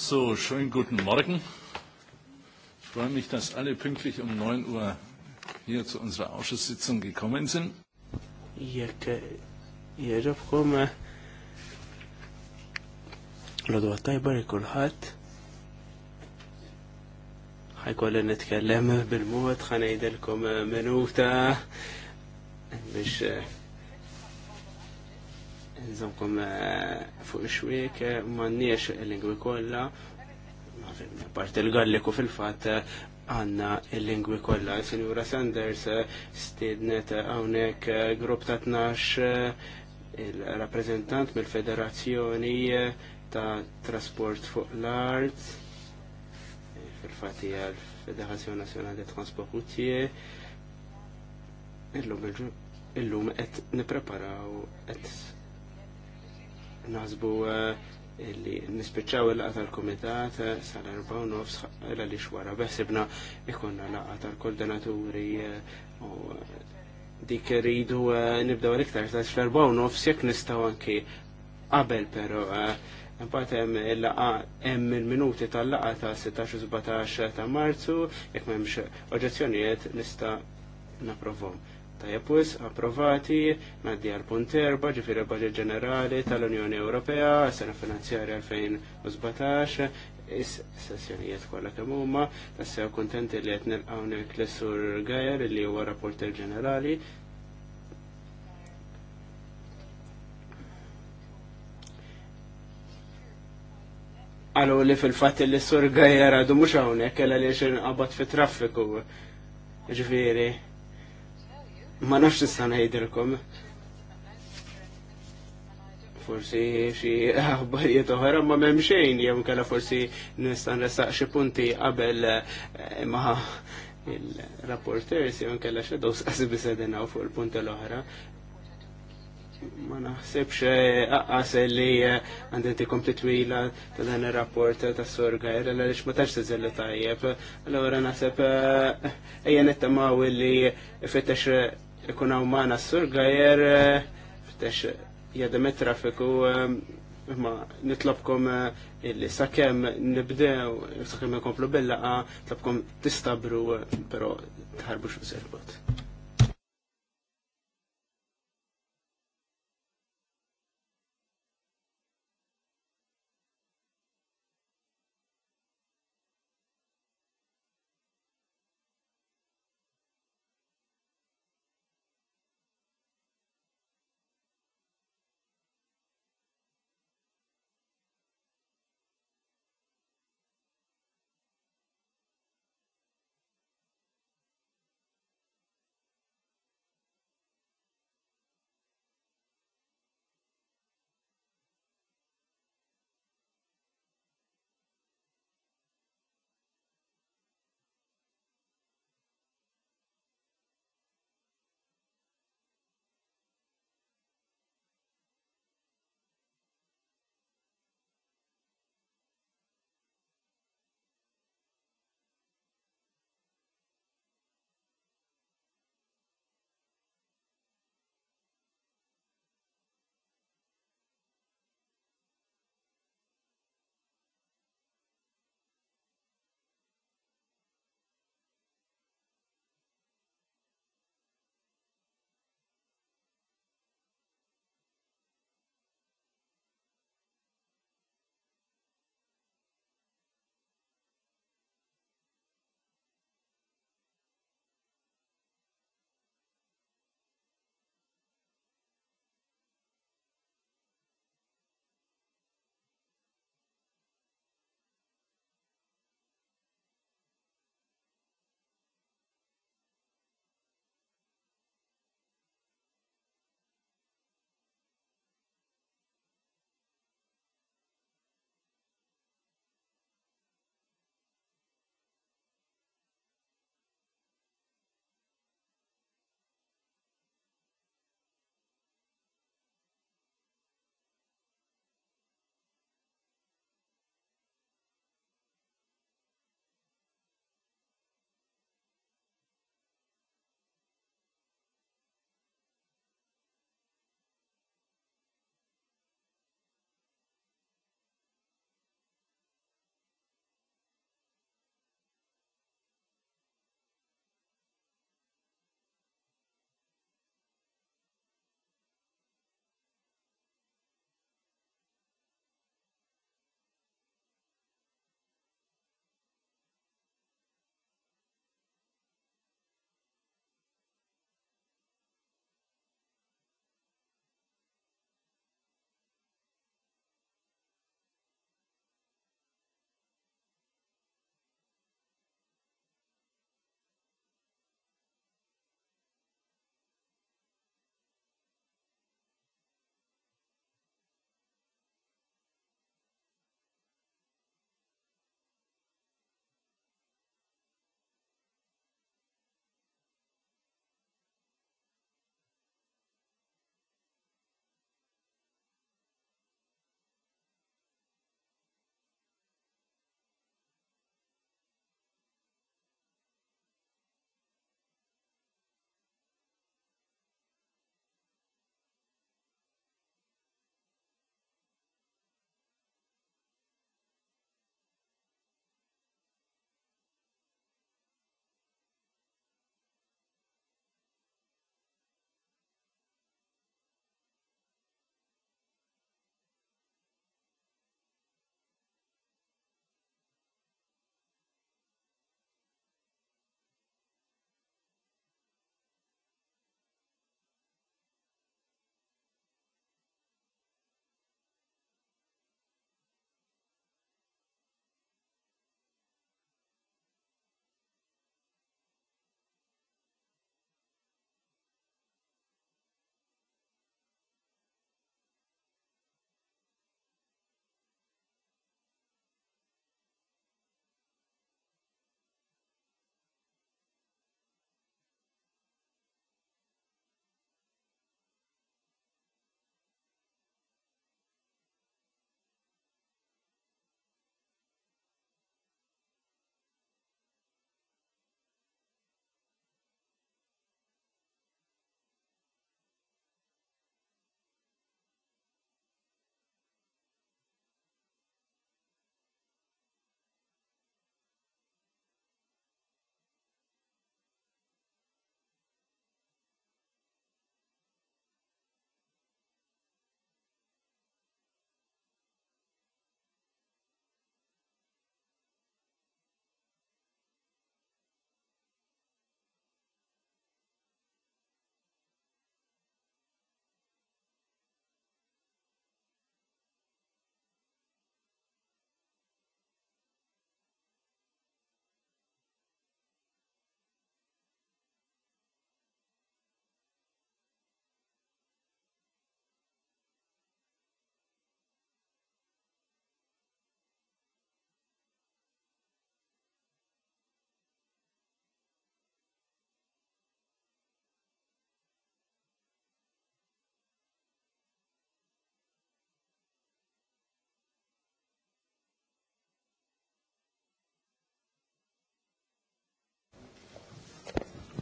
So, schönen guten Morgen. Ich freue mich, dass alle pünktlich um 9 Uhr hier zu unserer Ausschusssitzung gekommen sind. Jekk eh, eh, nitkellem bil-mod ħanejdilkom minuta biex eh, Nżomkom eh, fuq xwik, eh, mannix il-lingwi kolla, part il-galliku fil-fat eh, għanna il-lingwi kolla. Senjura Sanders stednet għawnek grupp ta' 12 il-rappresentant mill-Federazzjoni ta' Trasport fuq l-Art, fil hija l federazzjoni Nazjonali Transport illum il-ġur illum qed nippreparaw qed Nasbu eh, li nispiċċaw il-laqa tal-komitat eh, sal-4 nofs illa li xwara beħsibna ikonna laqa tal-koordinaturi eh, u dik rridu nibdaw l-iktar ta' sal 4 nofs jek nistaw anki qabel pero Mbagħad hemm il-laqa hemm il-minuti tal-laqa ta' 16-17 ta' Marzu, jekk m'hemmx oġġezzjonijiet nista' napprovhom. Tajja approvati, maddi għal punt erba, ġifiri budget ġenerali tal-Unjoni Ewropea, sena finanzjarja 2017, is-sessjonijiet kollha kemm huma, tassew kuntenti li qed nilqgħu l-Sur Gajer li huwa rapporter ġenerali. Għallu li fil-fatt li Sur Gajer għadu mhux hawnhekk kellha li xinqabad fit-traffiku. Ġifieri, Ma nafx nista' ngħidilkom. Forsi xi aħbarijiet oħra ma m'hemm xejn jew kellha forsi nista' nressaq xi punti qabel eh, ma' il-rapporters jew kellha xi dos qasib isedinaw fuq il-punti l-oħra. Ma naħsebx eh, aqqas li eh, għandinti kompli twila ta' dan ir rapport ta' sorga, għerra li ma tax tiżel tajjeb. Allora naħseb ejja nittamaw li fittex ikun hawn magħna s-sur Gajer eh, ftex jadem trafiku eh, imma nitlobkom eh, illi sakemm nibdew sakemm ikomplu bil tlobkom tistabru però tħarbux u serbot.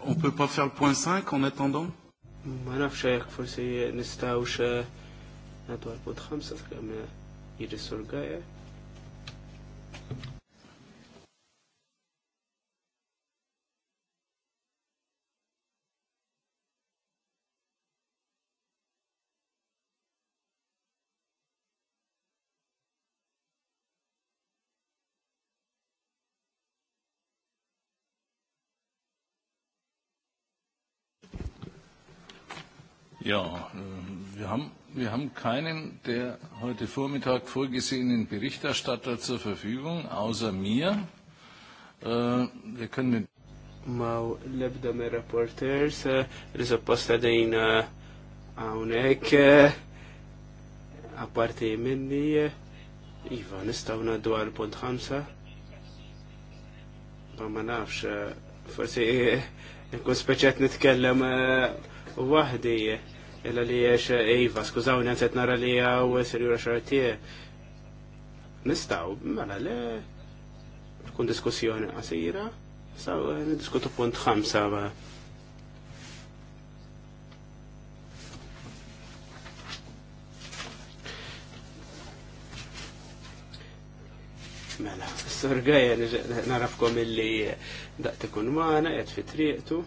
on peut pas faire le point 5 en attendant Ma nafx jekk forsi nistgħux eh, nagħtu għal punt 5 sakemm eh, jiġi sur gajer. Ja, äh, wir haben, wir haben keinen der heute Vormittag vorgesehenen Berichterstatter zur Verfügung, außer mir. Äh, wir können Maw lebda me reporters, li eh, supposta dejn għawnek, eh, eh, apparti minni, Iva, nistaw naddu għal punt ħamsa. Ma ma nafx, forsi nkun speċet nitkellem wahdi. Illa li jiex Eva, eh, skużaw, nenset nara li għaw eh, jura xartie. Nistaw, mela le, tkun diskussjoni għasira, saw eh, diskutu punt ħamsa ba. Mela, s-sorgaja narafkom illi daqtikun maħna, jgħed fitriqtu.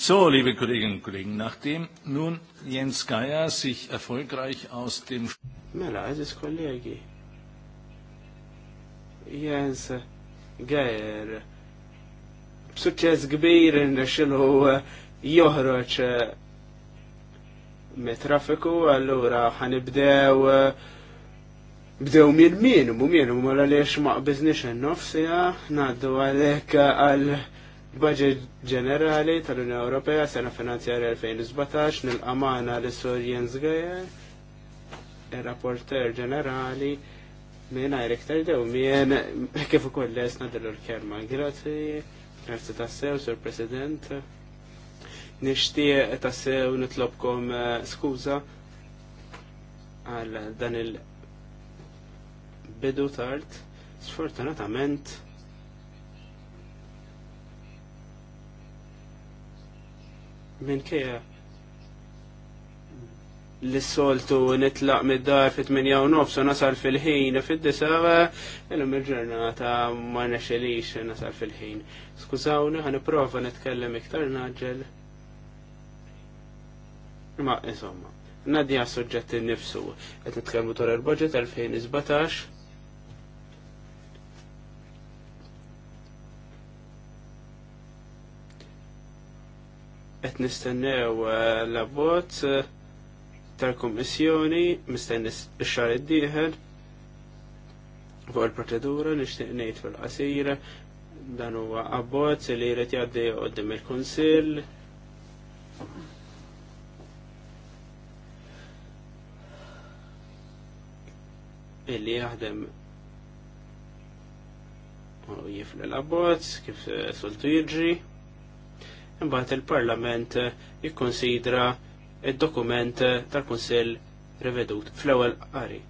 So, liebe Kolleginnen und Kollegen, nachdem nun Jens Geier sich erfolgreich aus dem... Mela, ist Kollege. Jens Geier. B'suċċess kbir nrexilu joħroġ me traffiku, allura ħanibdew bdew minn min, mu minn, mu l-għaliex ma' n-nofsija, naddu għalek għal Budget ġenerali tal-Unjoni Ewropea sena finanzjarja 2017 nil-amana l sur Jens Geyer, il-rapporter ġenerali minn Eric Dew, minn kif ukoll lesna dell l-kelma. Grazzi, grazzi tassew, sur President. Nishtiq tassew nitlobkom eh, skuza għal dan il-bidu tard. Sfortunatament, minn kija l-soltu nitlaq mid-dar fit 8 u nofs u nasal fil-ħin fid-disa l-lum il-ġurnata ma nexelix nasal fil-ħin. Skużawni ħan prova nitkellem iktar naġġel. Ma, insomma, nadja suġġetti nifsu. Għet nitkellmu dwar il-budget 2017 qed nistennew eh, l-abbozz eh, tal-Kummissjoni mistenni x xar id dieħed fuq il-proċedura nixtieq ngħid fil-qasira dan huwa abbozz li jrid jgħaddi qudiem il-Kunsill. illi jaħdem u jifla l-abbozz kif eh, soltu jiġri imbagħad il-Parlament eh, jikkonsidra id-dokument eh, tal-Kunsill rivedut fl-ewwel qari.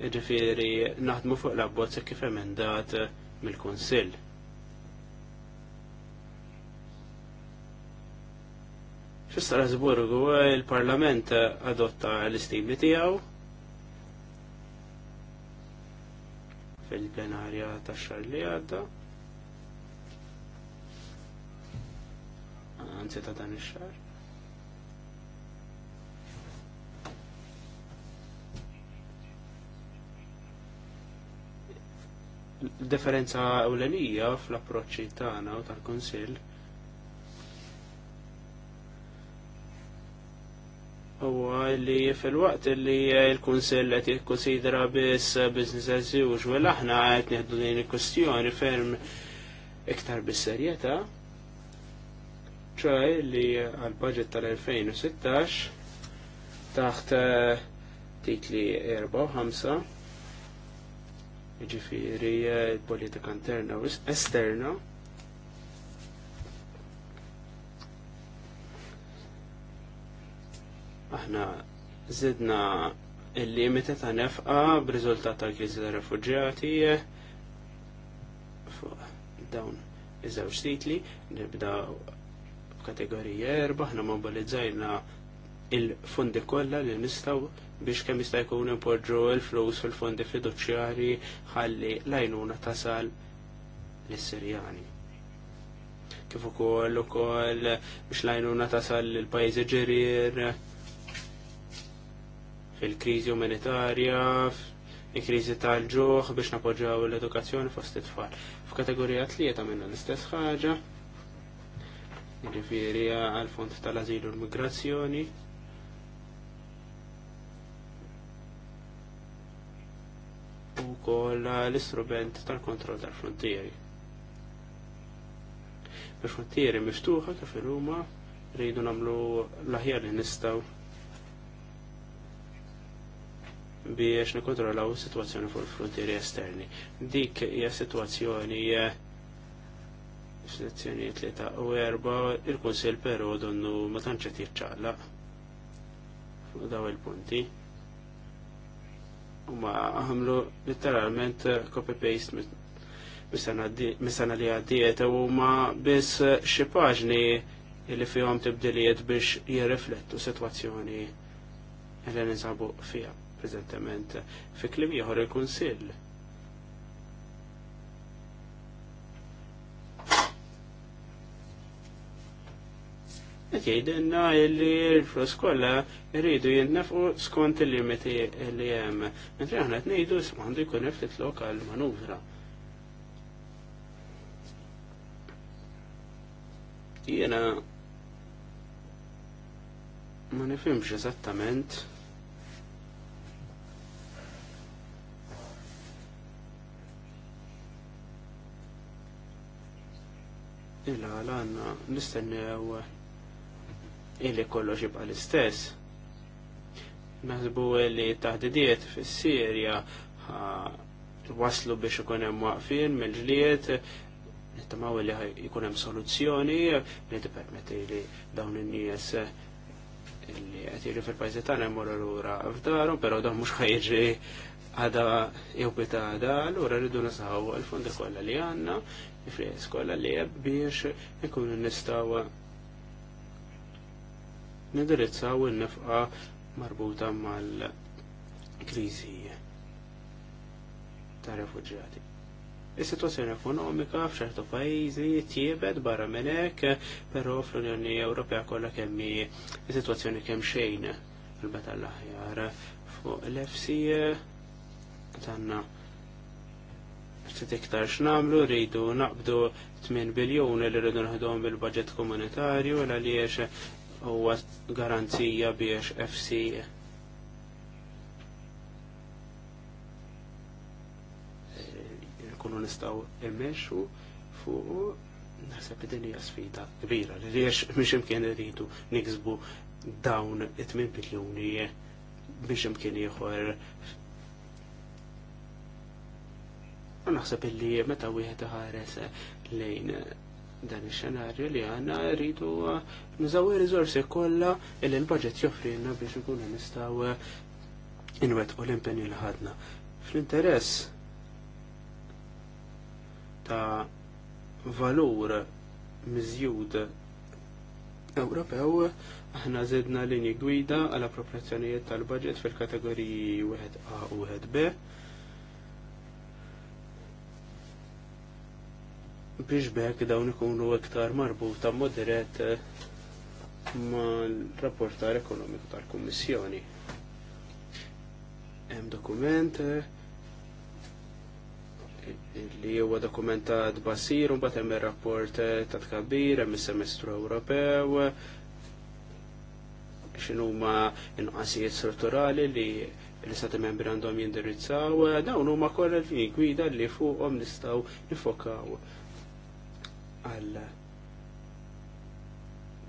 Jiġifieri naħdmu fuq l-abbozz kif emendat eh, mill-Kunsill. Fi Strasburgu il-Parlament adotta l istimli tiegħu fil-plenarja tax-xahar li għadda. anzi ta' dan il-xar. differenza ewlenija fl-approċċi tagħna u tal-Kunsill huwa li fil-waqt li l-Kunsill qed jikkunsidra biss business as usual aħna qed nieħdu din il-kwestjoni ferm iktar bis-serjetà ċaj li għal budget tal-2016 taħt eh, titli 4 5 ġifiri politika interna u esterna aħna zidna il limite ta' nefqa b'riżultat tal-kriżi ta' refuġjati eh, fuq dawn iż-żewġ titli nibdaw kategorija erba' ħna mobilizzajna il-fondi kollha li nistgħu biex kemm jista' jkun impoġġu l-flus fil-fondi fiduċjarji ħalli lajnuna tasal l sirjani Kif ukoll ukoll biex lajnuna tasal il-pajjiżi ġerir fil-kriżi umanitarja, il-kriżi tal-ġuħ biex napoġġaw l-edukazzjoni fost it-tfal. F'kategorija tlieta minna l-istess ħaġa, Ġifiri għal-Fond tal-Azilu l-Migrazzjoni. U kol l-istrument tal-kontroll tal-frontieri. Il-frontieri miftuħa kif il-huma rridu namlu l-aħjar li nistaw biex nikontrollaw situazzjoni fuq il-frontieri esterni. Dik hija situazzjoni sezzjoni 3 u 4 il-Kunsil però donnu ma tantx qed jiċċalla daw il-punti. U ma għamlu literalment copy-paste mis-sena li għaddiet u ma biss xi paġni li fihom tibdiliet biex jirriflettu sitwazzjoni li nizabu fiha preżentament fi klim ieħor il-Kunsill jgħidilna li l-flus kollha rridu jinnefqu skont il-limiti li hemm. Mentri aħna qed ngħidu għandu jkun ftit lokal manuvra. Jiena ma nifhimx eżattament Illa, l-għanna, nistennew illi kollox jibqa l-istess. Naħsbu li taħdidiet fis-Sirja waslu biex ikun hemm waqfien mill-ġlied nittamaw li jkun hemm soluzzjoni li tippermetti li dawn in-nies li qed jiġu fil-pajjiżi tagħna jmorru lura f'darhom, però dawn mhux ħajġi għada jew bita għada, allura rridu nisaw il-fondi kollha li għandna, il-fries kollha li biex ikunu nistgħu nidirizzaw in nifqa marbuta mal-kriżi ta' refuġjati. Is-sitwazzjoni ekonomika f'ċertu pajjiżi tiebed barra minn hekk, però fl-Unjoni Ewropea kollha kemm is-sitwazzjoni kemm xejn il-beta l-aħjar fuq l-FC tanna ftit iktar x'namlu rridu naqbdu 8 biljuni li rridu naħdhom bil-budget komunitarju għaliex huwa garanzija biex FC nkunu nistaw emmexu fuq naħseb li din hija sfida kbira li riex biex imkien iridu niksbu dawn it-8 biljuni biex imkien ieħor naħseb illi meta wieħed ħares lejn dan ix-xenarju li għanna rridu eh, nużaw rizorsi kolla kollha li l-budget joffrinna biex ikunu nistgħu eh, inwet u l-impenju li ħadna. Fl-interess ta' valur miżjud Ewropew aħna l-inji gwida għal appropriazzjonijiet tal-budget fil-kategoriji 1A u 1B biex bekk dawn ikunu iktar marbuta moderet eh, ma' l-rapportar ekonomiku tal-Kummissjoni. Hemm dokument eh, li huwa dokumentat basir, un hemm ir-rapport eh, ta' tkabbir, hemm is-semestru Ewropew, x'inhuma inqasijiet strutturali li l-istati membri għandhom jindirizzaw, dawn huma kollha li gwida li fuqhom nistgħu nifokaw għal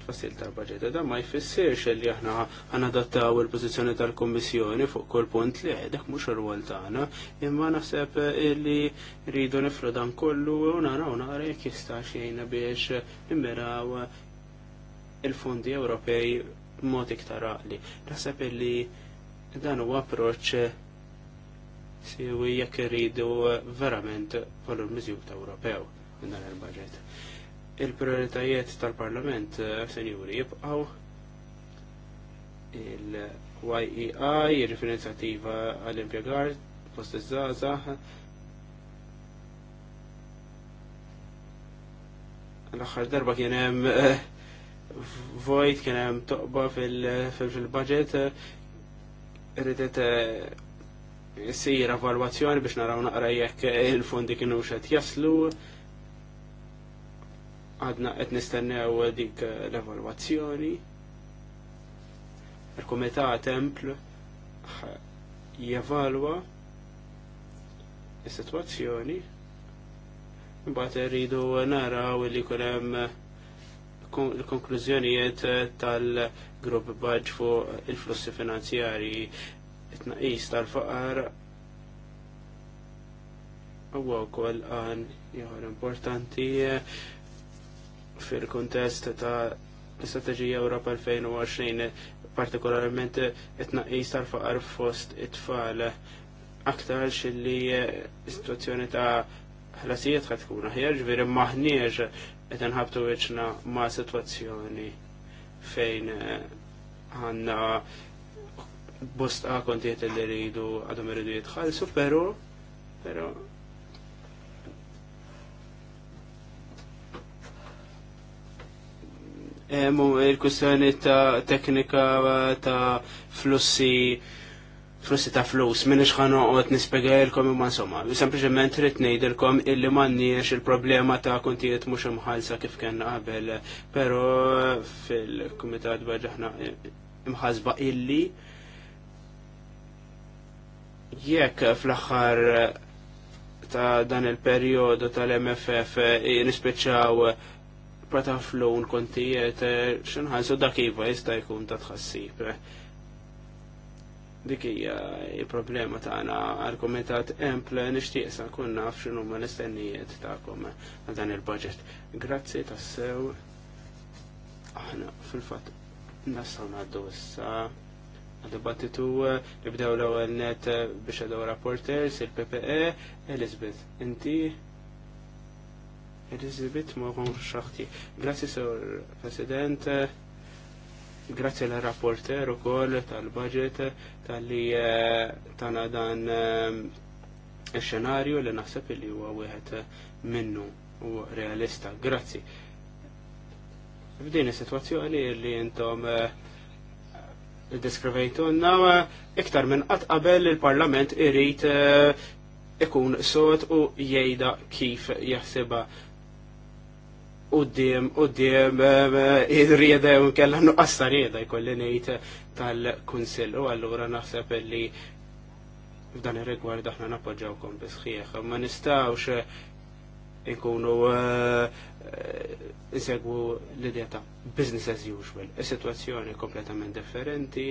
tfassil tal-budget. Da ma jfissirx li aħna għanadattaw il-pozizjoni tal-Kommissjoni fuq kull punt li għedek mhux ir-rwol tagħna, imma naħseb li rridu nifru dan kollu u naraw nara jekk jista' xejn biex immiraw il-fondi Ewropej mod iktar għaqli. Naħseb li dan huwa approċċ siwi jekk irridu verament mizjuk ta' Ewropew dan il-budget. Il-prioritajiet tal-Parlament, eh, senjuri, jibqaw il-YEI, il-referenzativa għall-impiegar, post iż l-axħar darba kien hemm eh, vojt kien hemm toqba fil-budget rridet eh, sir evalwazzjoni biex naraw naqra jekk il-fondi kienu xed jaslu għadna qed nistennew dik l-evalwazzjoni. Il-Kumitat Templ jevalwa is-sitwazzjoni. Imbagħad irridu naraw li jkun hemm il konklużjonijiet tal-grupp Baġ fuq il-flussi finanzjari it-naqis tal-faqar huwa wkoll għan ieħor importanti fil-kontest ta' l-Istrateġija Europa 2020, partikolarment it jistar faqar fost it-tfal aktar xilli eh, situazzjoni ta' ħlasijiet ħad tkun aħjar, veri maħniex et nħabtu wiċċna ma' situazzjoni fejn eh, għanna bosta kontiet li rridu għadhom iridu jitħallsu, pero, pero, il-kustjoni ta' teknika ta' flussi flussi ta' flus, minn iċħan uqot nispegħilkom imma soma. sempliciment rrit nejdilkom illi manniex il-problema ta' kontijiet mux imħalsa kif kena qabel, pero fil-komitat bħagħna imħazba illi jekk fl-axħar ta' dan il-periodu tal-MFF nispeċaw prata flown kontijiet, eh, dak jiva jista jkun ta' tħassib. Dik hija il-problema tagħna argumentat emple nixtieq sa kun naf x'inhu ma nistennijiet tagħkom għal dan il-budget. Grazzi tassew aħna fil-fatt nassaw ngħaddu issa għad-dibattitu nibdew l-ewwel net eh, biex għadu rapporters il-PPE, Elizabeth, inti Elizabeth Moron Xaħti. Grazie, Sor President. Grazie l rapporter u koll tal-budget tal-li eh, tana dan il-xenarju eh, li naħseb li huwa wieħed minnu u realista. Grazzi. F'din is-sitwazzjoni li intom eh, deskrivejtunna iktar minn qatt qabel il-Parlament irid ikun sot u jgħida kif jaħsibha. Uddim, uddim, eh, eh, id-rieda u kella nuqqasta rieda jkolli nejt eh, tal-Kunsill u allura naħseb li f'dan ir-rigward aħna nappoġġawkom bisħieħ. sħiħ. Ma nistawx inkunu isegwu l-idea ta' business as usual. Is-sitwazzjoni kompletament differenti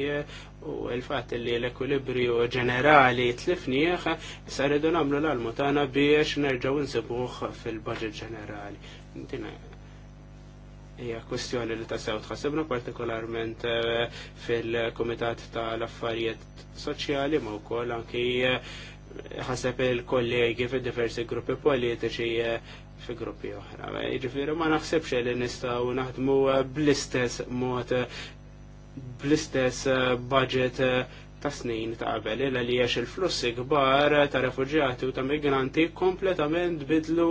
u l-fatt li l-ekwilibrju ġenerali tlifnieħ issa rridu nagħmlu l-almu tagħna biex nerġgħu insibuh fil-budget ġenerali. Ija, kwestjoni li tasew tħasibna partikolarment eh, fil-Kumitat tal-Affarijiet Soċjali ma wkoll anki eh, ħaseb il-kollegi fi diversi gruppi politiċi eh, fi gruppi oħra. Ġifieri ma naħsebx li nistgħu naħdmu bl-istess mod bl-istess budget ta' snin ta' qabel, illa li jiex il-flussi kbar ta' refugjati u ta' migranti kompletament bidlu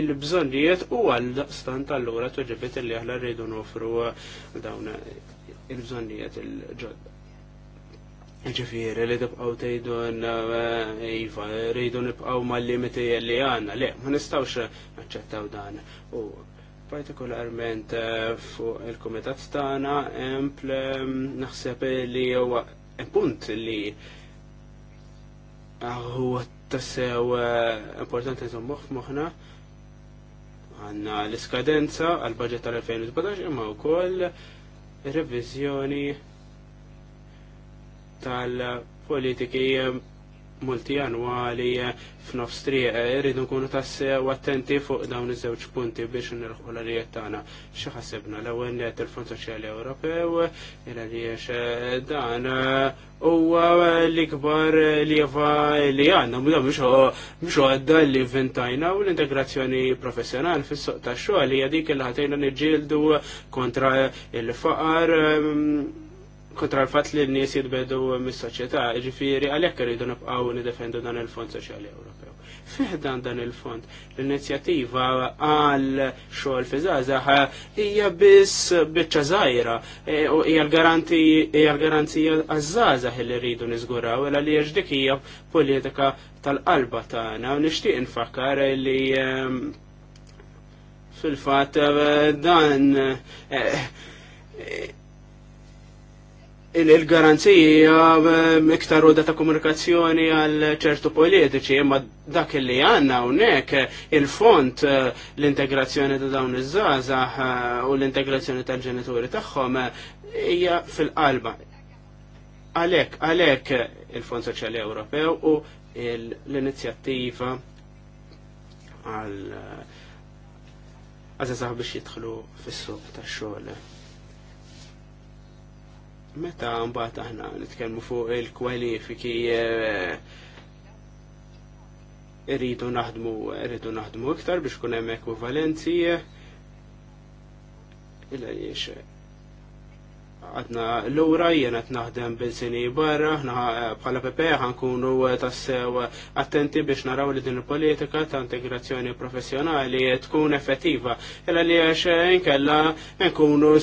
il-bżonnijiet u għal stan tal-lura tuġibit li aħna rridu nofru dawn il-bżonnijiet il-ġodda. Ġifiri li tibqaw tejdun Iva, rridu nibqaw ma' limiti li għanna, le, ma' nistawx naċċettaw dan. U partikolarment eh, fuq il-komitat tagħna emple mm, naħseb li huwa punt li huwa tassew eh, importanti nżommuh f'moħħna għanna l-iskadenza għal budget tal-2017 imma wkoll ir-reviżjoni tal-politiki multi annwali eh, f'nofs triq eh, irridu nkunu tassew attenti fuq dawn iż-żewġ punti biex nilħu l-għalijiet tagħna. Xi ħasibna l-ewwel net il-Fond Soċjali Ewropew il għaliex eh, dan huwa l-ikbar lieva li għandna mhux għadda li ventajna u l-integrazzjoni professjonali fis-soq tax-xogħol hija dik il ħatejna niġġieldu kontra il-faqar mm, kontra l-fat li n-nies jitbedu mis-soċjetà, ġifiri, għalhekk rridu nibqgħu nidefendu dan il-Fond Soċjali Ewropew. Fiħdan dan il-fond, l-inizjattiva għal xogħol fi żgħażagħ hija biss biċċa żgħira e, u hija l-garanzija għaż-żgħażagħ li rridu niżguraw ilha li dik hija politika tal-qalba tagħna u nixtieq infakkar li fil-fatt eh, dan eh, il-garanzija ehm, iktar roda ta' komunikazzjoni għal ċertu politiċi, imma dak li għanna unnek il-font eh, l-integrazzjoni ta' dawn iż żaza eh, u l-integrazzjoni tal-ġenituri tagħhom eh, hija fil-qalba. Għalek, għalek il-Fond Soċjali Ewropew u l-inizjattiva għal għazazah biex jitħlu fis-suq tax-xogħol. Meta mbagħad aħna nitkellmu fuq il-kwalifiki eh, irridu naħdmu irridu naħdmu iktar biex kun hemm ekwivalenzi illa jiex għadna l-ura jena naħdem bil-sini barra, eh, bħala PP ħankunu eh, tassew attenti biex naraw li din il-politika ta' integrazzjoni professjonali tkun effettiva. Illa li għax inkella nkunu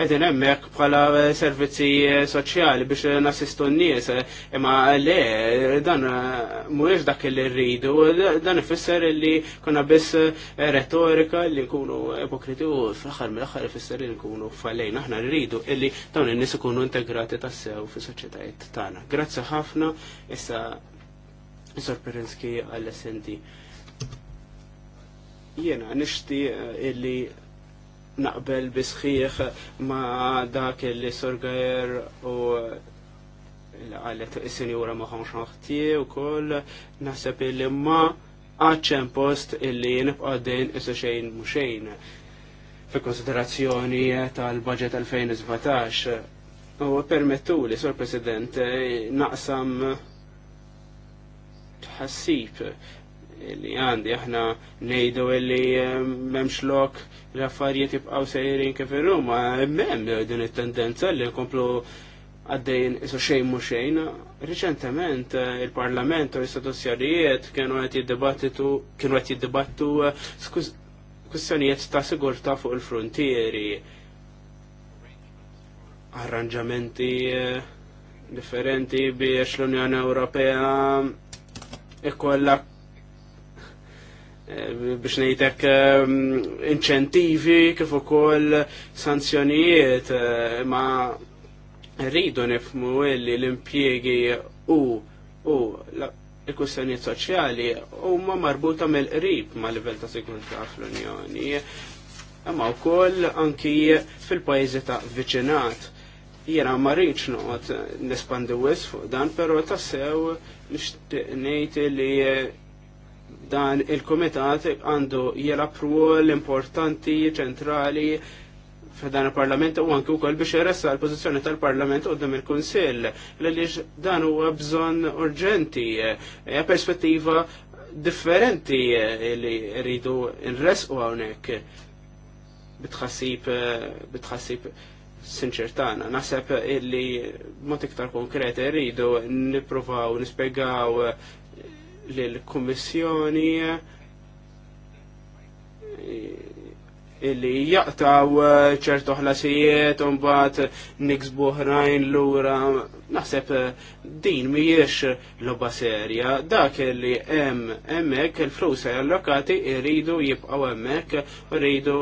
edin emmek bħala eh, servizzi eh, soċjali biex eh, nasistu n-nies, imma le, dan mhuwiex dak li rridu, dan ifisser li konna biss retorika li nkunu ipokriti u fl axar mill axar ifisser li nkunu falejn, aħna rridu illi dawn n nies ikunu integrati tassew fis-soċjetajiet tagħna. Grazzi ħafna, issa Sor għall-SND. Jena, nishti illi naqbel bisħiħ ma dak li sorgajer u għallet il-senjura maħon xaħtie u koll naħseb li ma għadċen post illi nibqa din isu xejn muxejn fi konsiderazzjoni tal-budget 2017. U permettu li, Sor President, naqsam tħassib li għandi aħna nejdu li ehm, memx lok l-affarijiet jibqaw sejrin kif ir-Ruma, mem din it-tendenza li nkomplu għaddejn iso xejn mu xejn. Reċentement eh, il-Parlament u l-istituzzjonijiet kienu qed jiddibattitu kienu qed jiddibattu eh, kwistjonijiet ta' sigurtà fuq il-frontieri arranġamenti eh, differenti biex l-Unjoni Ewropea ikollha Eh, biex ngħidek ehm, inċentivi kif ukoll sanzjonijiet eh, ma rridu nifmu illi l-impjiegi u u l kustanijiet soċjali huma marbuta mill-qrib ma' livell ta' sigurta fl-Unjoni. Imma wkoll anki fil-pajjiżi ta' viċinat. Jena ma rridx noqgħod nespandi wisfu fuq dan, però tassew nixtieq ngħid li dan il-komitat għandu jelab ruol importanti, ċentrali, f'dan il-parlament u anki wkoll biex jressa l-pożizzjoni tal-parlament qudiem il-kunsill għaliex dan huwa bżonn urġenti, hija perspettiva differenti li rridu nresqu hawnhekk bitħassib bitħassib sinċertana. Naħseb illi mod iktar konkreti rridu nippruvaw nispjegaw l-Kummissjoni illi jaqtaw eh, ċertu ħlasijiet un bat niksbu ħrajn l-ura naħseb eh, din miex loba serja dak li em emmek il-flus allokati irridu jibqaw emmek irridu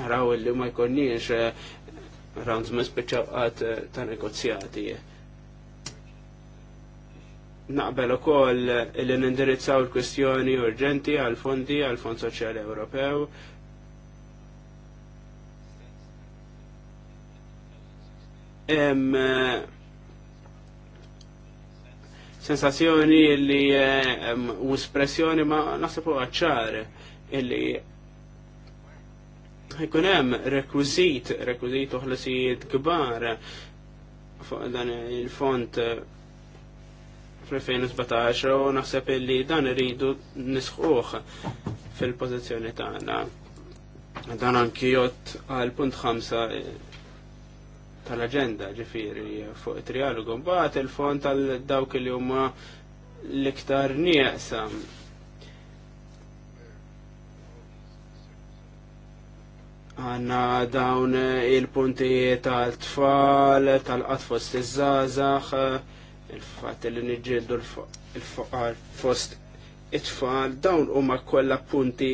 naraw illi ma jkunniex eh, rounds speċaqat ta' negozjati naqbel ukoll li nindirizzaw il-kwestjoni urġenti għal fondi għal Fond Soċjali Ewropew. sensazzjoni li u espressjoni ma naħseb huwa ċar illi ħajkun hemm rekwiżit, rekwiżit uħlasijiet kbar fuq dan il-font 2017 u naħseb li dan iridu nisħuħ fil-pozizjoni tagħna. Dan anki jott għal punt 5 eh, tal-agenda ġifiri fuq trialogu mbagħad il-fond tal-dawk li huma l-iktar nieqsa għanna dawn il-punti tal-tfal, tal-qatfos iż-żazax, il-fat li nġildu l fuqar fost it-tfal, dawn huma kollha punti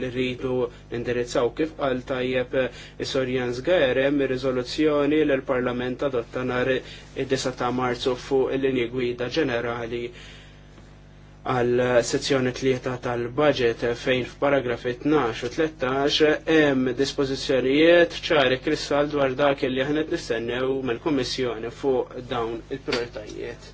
li rridu indirizzaw kif qal tajjeb eh, is-Sorjan Zgajer ir riżoluzzjoni l parlament adotta nhar id-9 ta' Marzu fuq il-linji gwida ġenerali għal sezzjoni tlieta tal-budget fejn f'paragrafi 12 u 13 hemm dispożizzjonijiet ċari kristall dwar dak li aħna nistennew mill-Kummissjoni fuq dawn il-prioritajiet.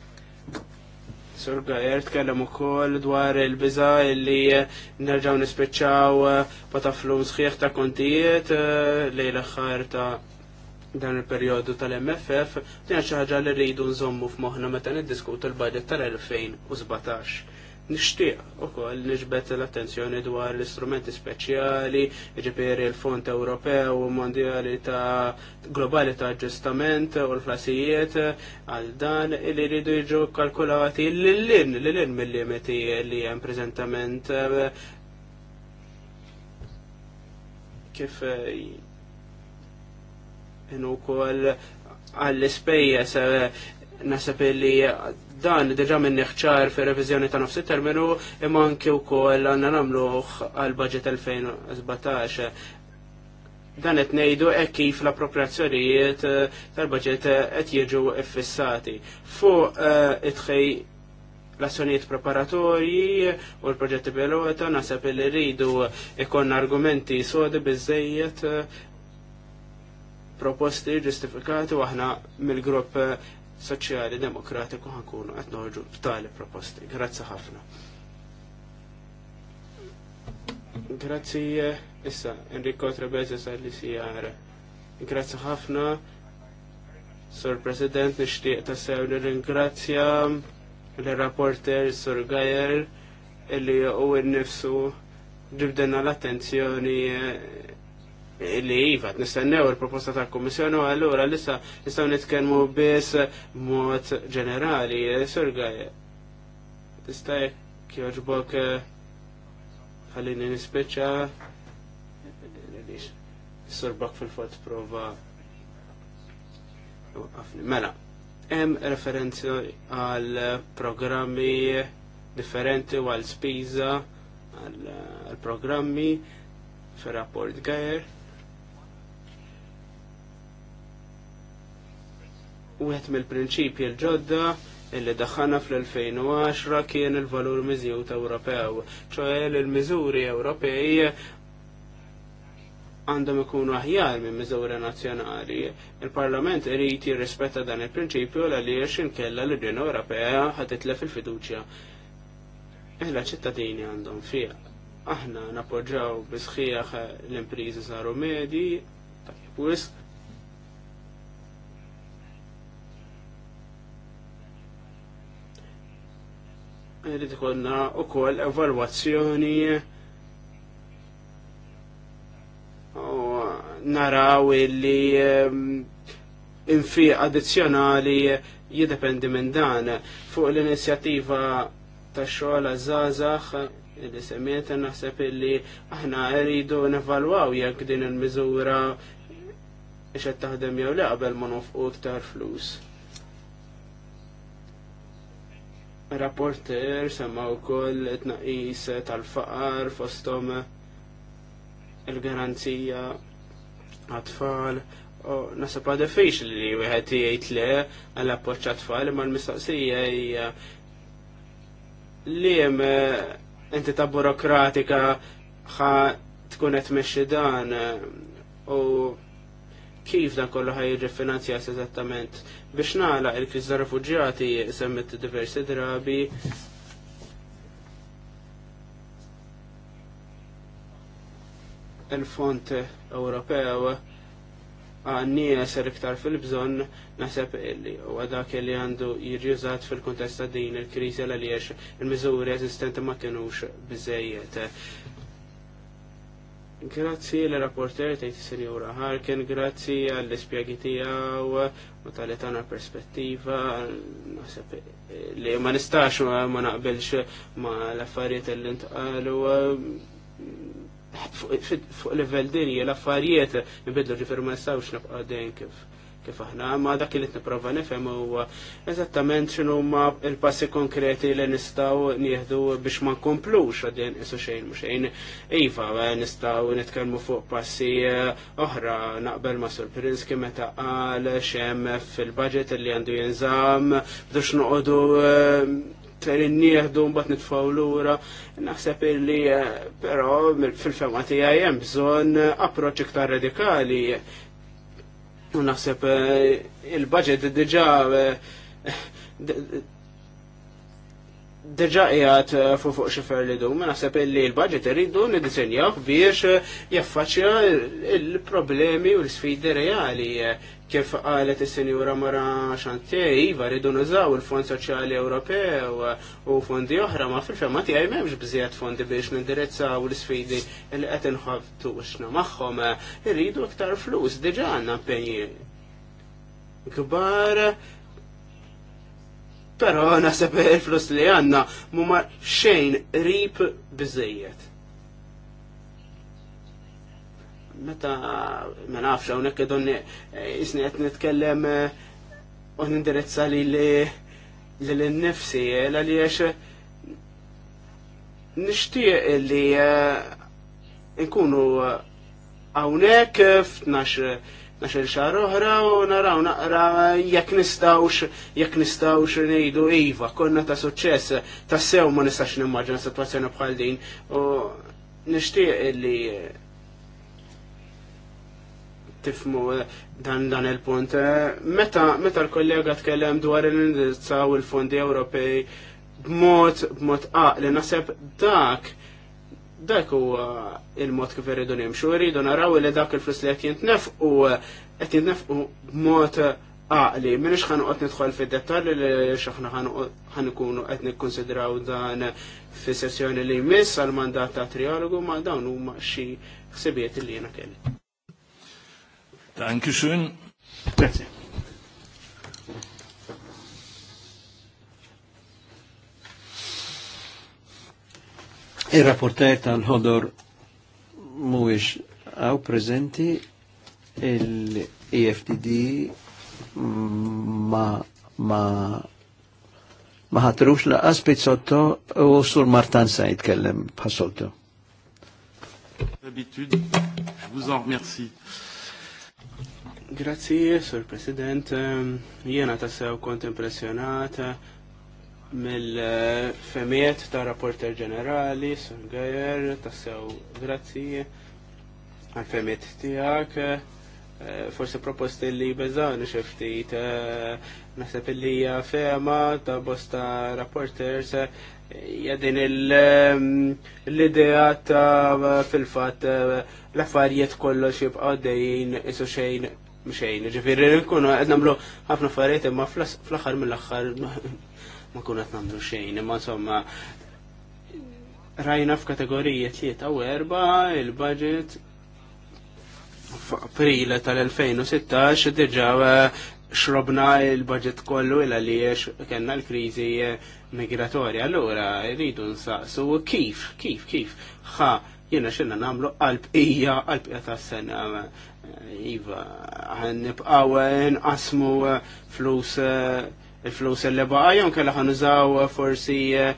Sur Gajer tkellem ukoll dwar il-biża li nerġgħu nispiċċaw pata sħiħ ta' kontijiet eh, lejn l-aħħar ta' dan il-periodu tal-MFF, tina ħaġa li rridu nżommu f'moħħna meta niddiskutu l-budget tal-2017. Nixtieq ukoll koll nġbet l-attenzjoni dwar l-istrumenti speċjali, ġibiri l-Fond Ewropew u Mondjali ta' Globali ta' Aġġustament u l-flasijiet għal dan li jridu jiġu kalkulati l lin lil-lin mill-limiti li hemm preżentament kif jenu eh, koll għall-spejjes eh, nasab li Dan deġa minniħ ċar fi revizjoni ta' nofsi terminu imma anki wkoll għandna nagħmluh għal budget 2017. Dan qed ngħidu hekk kif l-appropriazzjonijiet eh, tal-budget qed jiġu iffissati. Fuq eh, itħej l-azzjonijiet preparatorji u l-proġetti pilota nasab li rridu ikon argumenti sodi biżejjed eh, proposti ġustifikati u aħna mill-grupp soċjali demokratiku ħankunu qed noħġu b'tali proposti. Grazzi ħafna. Grazzi eh, issa Enrico Trebezza sal-ICR. Grazzi ħafna. Sur President, nixtieq sew li ringrazzja l-rapporter Sur Gajer illi u nifsu ġibdenna l-attenzjoni eh, li jivat nistennew il-proposta ta' kommissjoni u għallura lissa nistaw nitkelmu bis mod ġenerali. Surga, tista' kjoġbok għallini eh, nispeċa surbak fil-fat prova mela hemm referenzi għal programmi differenti u għal spiża għal eh, programmi fir rapport gajer Wieħed mill-prinċipji l-ġodda illi daħħana fl-2010 kien il-valur miżjut Ewropew, ċoħe l-miżuri Ewropej għandhom ikunu aħjar minn miżuri nazzjonali. Il-Parlament irid jirrispetta dan il-prinċipju l għaliex inkella l-Unjoni Ewropea ħatitlef fil fiduċja Illa ċittadini għandhom fija. Aħna napoġġaw bisħiħ l-impriżi saru medji, tajjeb wisq, Rrid ikollna wkoll evalwazzjoni u naraw illi ehm, infiq addizzjonali jiddependi minn dan fuq l-inizjattiva tax xogħol għażażax li semmiet naħseb illi aħna rridu nevalwaw jekk din il-miżura ixed taħdem jew le qabel ma nofqu iktar flus. rapporter semma u koll tnaqis tal-faqar fostom il-garanzija għatfall u nasab għada li wieħed jgħid le għal appoċċ għatfall ma l-mistaqsija hija li hemm eh, entità burokratika ħa tkun qed dan eh, u kif dan kollu ħajġi finanzjas eżattament biex nagħlaq il-kriż ta' refuġjati semmet diversi drabi. Il-Fond Ewropew għannija ser iktar fil-bżon naħseb li u għadak illi għandu jirjużat fil kontesta ta' din il-kriżi l għaliex il-miżuri eżistenti ma kienux biżejjed Grazzi l-rapporter il senjura Harken, grazzi għall-ispjagi tijaw, u tal perspettiva, li ma nistax ma naqbelx ma l-affarijiet l-intqalu fuq level dinji l-affarijiet nbidlu ġifir ma nistax nabqa' dejn kif kif aħna, ma dak li t-niprofa nifhem huwa eżattament x'inhu ma il-passi konkreti li nistgħu nieħdu biex ma nkomplux għadin isu xejn mhux xejn. Iva, nistgħu nitkellmu fuq passi eh, oħra naqbel ma' Sur Pirinski meta qal xem fil-budget li għandu jinżamm biex noqogħdu ser eh, nieħdu mbagħad nitfgħu lura. Naħseb illi eh, però fil-fema tiegħi hemm bżonn approċċ iktar radikali U naħseb eh, il-budget diġa eh, Deġa jgħat eh, fuq fuq xifer li dum, naħseb li l-budget irridu disenjaw biex eh, jaffaċċja il-problemi u l-sfidi reali. Eh, kif qalet is senjura Mara Xantej, iva rridu nużaw il-Fond Soċjali Ewropew u fondi oħra, ma fil-femma tiegħi m'hemmx bżijat fondi biex nindirizzaw l-sfidi li qed inħabtu x'na magħhom. rridu aktar flus diġà għandna impenji kbar Pero naħseb il-flus li għanna mumma xejn rip bizzejiet. Meta ma nafx hawnhekk donni eh, isni qed nitkellem eh, u nindirizza li li li nifsi eh, għaliex nixtieq li nkunu hawnhekk f'tnax naxer xar oħra u naraw naqra jekk nistawx jek nistawx ngħidu iva, konna ta' suċċess ta' sew ma nistax nimmaġan sitwazzjoni bħal din u nixtieq li tifmu dan dan il-punt. Meta meta l-kollega tkellem dwar l-indirizzaw il-fondi Ewropej b'mod b'mod aqli naħseb dak dak huwa il-mod kif irridu nimxu, irridu naraw li dak il-flus li qed jintnef u qed jintnef u b'mod għaqli, minix ħan uqt nidħol fi dettal li xaħna ħan ikunu qed nikkonsidraw dan fi sessjoni li jmiss għal mandat ta' trialogu ma dawn huma xi ħsibiet li jiena kelli. soon. Grazie. il rapportaj tal-ħodor muwix għaw prezenti il-EFTD ma ma ma ħatrux la aspet sotto u sur Martan sa jitkellem bħasoltu. D'habitude, je vous en remercie. Grazie, Sur President. Ehm, Jena ta' tassew kont impressionata mill-femiet ta' rapporter ġenerali, Sun ta' sew grazzi għal-femiet tijak, eh, forse proposti li bezzan xeftit, eh, nasab li hija fema ta' bosta rapporters, eh, jadin ehm, l-idea ta' fil-fat l-affarijiet kollox jibqa' dejjin isu xejn mxejn, ġifiri nkunu għedna mlu ħafna affarijiet ma fl-axar mill-axar ma kun qed nagħmlu xejn, imma somma rajna f'kategorija tlieta u erba' il-budget f'April tal-2016 diġà eh, xrobna il-budget kollu il għaliex kena l-kriżi eh, migratorja. Allura rridu nsaqsu kif, kif, kif ħa jiena xinna nagħmlu qalbqija, qalbqija tas-sena eh, Iva, nibqaw nqasmu flus il-flus il-li baqajon kalla ħanużaw forsi eh,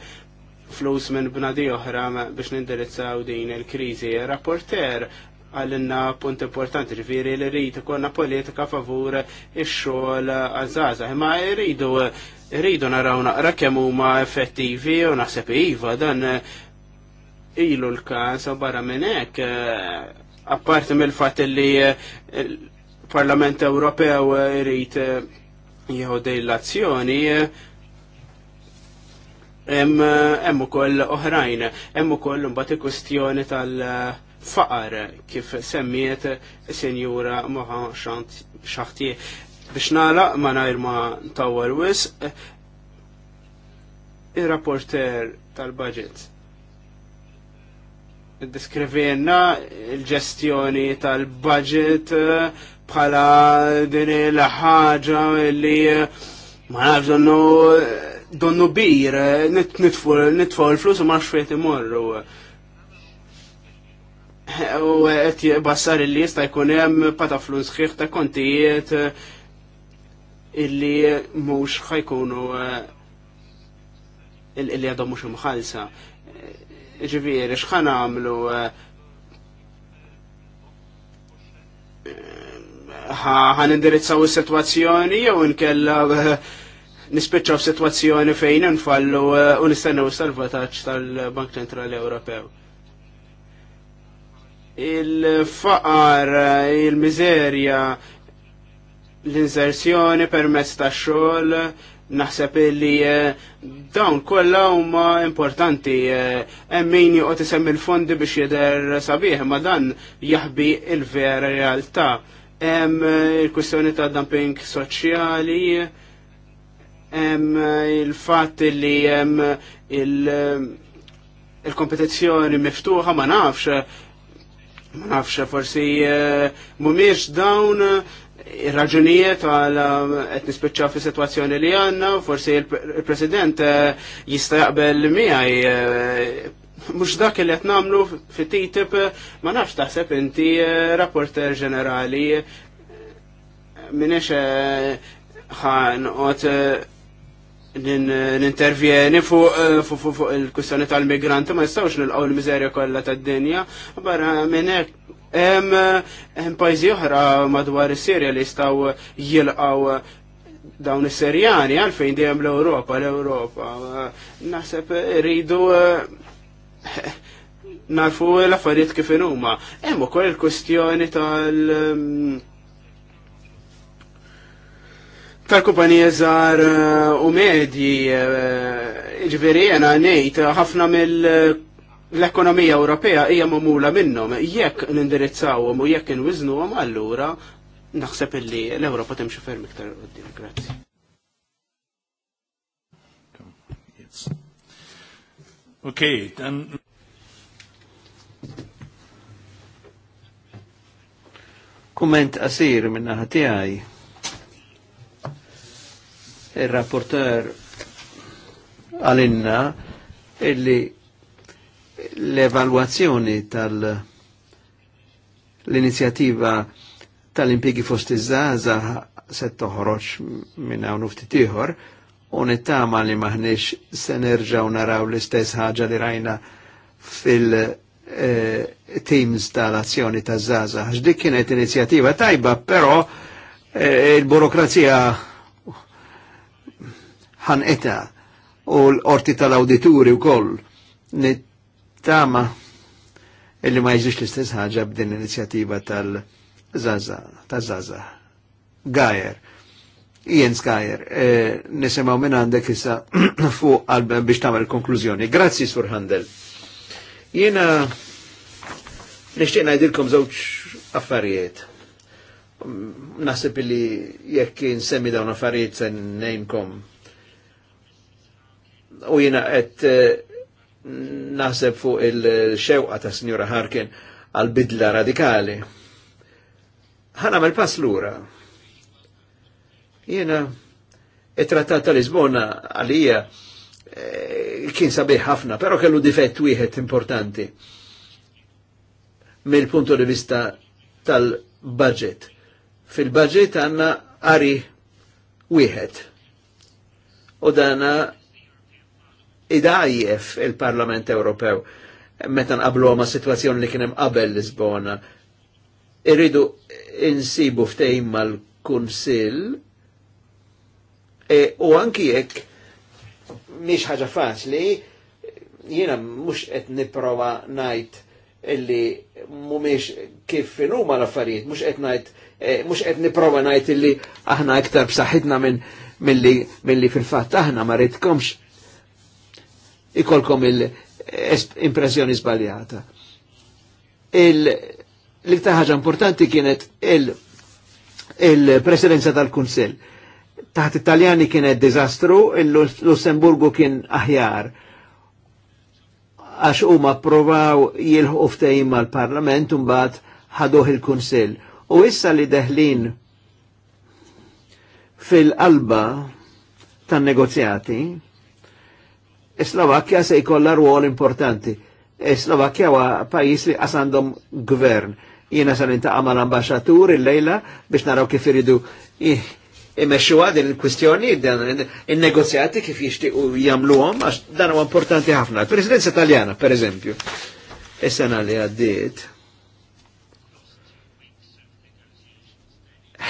flus minn bnadi oħra biex nindirizzaw din il-krizi. Rapporter għallinna punt importanti ġviri li rridu konna politika favur ix-xogħol għazzaza. Ma rridu rridu naraw naqra kemm huma effettivi u naħseb iva dan eh, ilu l-każ u barra minn hekk. Eh, apparti mill-fatt li Parlament Ewropew rrid jew dejlazzjoni hemm ukoll oħrajn, hemm ukoll mbagħad kwestjoni tal-faqar kif semmiet Sinjura Moħa Xaħti. Biex nagħlaq ma ngħid ma tawwal wis, ir-rapporter tal-budget deskrivenna il-ġestjoni tal-budget bħala din il ħaġa li eh, ma nafx donnu eh, donnu bir, eh, nitfu l-flus u marx fejt imorru. U għet jibassar il-li jista jkun hemm pata flus xieħ ta' kontijiet illi mux ħajkunu illi għadhom mux mħalsa. Ġivir, xħan għamlu ħan indirizzaw is-sitwazzjoni jew nkella eh, nispiċċaw situazzjoni fejn nfallu eh, u nistennew salvataġġ tal-Bank Ċentrali Ewropew. Il-faqar, eh, il-miżerja, l-inserzjoni permezz ta' xogħol, naħseb li dawn kollha huma importanti. Hemm min joqgħod isemmi il fondi biex jidher sabiħ, ma dan jaħbi il-vera realtà hemm eh, il-kwistjoni ta' dumping soċjali, hemm eh, il-fatt li hemm eh, il-kompetizzjoni il miftuħa ma nafx, ma nafx forsi mhumiex dawn ir raġunijiet għal qed nispiċċaw fi situazzjoni li għandna, forsi il-President jista' jaqbel miegħi mux dak li qed nagħmlu fit-TTIP ma nafx taħseb inti eh, rapporter ġenerali minix eh, ħanqot eh, nintervjeni fuq il kwistjoni tal-migranti ma jistawx nilqgħu l-miżerja kollha tad-dinja barra minn hekk hemm pajjiżi oħra madwar is-Sirja li jistgħu jilqgħu dawn is-Serjani għalfejn dejjem l-Ewropa l-Ewropa. Naħseb rridu narfu l-affarijiet kif inuma, Hemm ukoll il-kwestjoni tal- um, tal-kumpanija żgħar uh, u medji uh, ġifieri jiena ngħid uh, ħafna mill l-ekonomija Ewropea hija mamula minnhom jekk nindirizzawhom u jekk inwiżnuhom allura naħseb illi l-Ewropa timxi ferm iktar qudiem. Grazzi. Okay, then... Kumment asir minna ħatijaj. Il-rapporter għalinna illi l-evaluazzjoni tal- l-inizjativa tal-impiegi fost iż-żaza se toħroġ minn hawn u nittama li maħniex se nerġaw naraw l-istess ħaġa li rajna fil-teams eh, tal-azzjoni ta' Zaza. Dik kienet inizjativa tajba, però eh, il-burokrazija ħanqeta u l-orti tal-awdituri u koll nittama illi ma jġiġ l-istess ħaġa b'din l tal-Zaza, ta' Zaza. Gajer Ian Skyer, eh, nisimaw minn għandek issa fuq biex tamel konklużjoni. Grazzi, Sur Handel. Jena nishtiq najdilkom zawċ affarijiet. Nasib li jekk nsemmi dawn affarijiet sen nejnkom. U jena għet eh, nasib fuq il-xewqa ta' Signora Harkin għal-bidla radikali. Ħana mel-pass l-ura Jena, il-trattat tal-Lisbona għalija eh, kien sabiħ ħafna, pero kellu difett wieħed importanti mill-punto di vista tal-budget. Fil-budget għanna għari wieħed. U dana id-għajjef il-Parlament Ewropew meta qablu ma' situazzjoni li kienem qabel Lisbona. Irridu insibu ftejn mal-Kunsill E, u anki jek miex ħaġa faċli, jiena mhux qed nipprova ngħid illi mhumiex kif huma l-affarijiet, mhux qed ngħid e, mhux qed nipprova ngħid illi aħna iktar b'saħħitna minn milli fil-fatt aħna ma rritkomx ikolkom il-impressjoni sbagliata. L-iktar ħaġa importanti kienet il-presidenza tal-Kunsell taħt italjani kienet dizastru, il-Lussemburgu kien aħjar. Għax huma provaw jilħu ftejim mal-Parlament un bat ħaduh il-Kunsill. U issa li deħlin fil-qalba tan-negozjati, Slovakkja se jkollha rwol importanti. E Slovakkja huwa pajjiż li għasandhom gvern. Jiena se nintaqa' mal-ambaxxatur il-lejla biex naraw kif iridu imexxu din il-kwistjoni, il-negozjati kif jixtiqu jagħmluhom għax dan huwa importanti ħafna. Il-Presidenza Taljana, per eżempju, is-sena li għaddiet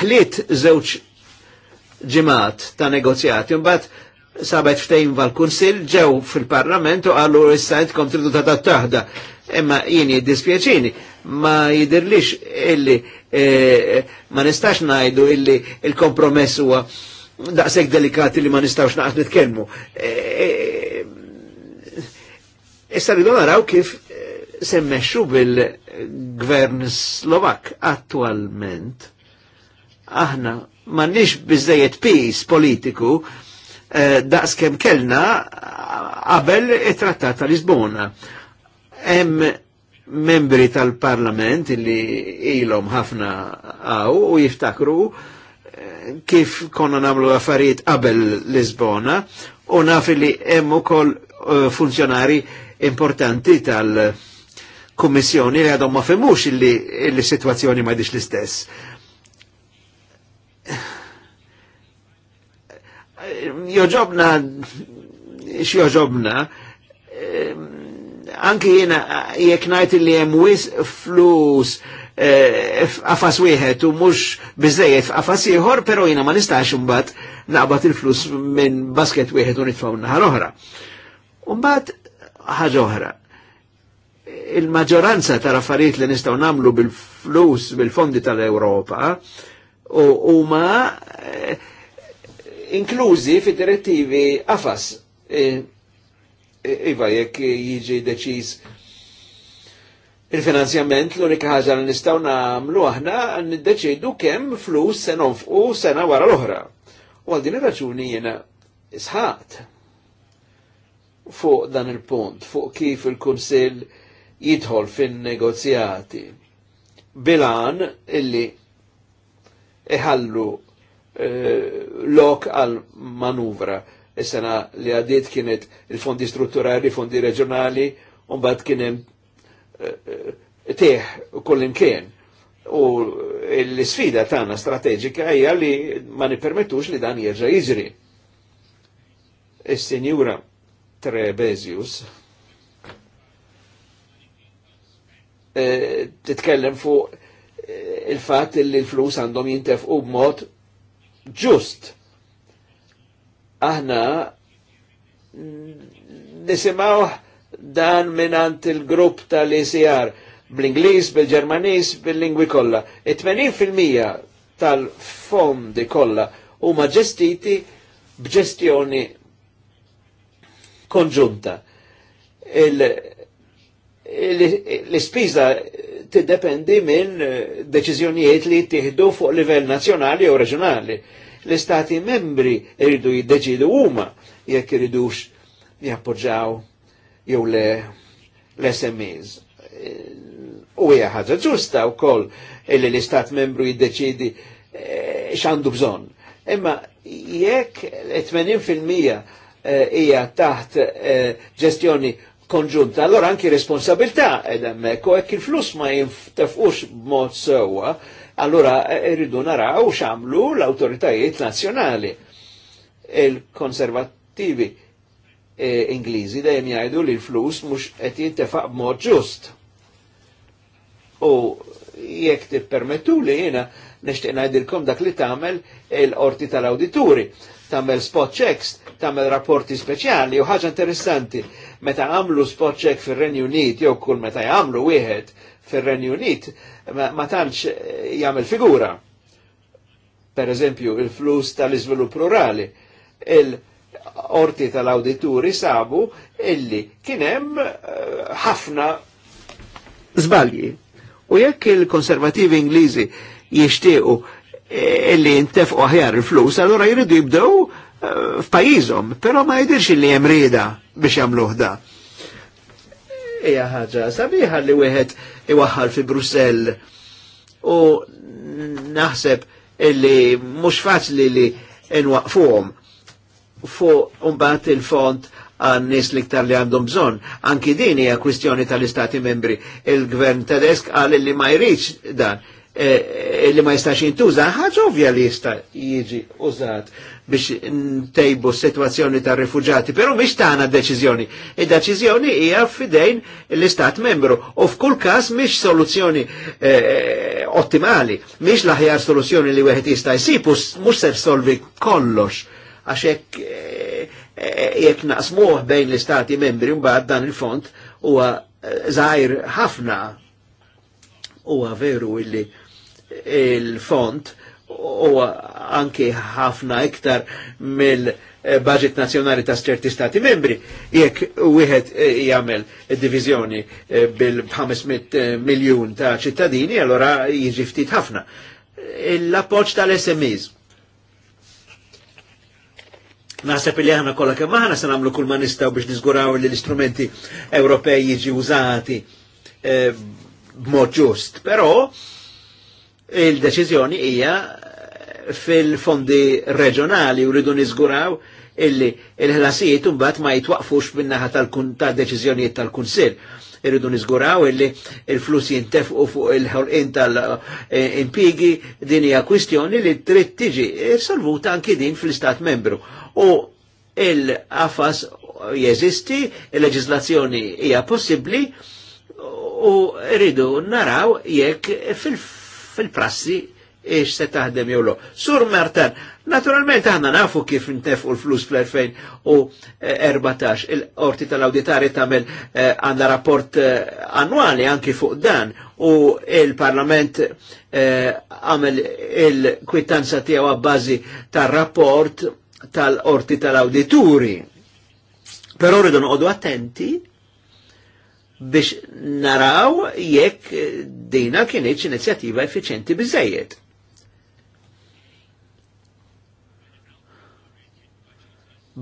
ħliet żewġ ġimat ta' negozjati, mbagħad sabet ftejn val-Kunsill ġew fil-Parlament u qalu issa intkom tridu ta' taħda imma jien jiddispjaċini ma jidirlix illi eh, ma nistax najdu illi il-kompromess huwa daqshekk delikati li ma nistax naqt nitkelmu. Eh, eh, issa e, e, ridu naraw kif semmexxu bil-gvern Slovak attualment aħna m'għandniex biżejjed pis politiku eh, daqskemm kellna qabel it-Trattat ta' Lisbona. Hemm membri tal-parlament illi ilhom ħafna għaw u jiftakru eh, kif konna namlu affarijiet qabel Lisbona u naf li hemm ukoll eh, funzjonari importanti tal-Kummissjoni li għadhom ma femux illi situazzjoni ma jdix l-istess. Eh, joġobna, x'joġobna, anki jena jek najt li jem wis flus eh, f'qafas wieħed u mhux biżejjed f'qafas ieħor, pero jena ma nistax imbagħad naqbat il-flus minn basket wieħed u nitfaw naħar oħra. Umbat ħaġa oħra. Il-maġġoranza tal-affarijiet li nistgħu nagħmlu bil-flus bil-fondi tal-Ewropa u huma eh, inklużi fid-direttivi qafas eh, iva jekk jiġi deċiż il-finanzjament l-unika ħaġa li nistgħu nagħmlu aħna niddeċidu kemm flus se nonfqu sena wara l-oħra. U għal din ir-raġuni jiena sħaqt fuq dan il-punt, fuq kif il-Kunsill jidħol fin-negozjati bilan illi iħallu eh, lok għal manuvra Is-sena li għaddiet kienet il-fondi strutturali, fondi reġjonali, un bat kienem eh, eh, teħ kollin kien. U l-sfida tagħna strateġika hija li ma nippermettux li dan jerġa' jiġri. Is-Sinjura Trebezius eh, titkellem fuq il-fatt li l-flus għandhom jintef u b'mod ġust aħna nisimaw dan minant il-grupp tal-ECR bl-Inglis, bil-Ġermanis, bil-lingwi kollha. 80% tal-fondi kollha huma ġestiti b'ġestjoni konġunta. L-ispiża tiddependi minn deċiżjonijiet li jittieħdu fuq livell nazzjonali u reġjonali l-istati membri irridu jiddeċidu huma jekk iridux jappoġġaw jew le l-SMEs. U hija ħaġa ġusta wkoll illi l-istat membru jiddeċidi eh, x'għandu bżonn. Imma jekk 80% eh, hija taħt eh, ġestjoni konġunta, allora anki responsabilta edha hemmhekk u hekk il fluss ma jintefqux b'mod sewwa, so allura eh, irridu naraw xamlu l-autoritajiet nazjonali. Il-konservativi eh, Ingliżi dejjem jgħidu li l-flus mhux qed jintefaq b'mod ġust. U jekk tippermettu li jiena nixtieq ngħidilkom dak li tagħmel il-qorti tal-awdituri tamel spot checks, tamel rapporti speċjali u ħaġa interessanti, meta għamlu spot check fil renju Unit, jew kull meta jagħmlu wieħed fil renju Unit, ma tantx eh, jagħmel figura. Per eżempju, il-flus tal-iżvilupp rurali, il-orti tal-awdituri sabu illi kien hemm eh, ħafna żbalji. U jekk il-konservativi Ingliżi jixtiequ eh, illi jintefqu aħjar il-flus, allura jridu jibdew f'pajjiżhom, però ma jidirx illi hemm rieda biex jagħmluh da hija ħaġa sabiħa li wieħed iwaħħal fi Brussell u naħseb illi mhux faċli li nwaqfuhom fuq mbagħad il-font għan nis ktar li għandhom bżon. Anki din hija kwistjoni tal-Istati membri. Il-Gvern Tedesk għal li ma jriċ dan Eh, eh, li ma jistax jintuża, ħaġa ovvja li jista' jiġi użat biex ntejbu s-sitwazzjoni ta' rifuġati, però biex tagħna deċiżjoni. Id-deċiżjoni hija f'idejn l-Istat membru u f'kull każ mhix soluzzjoni eh, ottimali, mhix l-aħjar soluzzjoni li wieħed jista' jsib mhux se solvi kollox għax jekk naqsmuħ bejn l-Istati membri mbagħad dan il-font huwa żgħir ħafna huwa veru illi il-font u anki ħafna iktar mill-budget nazjonali ta' ċerti stati membri, jekk wieħed eh, jagħmel diviżjoni eh, bil-500 eh, miljun ta' ċittadini, allora jiġi ftit ħafna. L-appoġġ tal-SMEs. Naħseb li aħna kollha kemm aħna se nagħmlu kull ma nistgħu biex niżguraw li l-istrumenti Ewropej jiġi użati b'mod ġust, però il-deċiżjoni hija eh, fil-fondi reġjonali u niżguraw illi il-ħlasijiet mbagħad ma jitwaqfux bin-naħa tal-deċiżjonijiet tal-Kunsill. Irridu niżguraw illi il-flus jintefqu fuq il-ħolqien tal-impigi din hija kwistjoni li trid tiġi salvuta anki din fl-Istat membru. U il-qafas jeżisti, il-leġiżlazzjoni hija possibbli u rridu naraw jekk fil fil-prassi ix se taħdem jew Sur Martan, naturalment aħna nafu kif u l-flus fl-2014, il-qorti tal auditari tagħmel eh, għandha rapport eh, annwali anki fuq dan u il-Parlament eh, għamel il-kwittanza tiegħu għabbazi tar-rapport tal-qorti tal-awdituri. Però rridu noqogħdu attenti biex naraw jekk dina kienieċ inizjattiva effiċenti bizzejiet.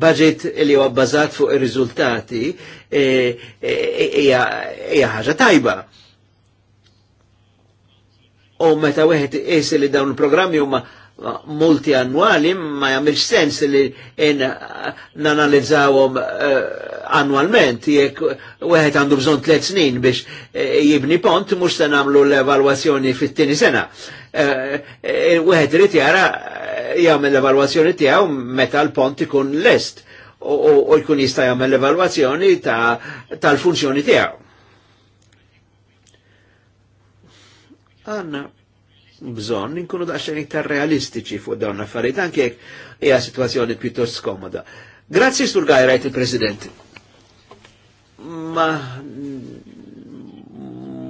Budget li huwa bbażat fuq ir-riżultati eh, eh, hija ħaġa tajba. U meta wieħed is li dawn il-programmi huma multi annwali ma jagħmilx sens li nanalizzawhom uh, annualment, jekk wieħed għandu bżon tliet snin biex eh, jibni pont, mhux se nagħmlu l-evalwazzjoni fit-tieni sena. Eh, eh, wieħed irid jara jagħmel l-evalwazzjoni tiegħu meta l-pont ikun lest u jkun jista' jagħmel l evaluazzjoni tal-funzjoni tiegħu. Għanna bżon ninkunu daċċen iktar realistiċi fuq dawn l-affarijiet anke jekk hija pjuttost skomoda. Grazzi sul għajrajt il-President ma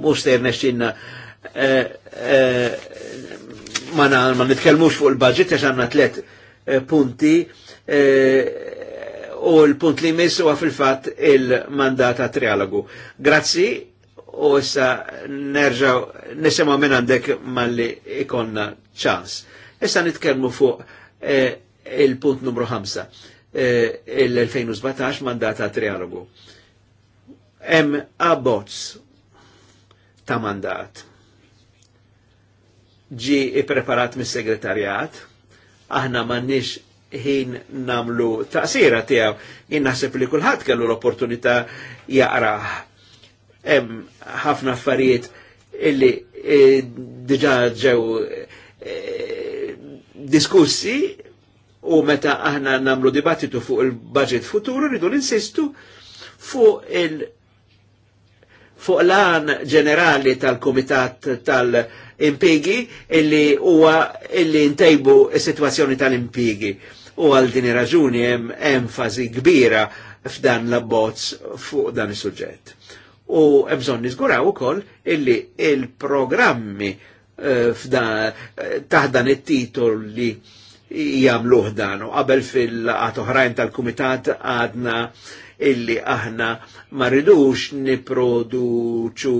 muster nesċinna eh, eh, ma ma nitkelmux fuq il-budget għax għanna tlet eh, punti u l-punt li mis huwa fil-fatt il-mandata trialogu. Grazzi u issa nerġaw nisema minn għandek malli ikonna ċans. Issa nitkellmu fuq il-punt numru 5 il-2017 mandata trialogu. Hemm abbozz ta' mandat. Ġi ippreparat mis-segretarjat, aħna m'għandniex ħin namlu taqsira tiegħu. Jien naħseb li kulħadd kellu l-opportunità jaqrah. Hemm ħafna affarijiet illi eh, diġà ġew eh, diskussi u meta aħna namlu dibattitu fuq il-budget futuru rridu ninsistu fuq il- fuq l-għan ġenerali tal-Komitat tal-Impigi illi huwa illi ntejbu s-situazzjoni tal-Impigi. U għal din raġuni hemm enfasi kbira f'dan l-abbozz fuq dan is-suġġett. U hemm bżonn niżguraw ukoll illi il-programmi eh, eh, taħdan it-titol li jagħmluh dan u qabel fil-qat oħrajn tal-Kumitat għadna uh, illi aħna ma ridux niproduċu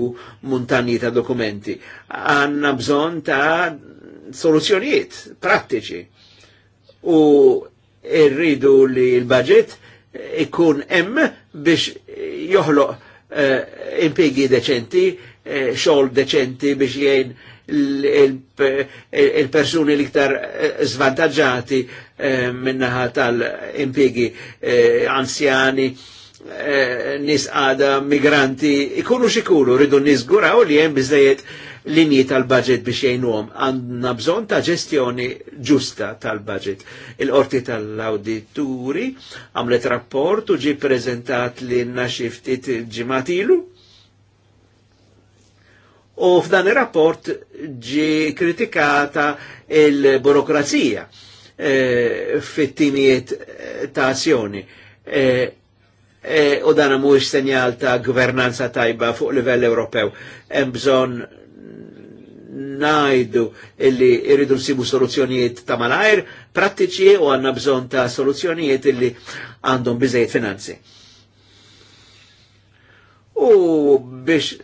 montani ta' dokumenti. Għanna bżon ta' soluzzjonijiet prattiċi. U irridu li l-budget ikun hemm biex joħloq uh, impiegi deċenti, uh, xogħol deċenti biex jgħin il-persuni il, il, il, il, il, il, il, Eh, minnaħa tal-impiegi eh, anzjani, eh, nis għada, migranti, ikunu xikunu, rridu nizguraw li jem bizdejiet linji tal-budget biex jgħinuhom. Għandna bżon ta' ġestjoni ġusta tal-budget. Il-qorti tal-awdituri għamlet rapport u ġi prezentat li naxiftit ġimatilu. U f'dan ir-rapport ġi kritikata il-burokrazija E, fit-timijiet e, ta' azzjoni. E, u dan mhuwiex senjal ta' gvernanza tajba fuq livell Ewropew. Hemm bżonn najdu illi irridu nsibu soluzzjonijiet ta' malajr, prattiċi u għanna bżonn ta' soluzzjonijiet illi għandhom biżejjed finanzi. U biex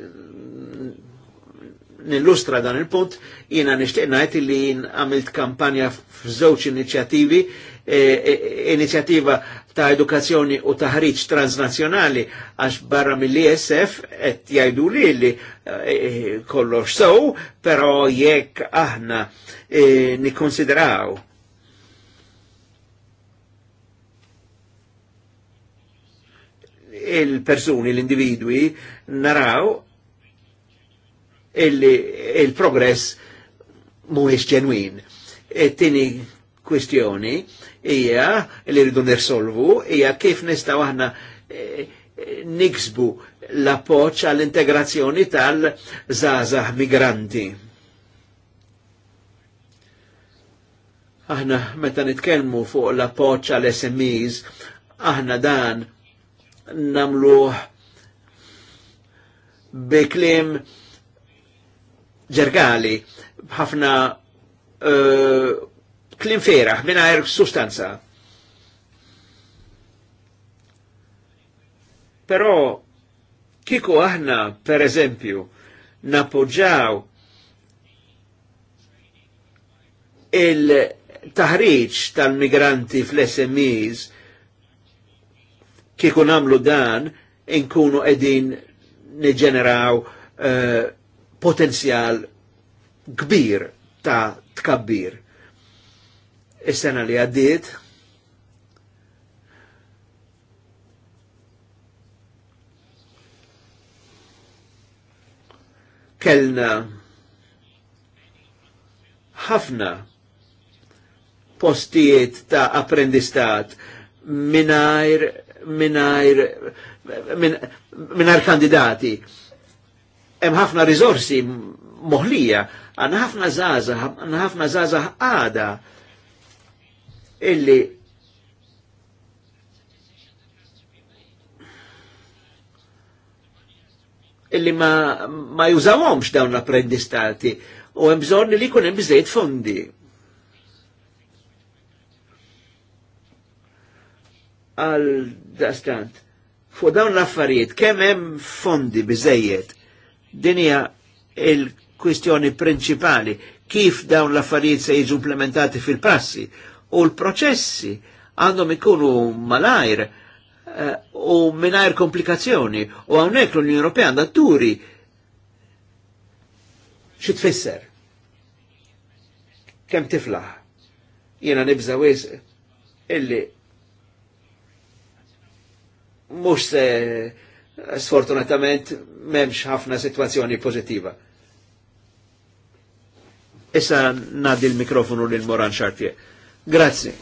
nillustra dan il-punt, jina nishtiqnajt ngħid li għamilt kampanja f'żewġ inizjattivi, e, e, inizjattiva ta' edukazzjoni u taħriġ transnazzjonali għax barra mill-ISF qed jajdu li li e, kollox sew, però jekk aħna nikonsideraw. il-persuni, l-individwi, naraw il-progress mhuwiex ġenwin. Tini kwestjoni ija li rridu nirsolvu ija kif nistaw aħna eh, niksbu l-appoċ għall-integrazzjoni tal-żazah migranti. Aħna meta nitkellmu fuq l-appoċ għall-SMEs, aħna dan namluħ bi klim ġergali, bħafna uh, klim fera, minna għer sustanza. Però kiku aħna, per eżempju, napoġaw il-taħriġ tal-migranti fl-SMEs kieku namlu dan inkunu edin neġeneraw uh, potenzjal kbir ta' tkabbir. Is-sena li għaddiet, kellna ħafna postijiet ta' apprendistat minajr minajr minajr kandidati hemm ħafna riżorsi moħlija, għanna ħafna zaza, għanna ħafna zaza għada illi illi ma, ma jużawomx dawn l-apprendistati u hemm bżonn li jkun hemm biżejjed fondi. Għal dastant, fuq dawn l-affarijiet kemm hemm fondi biżejjed dinija il-kwistjoni principali kif dawn l-affarijiet se jiġu implementati fil-prassi u l-proċessi għandhom ikunu malajr eh, u minajr komplikazzjoni u għawnek l-Unjoni Ewropea għandha turi xi tfisser. Kemm tiflaħ. Jiena nibża wis illi mhux se sfortunatament memx ħafna situazzjoni pozittiva. Issa nadi l-mikrofonu lil Moran Xartier. Grazzi.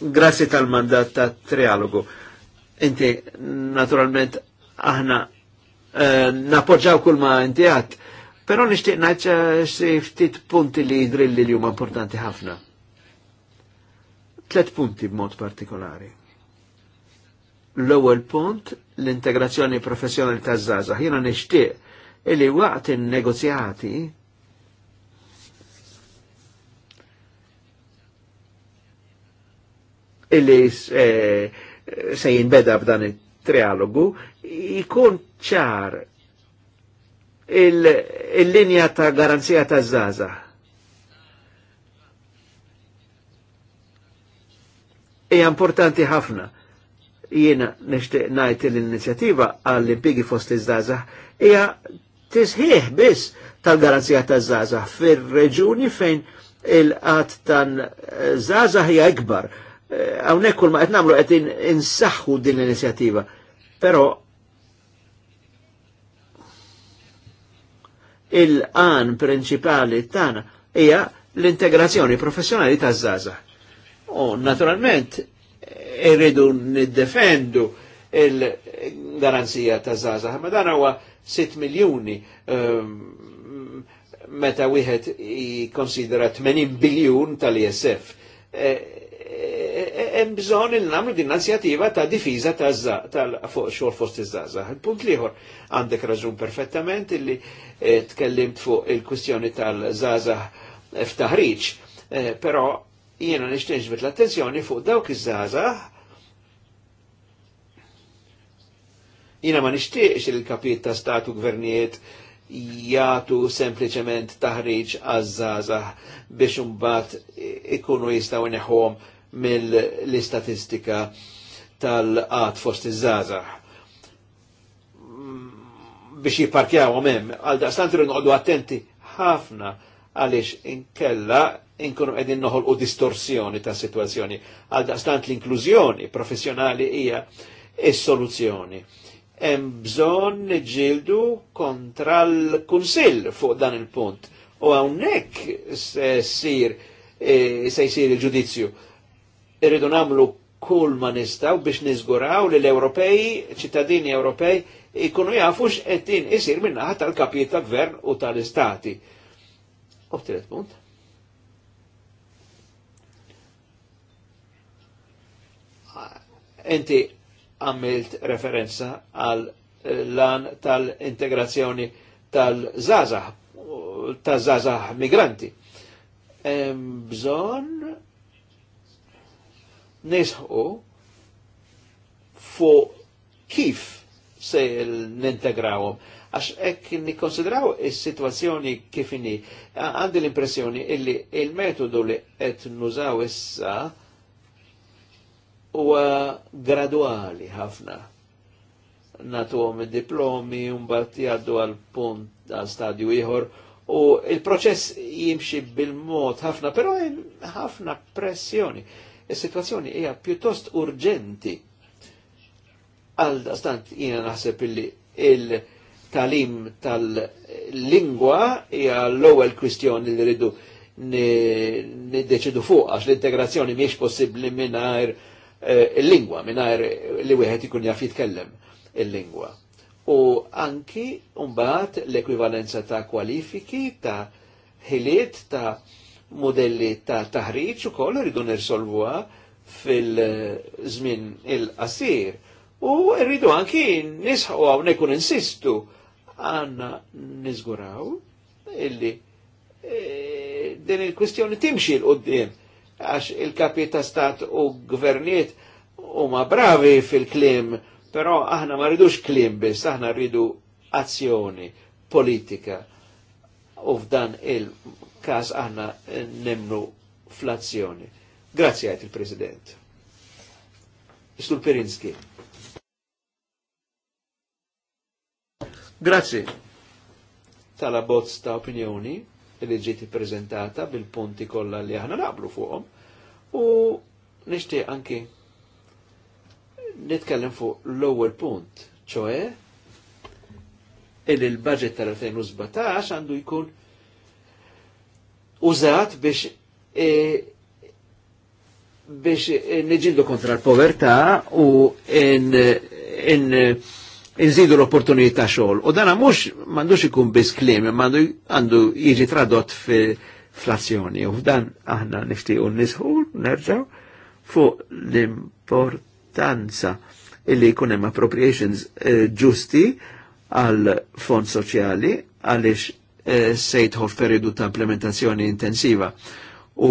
Grazzi tal-mandat ta' trialogu. Inti, naturalment, aħna eh, napoġġaw kull ma inti għat, pero nishtiq naċċa si eh, ftit punti li drilli li importanti ħafna. Tlet punti b'mod partikolari. L-ewwel punt l-integrazzjoni professjonali taż-żgħażagħ. Jiena nixtieq illi waqt in-negozjati illi eh, se jinbeda b'dan il-trialogu, jkun ċar il-linja ta' garanzija ta' zaza. Ija importanti ħafna Jiena nishtiq ngħid l-inizjattiva għall impigi fost iż-żgħażagħ hija tisħiħ biss tal-garanzija taż-żgħażagħ fir-reġuni fejn il-qatt tan-żgħażagħ hija ikbar. Eh, hawnhekk kull ma qed nagħmlu qed insaħħu din l-inizjattiva. Però il-qan prinċipali tagħna hija l-integrazzjoni professjonali taż-żgħażagħ. U naturalment irridu niddefendu il-garanzija ta' zaza. Ma dan huwa 6 miljuni ehm, meta wieħed jikkonsidera 80 biljun tal-ISF. E, e, e, hemm bżonn il nagħmlu din inizjattiva ta' difiża tal-fuq xogħol fost iż-żgħażagħ. Il-punt ieħor għandek raġun perfettament illi tkellimt fuq il-kwistjoni tal-żgħażagħ f'taħriġ, però jiena nixtieġbet l-attenzjoni fuq dawk iż żaza jiena ma nixtieqx il-kapijiet ta' statu gvernijiet jagħtu sempliċement taħriġ għaż-żgħażagħ biex imbagħad ikunu jistgħu neħom mill-istatistika tal-qat fost iż żaza biex jiparkjaw għomem, għal daqstant ngħodu attenti ħafna għaliex inkella inkunu qegħdin noħolqu distorsjoni ta' situazzjoni. għalda stant l-inklużjoni professjonali hija is-soluzzjoni. Hemm bżonn niġġieldu kontra l-Kunsill fuq dan il-punt. U hawnhekk se jsir e, se jsir il-ġudizzju. Irridu nagħmlu kull ma nistaw biex niżguraw li l-Ewropej, ċittadini Ewropej, ikunu jafux qed isir minnaħat tal-kapijiet tal gvern u tal-istati. Ta U punt. Enti għamilt referenza għal lan tal-integrazzjoni tal-zazah, tal-zazah migranti. Bżon nisħu fuq kif se l-integrawom għax hekk nikkonsidraw is-sitwazzjoni kif inhi. Għandi l-impressjoni illi il-metodu li qed nużaw issa huwa gradwali ħafna. Natuhom diplomi un-bat jaddu għal punt għal stadju ieħor u il-proċess jimxi bil-mod ħafna, però ħafna pressjoni. il situazzjoni hija pjuttost urġenti għal dastant jina naħseb illi il- talim tal-lingwa hija l-ewwel kwistjoni li rridu niddeċidu fuq għax l-integrazzjoni miex possibbli mingħajr eh, il-lingwa, mingħajr li wieħed ikun jaf jitkellem il-lingwa. U anki mbagħad l-ekwivalenza ta' kwalifiki, ta' ħiliet, ta' modelli ta' taħriġ ukoll rridu nirsolvuha fil-żmien il-qasir. U rridu anki nisħu għaw nekun insistu għanna nizguraw illi e, din il-kwistjoni timxi l-qoddim għax il-kapi ta' stat u gvernijiet u ma bravi fil-klim, però aħna ma ridux klim biss, aħna ridu azzjoni politika u f'dan il-kas aħna nemnu fl-azzjoni. Grazie għajt il-President. Istul Perinski. Grazzi Tala bozz ta' opinjoni li ġieti prezentata bil-punti kollha li aħna naqblu fuqhom u nixtieq anki nitkellem fuq l-ewwel punt, ċoe li l-budget tal-2017 għandu jkun użat biex e, biex e, neġildu kontra l-povertà u in, in inżidu l-opportunitajiet ta' xogħol. U dana mhux m'għandux ikun biss klim, m'għandu għandu jiġi tradott fl-azzjoni. U f'dan aħna nixtiequ nisħu nerġgħu fuq l-importanza illi jkun hemm appropriations eh, ġusti għal fond soċjali għaliex sejtħu eh, sejtħol ta' implementazzjoni intensiva u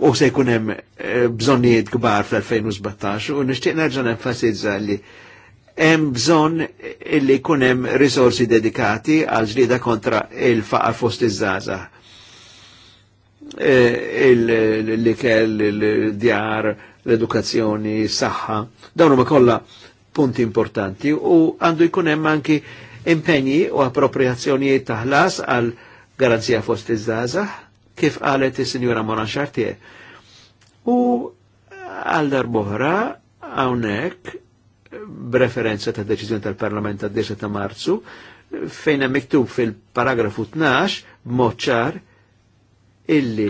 u se jkun hemm eh, bżonnijiet kbar fl-2017 u nixtieq nerġa' nenfasizza li hemm bżonn illi jkun hemm risorsi dedikati għal ġlieda kontra il-faqar fost iż-żaża. Eh, illi kell il-djar, l-edukazzjoni, s-saħħa, dawn huma kollha punti importanti u għandu jkun hemm anki impegni u appropriazzjonijiet taħlas għal garanzija fost iż-żaża kif qalet is-Sinjura Moran Xartier. U għal darbohra hawnhekk referenza ta' deċiżjoni tal-Parlament ta' 10 ta' Marzu, fejna miktub fil-paragrafu 12 b'mod ċar illi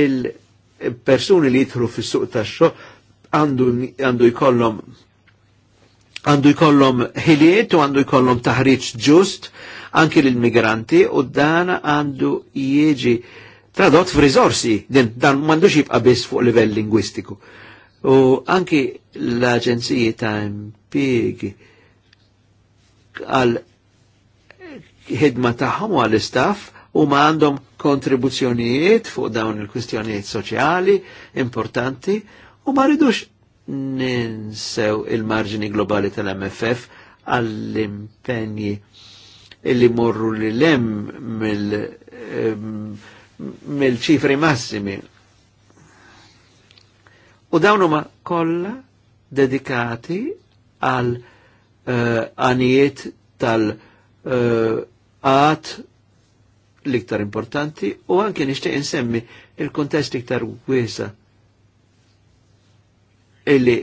il-persuni li jidħlu fil suq ta' xo għandu jkollhom għandu jkollhom ħiliet u għandu jkollhom taħriċ ġust anki l-immigranti u dan għandu jieġi tradott f'riżorsi, dan m'għandux jibqa' biss fuq livell lingwistiku. U anki l-Aġenziji ta' impiegi għal ħidma tagħhom għal istaff u ma għandhom kontribuzzjonijiet fuq dawn il-kwistjonijiet soċjali importanti u ma ridux ninsew il-marġini globali tal-MFF għall-impenji illi morru li lem eh, mill-ċifri massimi U dawn huma kollha dedikati għal eh, għanijiet uh, tal-għat eh, uh, l-iktar importanti u anke nixtieq insemmi il-kontest iktar wiesa illi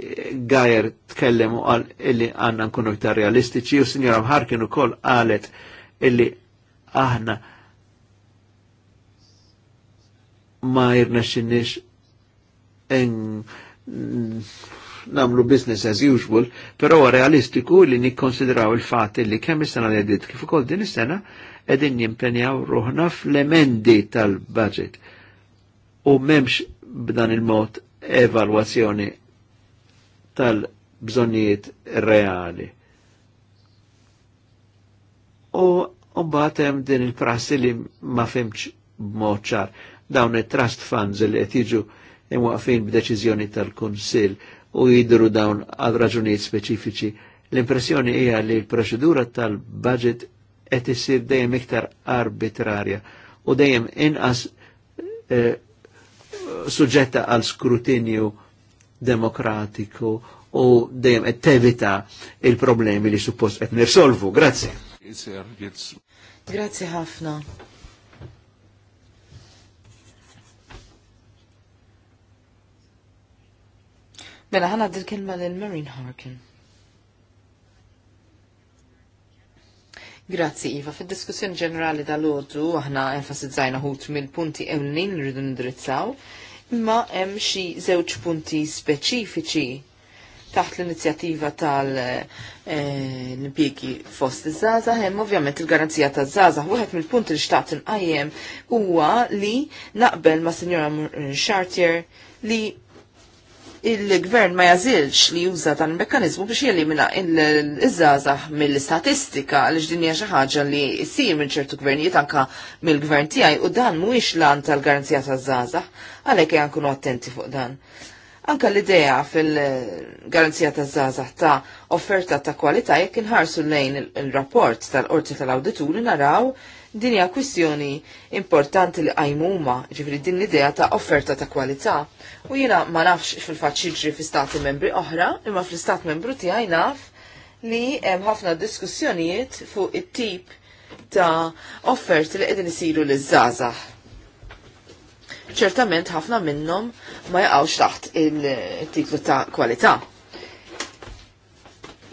Gajer tkellem u għal illi għanna nkunu iktar realistiċi u Sinjora mħarkin u koll għalet illi aħna ma jirna namlu business as usual, però realistiku li nikkonsidraw il-fat li kemm is-sena li għedit kif ukoll din is-sena qegħdin jimpenjaw ruħna fl-emendi tal-budget. U memx b'dan il-mod evalwazzjoni tal-bżonnijiet reali. U mbagħad hemm din il-prassi li ma fimx b'mod ċar dawn it-trust funds li qed jiġu imwaqfin b'deċizjoni tal-Kunsill u jidru dawn għal raġunijiet speċifiċi. L-impressjoni hija li l-proċedura tal-budget qed issir dejjem iktar arbitrarja u dejjem inqas eh, suġġetta għal skrutinju demokratiku u dejjem qed tevita il-problemi li suppost qed nirsolvu. Grazzi. Grazzi ħafna. Mela ħana għaddil kelma l-Marine Harkin. Grazzi Iva, fid diskussjoni ġenerali dal-ordu aħna enfasizzajna ħut mill-punti ewnin li rridu ndrizzaw, imma hemm xi żewġ punti speċifiċi taħt l-inizjattiva tal-impjegi eh, fost iż-żaza, hemm ovvjament il-garanzija ta' żaza. Wieħed mill-punti li xtaqt inqajjem huwa li naqbel ma' Sinjora Chartier li il-gvern ma jażilx li juża dan il-mekkanizmu biex jelimina il izzazah mill-istatistika li ġdinja xi ħaġa li jsir minn ċertu gvernijiet anka mill-gvern tiegħi u dan mhuwiex lan tal-garanzija taż zazah għalek jgħan kunu attenti fuq dan. Anka l-idea fil-garanzija taż zazah ta' offerta ta' kwalità jekk inħarsu lejn il-rapport tal-qorti tal-awdituri naraw Din hija kwistjoni importanti li qajmuma, ġifri din l-idea ta' offerta ta' kwalità. U jiena ma nafx fil-fatt xiġri fi stati membri oħra, imma fl-istat membru tiegħi naf li hemm ħafna diskussjonijiet fuq it-tip ta' offerti li qegħdin isiru liż-żgħażagħ ċertament ħafna minnhom ma jaqgħux taħt il-titlu ta' kwalità.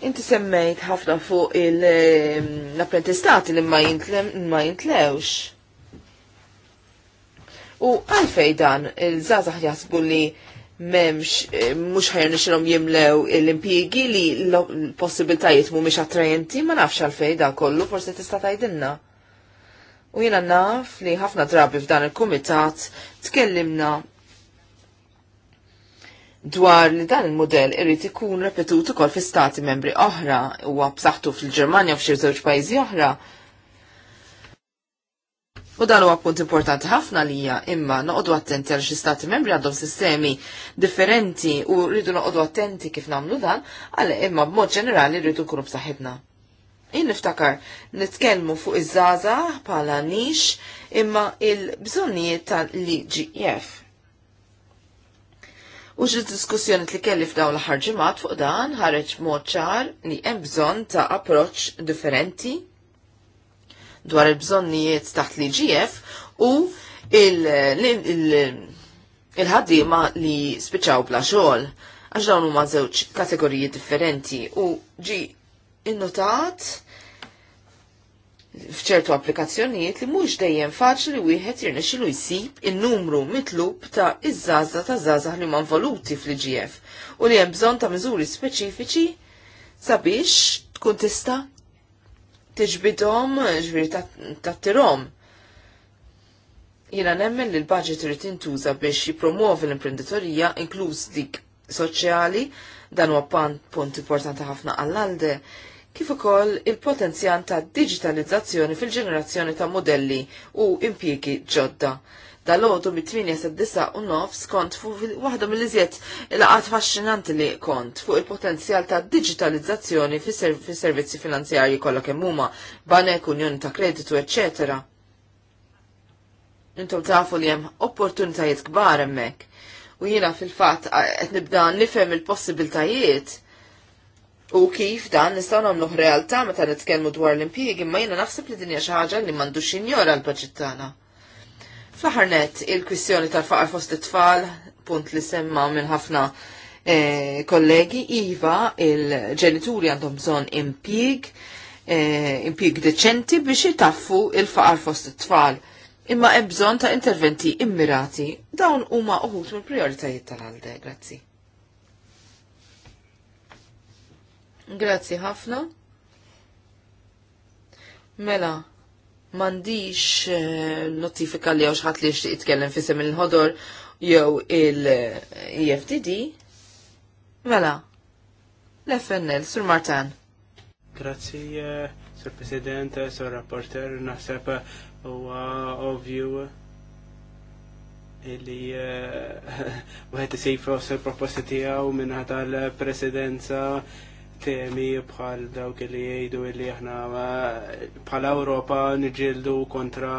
Inti semmejt ħafna fuq ehm, l-apprentistati li ma jintlewx. U għalfej dan il-żazax jasbu li memx eh, mux ħajrni xilom jimlew l-impiegi li l-possibiltajiet mu miex attrajenti ma nafx għalfej da kollu forse tista' tajdinna. U jena naf li ħafna drabi f'dan il-komitat tkellimna dwar li dan il-modell irrit ikun repetut ukoll fi stati membri oħra huwa b'saħħtu fil-Ġermanja u f'xi żewġ pajjiżi oħra. U dan huwa punt importanti ħafna lija, imma noqogħdu attenti għal xi stati membri għandhom sistemi differenti u rridu noqogħdu attenti kif nagħmlu dan, għal imma b'mod ġenerali rridu nkunu b'saħħitna. Jien niftakar nitkellmu fuq iż żgħażagħ bħala nix imma il-bżonnijiet tal-LGF Ux xi diskussjoni li kelli f'dawn l-aħħar fuq dan ħareġ mod ċar li hemm bżonn ta' approċċ differenti dwar il-bżonnijiet taħt li ġief u il-ħaddima li spiċaw bla xogħol għax dawn huma żewġ kategoriji differenti u ġi innotat fċertu applikazzjonijiet li mhux dejjem faċli wieħed jirnexxilu jsib in-numru mitlub ta' iż-żaża ta' żażaħ li ma voluti fl-IGF u li hemm bżonn ta' miżuri speċifiċi sabiex tkun tista' tiġbidhom ġbir tattirhom. Jiena nemmen li l-budget irid intuża biex jippromuovi l-imprenditorija inkluż dik soċjali dan huwa punt importanti ħafna għall-alde kif ukoll il-potenzjal ta' digitalizzazzjoni fil-ġenerazzjoni ta' modelli u impjiegi ġodda. Dal-għodu mit-8 u skont fuq waħda mill-iżjed laqat faxxinanti li kont fuq il-potenzjal ta' digitalizzazzjoni fis servizzi finanzjarji kollha kemm huma banek, unjoni ta' kreditu, eċċetera. Intom tafu li hemm opportunitajiet kbar hemmhekk. U jiena fil-fatt qed nibda nifhem il-possibiltajiet U kif dan nistgħu nagħmlu realtà meta nitkellmu dwar l-impjieg imma jiena naħseb li dinja xi ħaġa li m'għandux injora l-baġit tagħna. Fl-aħħar net il-kwistjoni tal-faqar fost it-tfal, punt li semma minn ħafna eh, kollegi, iva il-ġenituri għandhom bżonn impjieg, eh, impjieg deċenti biex jitaffu il-faqar fost it-tfal. Imma hemm bżonn ta' interventi immirati. Dawn huma uħut mill-prijoritajiet tal-għalde, grazzi. Grazzi ħafna. Mela, mandiċ eh, notifika li għaw xħat li xtiq jitkellem fissem il-ħodor jew il iftd Mela, l-FNL, Sur Martan. Grazzi, eh, Sur President, eh, Sur Rapporter, naħseb u ovvju illi u t-sejfu s proposti tijaw minna tal-presidenza temi bħal dawk li jgħidu li aħna eh, bħal Ewropa niġildu kontra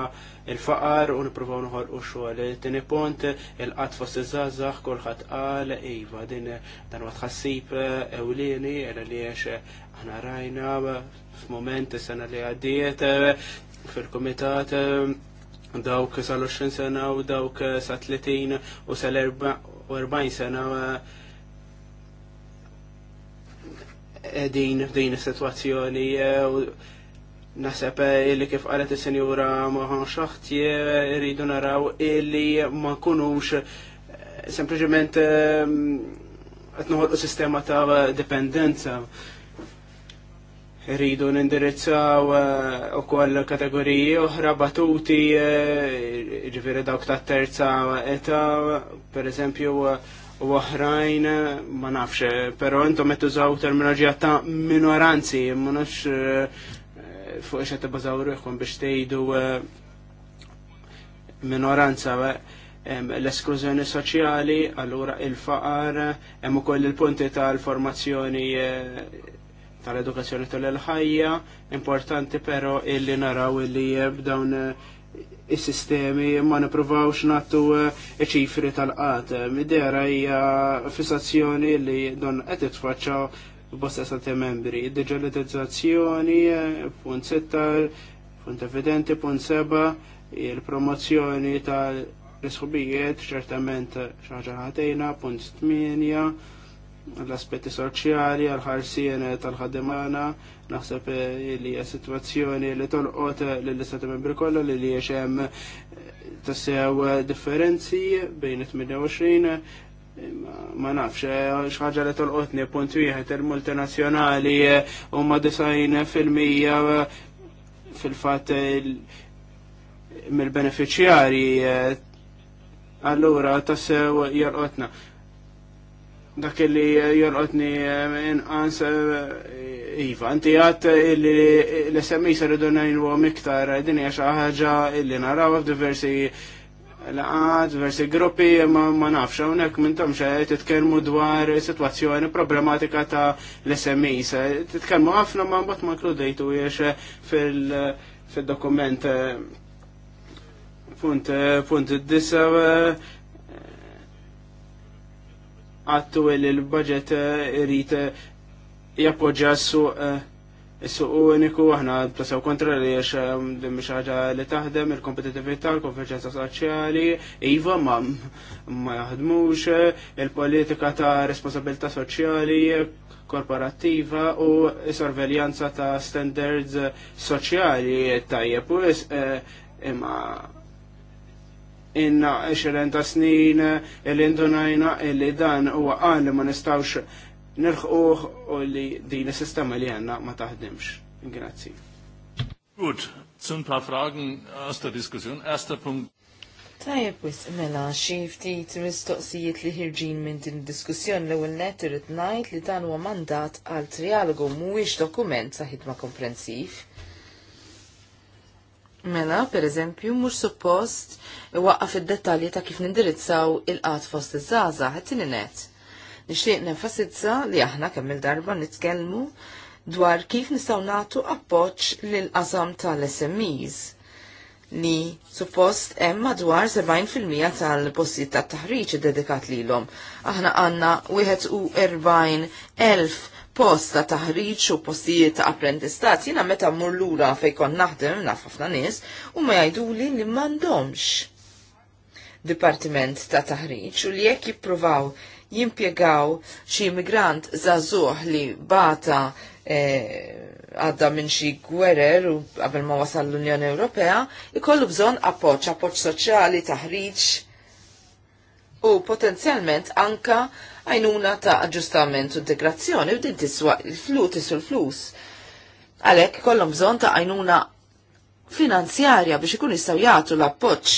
il-faqar u nipruvaw noħolqu xogħol. Tini punt il-qatt fost iż-żgħażagħ kulħadd qal iva din dan huwa tħassib eh, ewlieni li għax aħna rajna f'mument is-sena li għaddiet eh, fil-kumitat dawk sal-20 sena u dawk sa 30 u sal-40 sena din din is-sitwazzjoni eh, Naseb eh, illi kif qalet is-senjura Mohan Xaħti eh, rridu naraw illi ma nkunux sempliċement qed noħolqu sistema ta' dipendenza. Rridu nindirizzaw ukoll kategoriji oħra batuti, ġifieri dawk ta' terza età, pereżempju u oħrajn ma nafx, pero intom qed tużaw terminoloġija ta' minoranzi, ma nafx eh, fuq x'għed qed tibbażaw ruħkom biex tgħidu eh, minoranza eh, l-esklużjoni soċjali, allura il-faqar, hemm ukoll il-punti tal-formazzjoni tal-edukazzjoni tal-ħajja, importanti però illi naraw illi dawn is-sistemi ma nipruvawx nagħtu eh, ċifri tal-qat. Idera hija fissazzjoni li don qed titfaċċa bosta sante membri. Id-digitalizzazzjoni, eh, punt settar, punt evidenti, punt seba, il-promozzjoni tal-risħubijiet, ċertament xaġa ħatejna, punt 8, l-aspetti soċjali, għal-ħarsien tal-ħademana, naħseb eh, li hija situazzjoni li tolqot eh, l istati membri kollha li li hemm eh, tassew differenzi bejn 28 ma nafx, xaġa li tolqotni punt wieħed il-multinazzjonali huma design fil-mija fil-fatt mill-beneficjari allura tassew jarqotna dak li jorqotni eh, inqas eh, Iva, inti għat l-SMI saridu najnu għom iktar din hija xi ħaġa illi naraw f'diversi laqat, diversi gruppi, ma nafx hawnhekk minn tom xejn titkellmu dwar sitwazzjoni problematika ta' l-SMIs. Titkellmu ħafna ma mbagħad ma kludejtu fil-dokument eh, punt punt disa għattu il-budget eh, rrit eh, jappoġġa s-suq eh, uniku, aħna tasaw kontra li għax ħaġa li taħdem, il-kompetitivita, l-konferġenza soċjali, iva ma ma jaħdmux, il-politika ta' responsabilta soċjali, korporattiva u sorveljanza ta' standards soċjali tajjeb u imma inna 20 ta' snin il-indunajna illi dan huwa li ma nistawx nirħuħ u li din is-sistema li għanna ma taħdimx. Grazzi. Gut, zun pa' Fragen għasta diskussjon, għasta Punkt. Tajab wis mela xi ftit mistoqsijiet li ħirġin minn din id-diskussjoni l netter net irid ngħid li dan huwa mandat għal trialogu mhuwiex dokument sa' ħidma komprensiv. Mela, per eżempju, mux suppost waqqaf id-detalji ta' kif nindirizzaw il-qat fost iż-żaza, ħattini net. Nixtieq nenfasizza li aħna kemm il-darba nitkellmu dwar kif nistaw natu appoċ lil-qasam tal-SMEs li suppost hemm madwar 70% tal-postijiet tat-taħriġ dedikat lilhom. Aħna għandna 41,000 post ta' taħriġ u postijiet ta' apprendistat, jina meta mmur lura fejkon naħdem naf ħafna nies u ma jgħiduli li m'għandhomx dipartiment ta' taħriġ u li jekk jippruvaw jimpjegaw xi immigrant żagħżugħ li bata eh, għadda minn xi gwerer u qabel ma wasal l-Unjoni Ewropea, ikollu bżonn appoġġ, appoġġ soċjali, taħriġ u potenzjalment anka għajnuna ta' aġġustament u integrazzjoni u din tiswa il-flus tisu l-flus. Għalhekk kollom bżonn ta' għajnuna finanzjarja biex ikun jistgħu jagħtu l-appoġġ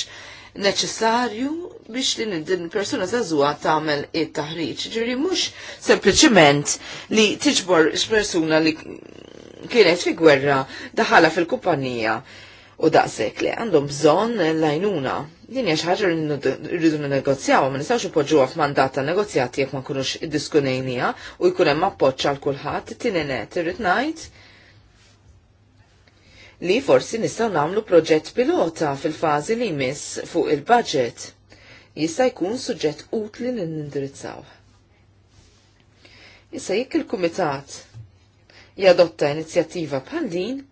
neċessarju biex din din persuna zazua tagħmel it-taħriġ. Ġiri mhux sempliciment li tiġbor x'persuna li kienet fi gwerra daħala fil-kumpanija u daqshekk li għandhom bżonn l-għajnuna din hija xi ħaġa li rridu negozjaw, ma nistgħux għaf f'mandat ta' negozjati jekk ma nkunux iddiskunejnija u jkun hemm appoġġ għal kulħadd tieni net irrid ngħid li forsi nistgħu nagħmlu proġett pilota fil-fażi li jmiss fuq il-budget. Jista' jkun suġġett utli li nindirizzaw. Issa jekk il-Kumitat jadotta inizjattiva bħal din,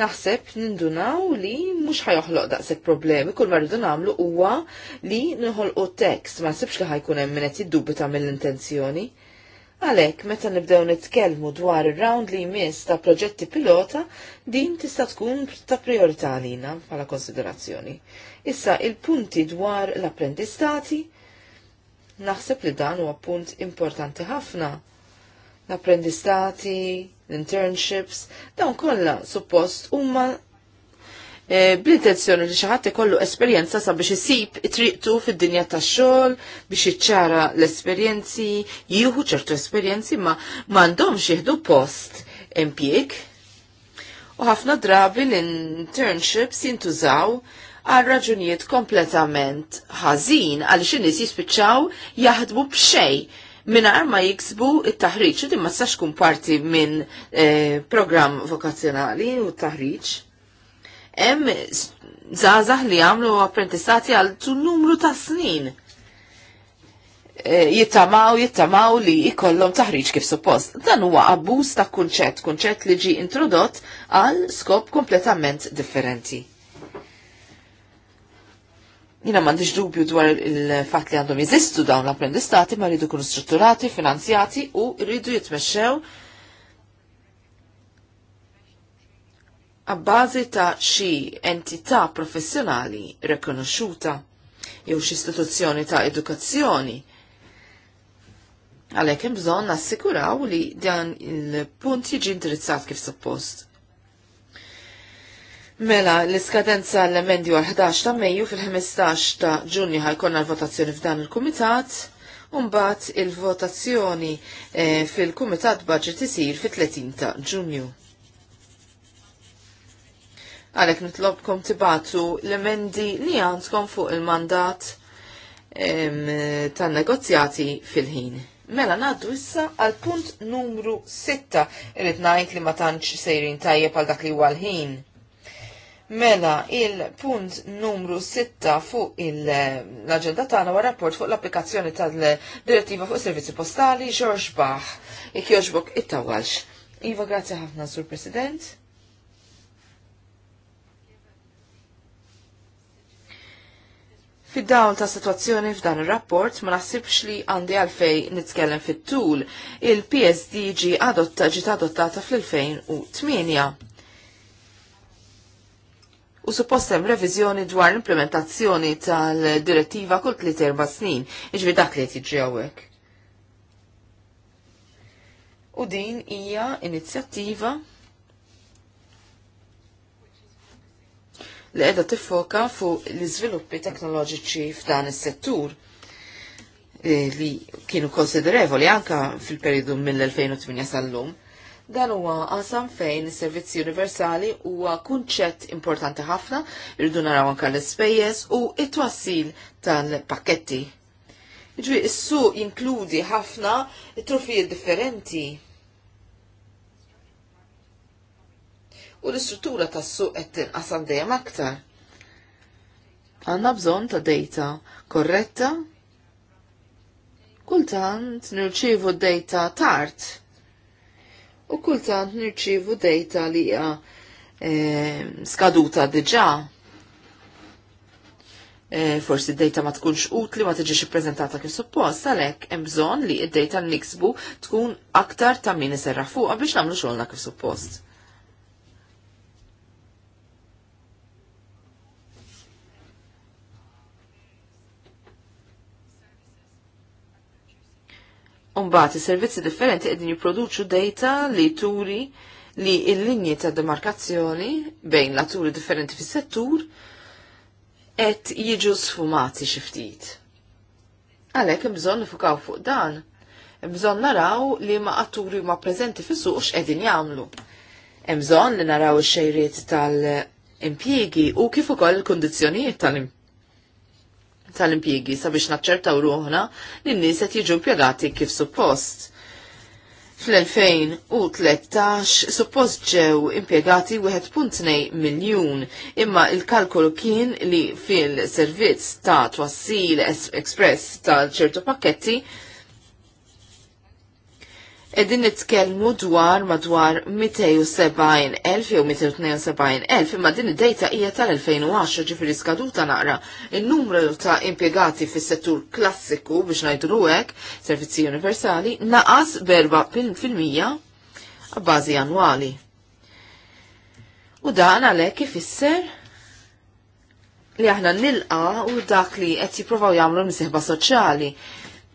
naħseb nindunaw li mhux ħajoħloq daqshekk problemi, kull marridu nagħmlu huwa li nħolqu tekst, ma nsibx li ħajkun hemm min qed jiddubita mill-intenzjoni. Għalhekk meta nibdew nitkellmu dwar ir-round li jmiss ta' proġetti pilota, din tista' tkun ta' priorità għalina bħala konsiderazzjoni. Issa il-punti dwar l-apprendistati, naħseb li dan huwa punt importanti ħafna. L-apprendistati, internships, dawn kollha suppost huma eh, bl-intenzjoni li xi ħadd ikollu esperjenza sabiex it triqtu fid-dinja tax-xogħol biex iċċara l-esperjenzi, jieħu ċertu esperjenzi ma m'għandhomx jieħdu post impjieg. U ħafna drabi l-internships jintużaw għal raġunijiet kompletament ħażin għal xi nies jispiċċaw jaħdmu b'xej minar ma jiksbu il taħriċ u dimma s kun parti minn eh, program vokazzjonali u taħriċ. Hemm zazah li għamlu apprentissati għal numru ta' snin. Eh, jittamaw, jittamaw li jikollhom taħriġ kif suppost. Dan huwa abbuż ta' kunċett, kunċett li ġi introdott għal skop kompletament differenti. Jina mandiġ dubju dwar il-fat li għandhom jizistu dawn l-apprendistati ma rridu kunu strutturati, finanzjati u rridu jitmexxew għabbażi ta' xi entità professjonali rekonoxxuta jew xi istituzzjoni ta' edukazzjoni. Għalhekk hemm bżonn assikuraw li dan il-punt jiġi indirizzat kif suppost. Mela, l-iskadenza l-emendi 11 ta' Mejju fil-15 ta' Ġunju ħajkonna l-votazzjoni f'dan il-Kumitat, umbat il-votazzjoni eh, fil-Kumitat Budget isir fil 30 ta' Ġunju għalek nitlobkom tibatu l-emendi li għandkom fuq il-mandat tan negozjati fil-ħin. Mela naddu issa għal punt numru 6 irrid ngħid li ma tantx sejrin tajjeb għal dak li huwa l-ħin. Mela, il-punt numru 6 fuq l-agenda tagħna wara rapport fuq l-applikazzjoni tal-direttiva fuq servizzi postali George Bach. Ik it tawax Iva, grazzi ħafna, Sur President. Fid-dawn ta' situazzjoni f'dan ir-rapport ma nasibx li għandi għalfej nitkellem fit-tul. Il-PSD adotta ġiet adottata fl-2008 u suppost hemm reviżjoni dwar l-implementazzjoni tal-direttiva kull tliet erba' snin, iġbi dak li qed jiġri hawnhekk. U din hija inizjattiva li qiegħda tiffoka fuq l-iżviluppi teknoloġiċi f'dan is-settur eh, li kienu konsiderevoli anka fil-periodu mill-2008 sal-lum. Dan huwa qasam fejn is-servizzi universali huwa kunċett importanti ħafna, irridu naraw anke l-ispejjeż u it-twassil tal-pakketti. Ġwi, is-suq jinkludi ħafna trufijiet differenti. U l-istruttura tas-suq qed tinqasam dejjem aktar. Għandna bżonn ta' data korretta. Kultant nirċievu d-data tard u kultant nirċivu data li hija eh, skaduta diġà. Eh, forsi d-data ma tkunx utli ma tiġix ippreżentata kif suppost, għalhekk hemm bżonn li id data niksbu tkun aktar ta' min iserra fuqha biex nagħmlu xogħolna kif suppost. Umbati servizzi differenti qegħdin jipproduċu data li turi li il-linji ta' demarkazzjoni bejn turi differenti fis-settur qed jiġu sfumati xi ftit. Għalhekk hemm bżonn nifukaw fuq dan, hemm bżonn naraw li ma' atturi ma' preżenti fis-suq x'qegħdin jagħmlu. Hemm bżonn li naraw ix-xejriet tal-impjiegi u kif ukoll il-kundizzjonijiet tal impiegi tal-impjiegi sabiex naċċertaw ruħna li n-nies qed jiġu impjegati kif suppost. Fl-2013 suppost ġew impjegati 1.2 miljun, imma il-kalkolu kien li fil-servizz ta' twassil express tal ċertu pakketti Eddin nitkellmu dwar madwar 270.000 jew 272.000 imma din id-dejta hija tal-2010 ġifieri skaduta naqra. in numru ta' impjegati fis-settur klassiku biex ngħidu hekk, servizzi universali, naqas berba fil-mija għabbażi annwali. U dan għalhekk ifisser li aħna nilqa u dak li qed jippruvaw jagħmlu msieħba soċjali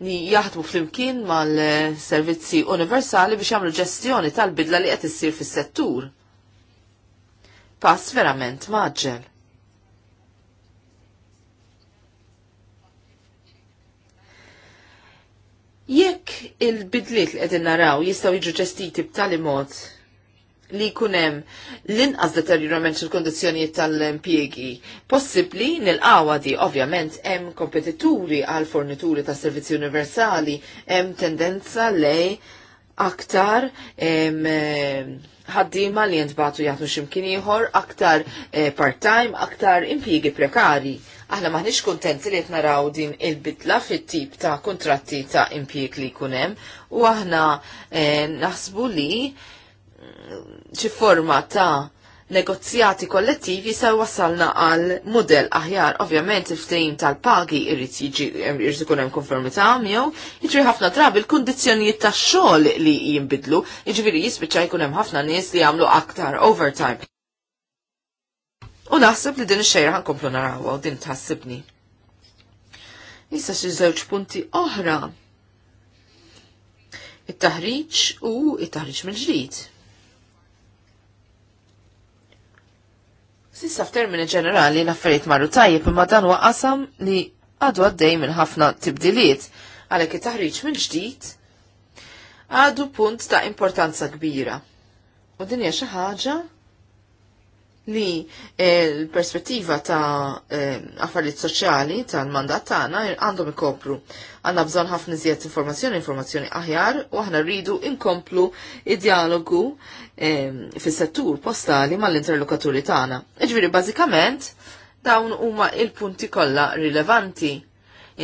li jaħdmu flimkien mal-servizzi universali biex jagħmlu ġestjoni tal-bidla li qed issir fis-settur. Pass verament maġġel. Jekk il-bidliet li qegħdin naraw jistgħu jiġu ġestiti b'tali mod li kunem l-inqas deterjurament il kondizjoni tal-impjegi. Possibli nil-qawa di ovvjament hemm kompetituri għal fornituri ta' servizzi universali, hemm tendenza lej aktar eh, ħaddima li jentbatu jgħatu ximkien ieħor, aktar eh, part-time, aktar impjiegi prekari. Aħna maħniex kontenti li naraw din il bitla fit-tip ta' kontratti ta' impjieg li kunem u aħna eh, naħsbu li xi forma ta' negozjati kollettivi sa' wasalna għal model aħjar. Ovvjament il ftejn tal-pagi irrit jiġi irrid ikun hemm konformità miegħu, jiġri ħafna drabi l-kundizzjonijiet tax-xogħol li jinbidlu, jiġifieri jispiċċa jkun hemm ħafna nies li jagħmlu aktar overtime. U naħseb li din ix-xejra ħankomplu narawha u din tħassibni. Issa xi żewġ punti oħra. It-taħriġ u it-taħriġ mill ġrid Sissa f'termini ġenerali naffariet affarijiet marru tajjeb imma dan huwa qasam li għadu għaddej minn ħafna tibdiliet għalhekk it-taħriġ mill-ġdid għadu punt ta' importanza kbira. U din hija xi ħaġa li eh, l-perspettiva ta' eh, affarijiet soċjali tal-mandat tagħna għandhom ikopru. Għandna bżonn ħafna iżjed informazzjoni, informazzjoni aħjar u aħna rridu inkomplu id-dialogu eh, fis-settur postali mal-interlokaturi tagħna. Iġifieri bażikament dawn huma il-punti kollha rilevanti.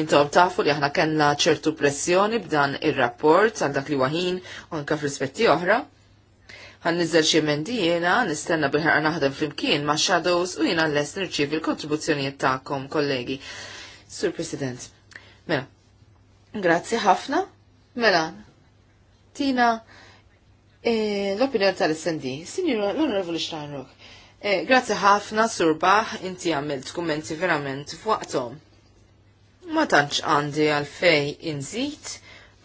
Intom tafu li aħna kellna ċertu pressjoni b'dan ir-rapport għal dak li waħin u anke frispetti oħra Għan nizzer xie mendi jena, nistenna biħar naħdem flimkien ma' shadows u jena l-les nirċiv il-kontribuzzjoniet ta'kom, kollegi. Sur President, mela, grazzi ħafna, mela, tina, eh, l-opinjoni tal-SND, Signora l-Onorevoli Steinrock, eh, grazzi ħafna, Sur Baħ, inti għamilt kummenti verament f'waqtom. Ma tantx għandi għalfej inżit,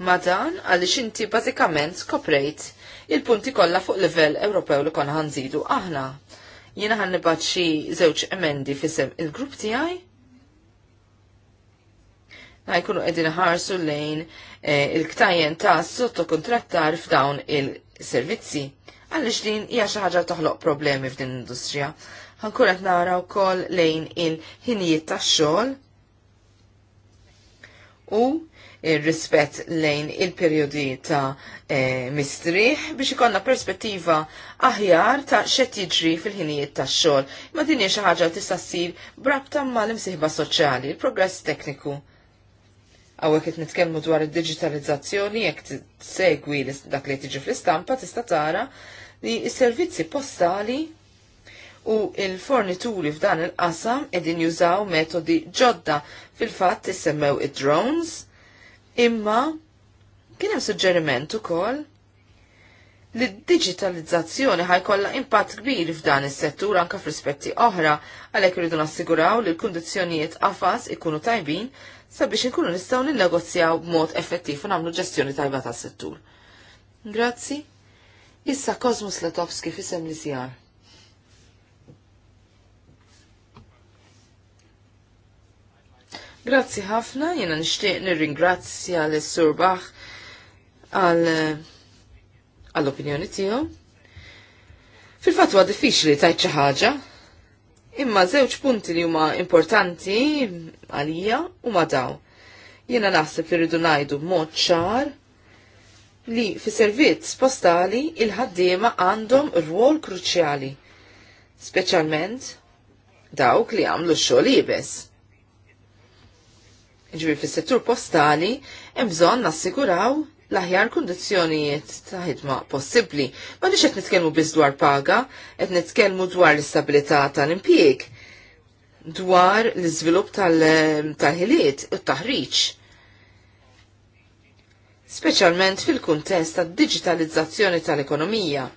ma dan għaliex inti bażikament koprejt il-punti kollha fuq livell Ewropew li konna ħanżidu aħna. Jiena ħan nibgħat xi żewġ emendi fisem il-grupp tiegħi. Ħajkunu qegħdin ħarsu lejn eh, il-ktajjen ta' sottokontrattar f'dawn il-servizzi. Għaliex din hija xi ħaġa toħloq problemi f'din l-industrija. Ħankun qed nara wkoll lejn il-ħinijiet tax-xogħol u il rispett lejn il-perjodi ta' e, biex ikollna perspettiva aħjar ta' xet jiġri fil-ħinijiet tax-xogħol. Ma din hija xi ħaġa tista' ssir brabta mal imsiħba soċjali, il-progress tekniku. Għawek qed nitkellmu dwar id-digitalizzazzjoni jekk segwi dak li tiġi fl-istampa tista' tara li s-servizzi postali u il-fornituri f'dan il-qasam edin jużaw metodi ġodda fil-fatt issemmew id-drones Imma kien hemm suġġeriment ukoll li d-digitalizzazzjoni ħajkollha impatt kbir f'dan is-settur anke f'rispetti oħra għalhekk irridu nassiguraw li l-kundizzjonijiet qafas ikunu tajbin sabiex inkunu nistgħu ninnegozjaw b'mod effettiv u nagħmlu ġestjoni tajba tas-settur. Grazzi. Issa Kosmos Latovski fisem li sjar. Grazzi ħafna, jena nishtiq nirringrazzja l surbaħ għall-opinjoni tiegħu. fil fat huwa diffiċli tajt xi ħaġa, imma żewġ punti li huma importanti għalija huma daw. Jena naħseb li rridu ngħidu b'mod ċar li fi servizz postali il-ħaddiema għandhom rwol kruċjali, speċjalment dawk li għamlu xogħol ibes ġbir fis-settur postali, hemm bżonn nassiguraw l-aħjar kundizzjonijiet ta' ħidma possibbli. Ma nix qed nitkellmu biss dwar paga, qed nitkellmu dwar l-istabilità tal-impjieg, dwar l-iżvilupp tal-ħiliet u t-taħriġ. Speċjalment fil-kuntest tad-diġitalizzazzjoni tal-ekonomija.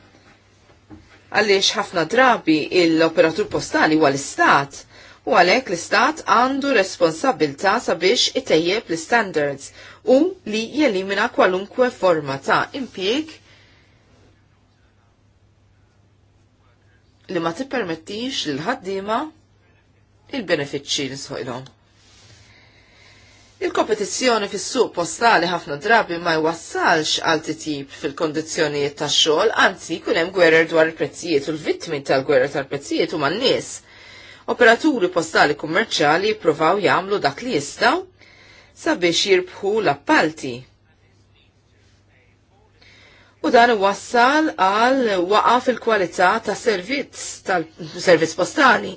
Għaliex ħafna drabi l-operatur postali huwa l-istat u għalhekk l-Istat għandu responsabilta sabiex itejjeb l-standards u li jelimina kwalunkwe forma ta' impjieg li ma tippermettix l ħaddiema il-benefiċċji li Il-kompetizzjoni fis-suq postali ħafna drabi ma jwassalx għal titjib fil-kondizzjonijiet tax-xogħol, anzi jkun hemm gwerer dwar il-prezzijiet u l-vittmi tal gwerer tal-prezzijiet huma man nies operaturi postali kummerċali jippruvaw jagħmlu dak li jistgħu sabiex jirbħu l-appalti. U dan wassal għal waqa fil-kwalità ta' servizz tal-servizz postali.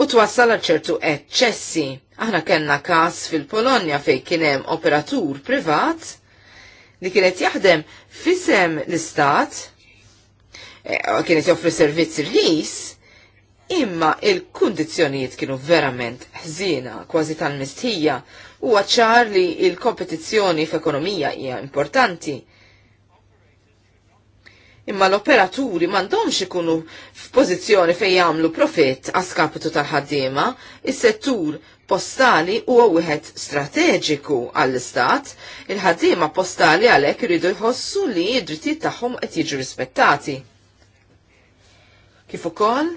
U twassal għal ċertu eċċessi. Aħna kellna każ fil-Polonja fejn kien hemm operatur privat li kienet jaħdem fisem l-istat, eh, kienet joffri servizz irħis, imma il-kondizjonijiet kienu verament ħżina, kważi tal-mistija, u għacċar li il-kompetizjoni f'ekonomija hija importanti. Imma l-operaturi mandomx ikunu f'pożizzjoni fejn jagħmlu profitt skapitu tal-ħaddiema, is-settur postali huwa wieħed strateġiku għall-istat, il-ħaddiema postali għalhekk iridu jħossu li d-drittijiet tagħhom qed jiġu rispettati. Kif ukoll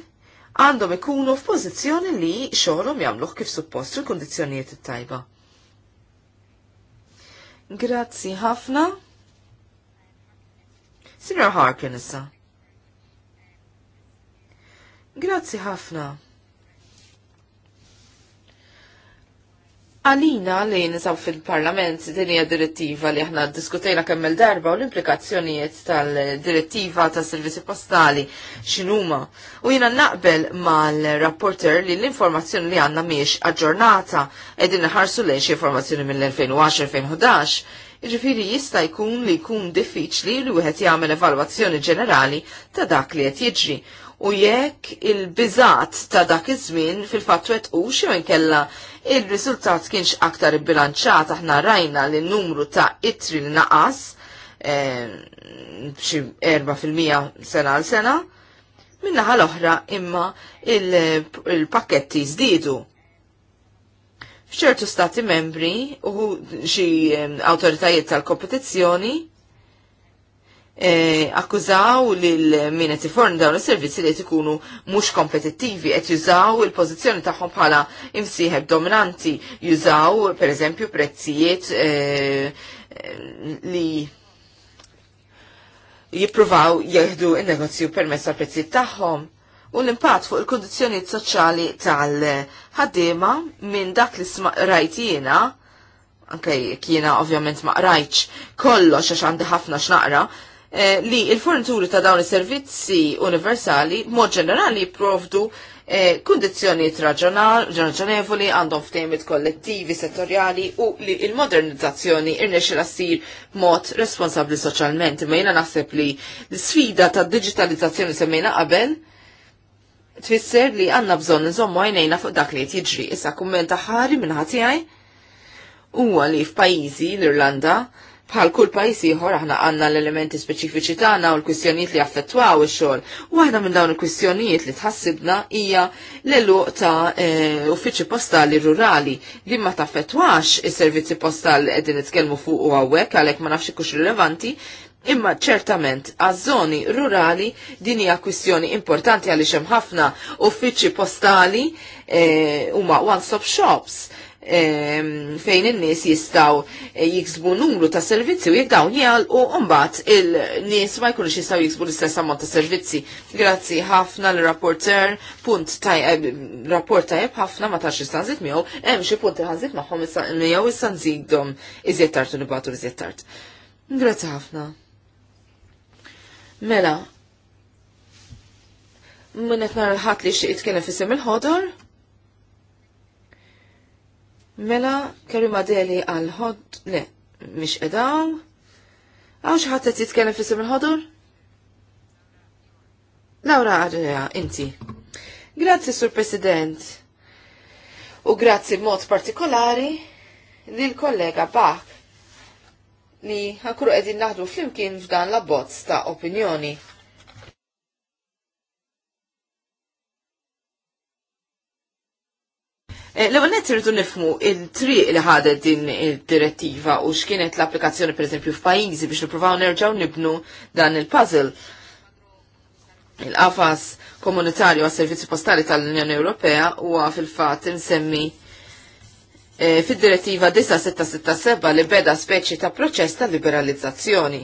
għandhom ikunu f'pożizzjoni li xogħolhom jagħmluh kif suppost fil-kundizzjonijiet it-tajba. Grazzi ħafna. Sinjor Harkin issa. Grazzi ħafna. Għalina li nisaw fil-parlament din hija direttiva li aħna diskutejna kemm darba u l-implikazzjonijiet tal-direttiva ta' servizzi postali x'inhuma. U jiena naqbel mal-rapporter li l-informazzjoni li għandna miex aġġornata qegħdin naħarsu lejn xi informazzjoni mill-2010-2011 ġifiri jista' jkun li jkun diffiċli li wieħed jagħmel evalwazzjoni ġenerali ta' dak li qed jiġri. U jekk il-biżat ta' dak iż-żmien fil-fatt wettqu xi minn kella il-riżultat kienx aktar bilanċat aħna rajna li n-numru ta' itri li naqas b'xi eh, 4% sena għal sena, minna l-oħra imma il-pakketti żdiedu. F'ċertu stati membri u xi eh, awtoritajiet tal-kompetizzjoni eh, akkużaw lil min qed dawn is-servizzi li qed ikunu mhux kompetittivi qed jużaw il-pożizzjoni tagħhom bħala imsieħeb dominanti, jużaw pereżempju prezzijiet eh, li jippruvaw jieħdu in-negozju permezz tal-prezzijiet tagħhom u l-impatt fuq il-kondizzjonijiet soċjali tal-ħaddiema minn dak li rajt jiena anke kiena ovvjament ma qrajtx kollox għax għandi ħafna x'naqra, Eh, li il-fornituri ta' dawn is-servizzi universali mod ġenerali jipprovdu eh, kundizzjonijiet raġonevoli għandhom ftehimiet kollettivi, settorjali u li il-modernizzazzjoni irnexxi ssir mod responsabbli soċjalment. Imma jiena naħseb li l-sfida ta' digitalizzazzjoni semmejna qabel tfisser li għandna bżonn nżommu għajnejna fuq dak li qed jiġri. Issa kumment ħari minn ħati huwa li f'pajjiżi l-Irlanda bħal kull pajis ieħor aħna għandna l-elementi speċifiċi tagħna u l-kwistjonijiet li affettwaw ix-xogħol. Waħda minn dawn il-kwistjonijiet li tħassibna hija l-eluq ta' eh, uffiċċji postali rurali li ma taffettwax is-servizzi postal qegħdin nitkellmu fuq u hawnhekk għalhekk ma nafx ikux rilevanti, imma ċertament għaż-żoni rurali din hija kwistjoni importanti għaliex hemm ħafna uffiċċji postali eh, huma e, one-stop shops fejn in-nies jistgħu jiksbu numru ta' servizzi u jekk dawn jgħalqu umbat il-nies ma jkunux jistgħu jiksbu l-istess ammont ta' servizzi. Grazzi ħafna l-rapporter, punt tajjeb, rapport tajjeb ħafna ma tax istanżit miegħu, hemm xi punti ħanżit magħhom miegħu issa nżidhom iżjed tard u nibatu iżjettart. Grazzi ħafna. Mela, minnet narħat li xie itkene fissim il-ħodor? Mela, kerri Deli għal-ħod, le, mish edaw. Għaw xaħat t jitkellem fissim il-ħodur? Laura Arrea, inti. Grazzi, Sur President. U grazzi mod partikolari li l-kollega Bach li għakru edin naħdu flimkien f'dan la bozz ta' opinjoni. Eh, l-ewwel nett irridu nifmu il-triq li ħadet din id-direttiva u x'kienet l-applikazzjoni pereżempju f'pajjiżi biex nippruvaw nerġgħu nibnu dan il-puzzle. Il-qafas komunitarju għas servizzi postali tal-Unjoni Ewropea huwa fil-fatt insemmi e, fid-direttiva 9667 li beda speċi ta' proċess ta' liberalizzazzjoni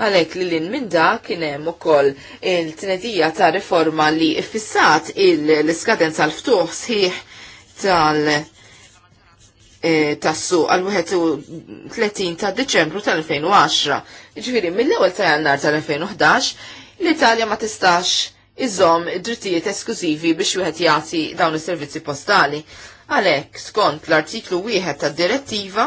għalek li l-in minn da kienem u koll il-tnedija ta' riforma li fissat l-skadenza l-ftuħ sħiħ tal e, tassu għal 31 ta' Deċembru tal-2010. Ġifiri, mill-ewwel ta' Jannar tal-2011, l-Italja ma tistax iżom drittijiet esklużivi biex wieħed jagħti dawn is-servizzi postali. Għalhekk, skont l-artiklu wieħed tad-direttiva,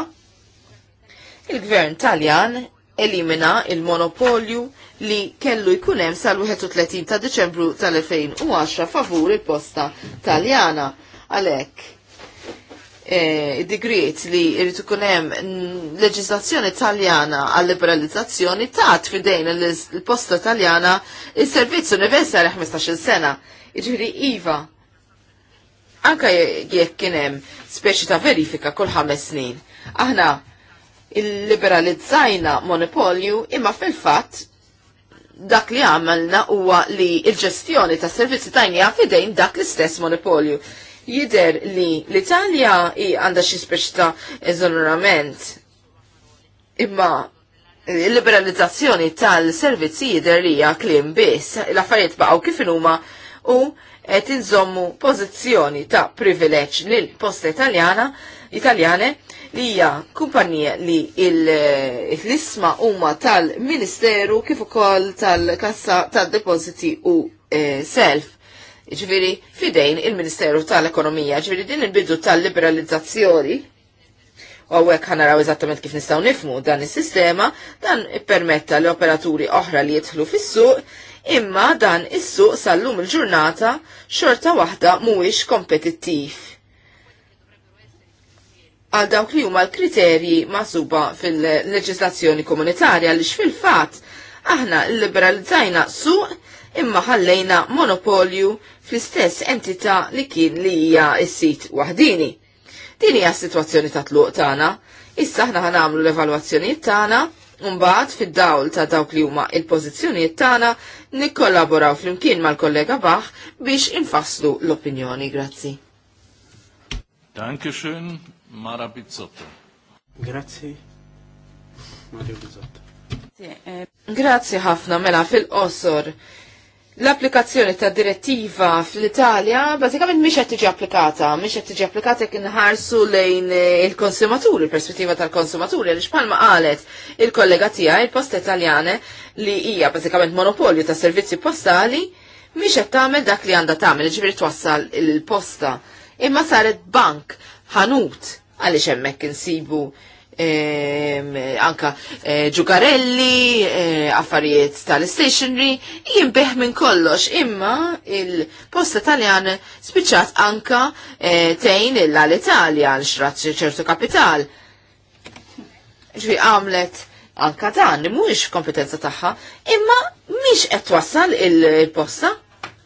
il-Gvern Taljan elimina il-monopolju li kellu jkun hemm sal-31 ta' Deċembru tal-2010 favur il-posta Taljana Għalhekk e, id-degriet li irrit ikun hemm leġislazzjoni taljana għal liberalizzazzjoni tat fidejn il-posta taljana il servizzu universali 15-il sena. Iġifieri iva. Anka jekk kien hemm speċi ta' verifika kull ħames snin. Aħna il-liberalizzajna monopolju imma fil-fatt dak li għamilna huwa li il-ġestjoni ta' servizzi tajnija fidejn dak l-istess monopolju jider li l-Italja għandha xi speċi ta' eżonerament. Imma l liberalizzazzjoni tal-servizzi jider li hija klim biss, l-affarijiet baqgħu kif huma u qed inżommu pożizzjoni ta' privileġġ lil posta Italjana Italjane li hija kumpanija li l-isma huma tal-Ministeru kif ukoll tal-Kassa tad-Depositi u eh, self ġviri fidejn il-Ministeru tal-Ekonomija, ġviri din il-bidu tal-liberalizzazzjoni, u għawek ħanaraw eżattament kif nistaw nifmu dan is sistema dan permetta li operaturi oħra li jitħlu fis-suq, imma dan is-suq sal-lum il-ġurnata xorta waħda mhuwiex kompetittiv. Għal dawk li huma l-kriterji masuba fil-leġislazzjoni komunitarja li x fil-fatt aħna liberalizzajna suq imma ħallejna monopolju fl-istess entità li kien li hija s-sit waħdini. Din hija s-sitwazzjoni ta' tluq tagħna, issa aħna ħanamlu l-evalwazzjonijiet tagħna Mbagħad fid-dawl ta' dawk li huma il-pożizzjonijiet tagħna nikkollaboraw flimkien mal-kollega Bach biex infasslu l-opinjoni. Grazzi. Dankeschön, Mara Bizzotto. Grazzi, Mario Bizzotto. Grazzi ħafna mela fil-qosor l-applikazzjoni ta' direttiva fl-Italja bażikament miex qed tiġi applikata, Miex qed tiġi applikata jekk inħarsu lejn eh, il-konsumaturi, il-perspettiva tal-konsumaturi, għaliex bħalma qalet il-kollega tiegħi il-Posta Italjane li hija bażikament monopolju ta' servizzi postali miex qed tagħmel dak li għandha tagħmel, ġifieri twassal il-posta. Imma saret bank, ħanut għaliex hemmhekk insibu anka ġugarelli, eh, eh, affarijiet tal-stationery, jimbeħ minn kollox, imma il-posta taljan spiċċat anka eh, tejn l-Italja l-xrat ċertu kapital. Ġvi għamlet anka dan li mhuwiex kompetenza tagħha, imma mhix qed twassal il-posta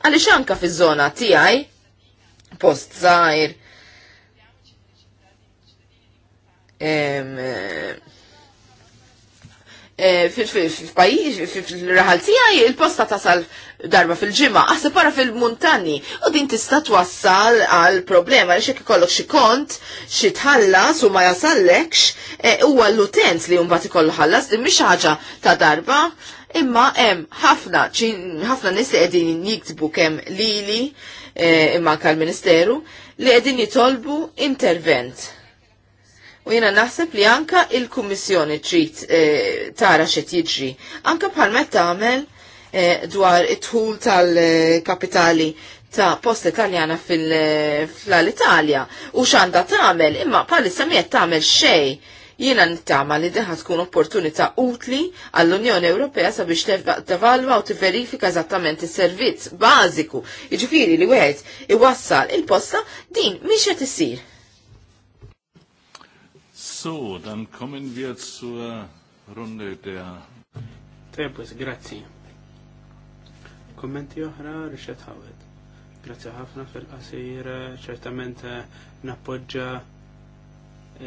għaliex anka fiż-żona tiegħi post żgħir Eh, eh, fil-pajis, fil-raħaltija, il-posta tasal darba fil-ġimma, għasa para fil-montani, u din tista twassal għal problema li xek ikollok xi kont, xi tħallas u ma jasallekx, e, huwa l-utent li jumbat ikollu ħallas, li mhix ħaġa ta' darba, imma hemm ħafna ħafna nies li qegħdin kem kemm lili eh, imma kal-Ministeru li qegħdin jitolbu intervent U jina naħseb li anka il-Kummissjoni trid eh, tara xi jiġri. Anka bħal meta tagħmel eh, dwar it-tħul tal-kapitali ta' posta italjana fil-Italja eh, u xanda tagħmel imma bħalissa miet tagħmel xej jiena nittama li deħa tkun opportunità utli għall-Unjoni Ewropea sabiex tevalwa u tiverifika eżattament is-servizz bażiku, jiġifieri li wieħed iwassal il-posta din mhix qed isir. So, dann kommen wir zur Runde der. Trebus, grazie. Kommenti oħra, Richard Howard. Grazie ħafna fil-qasir, ċertament eh, nappoġġa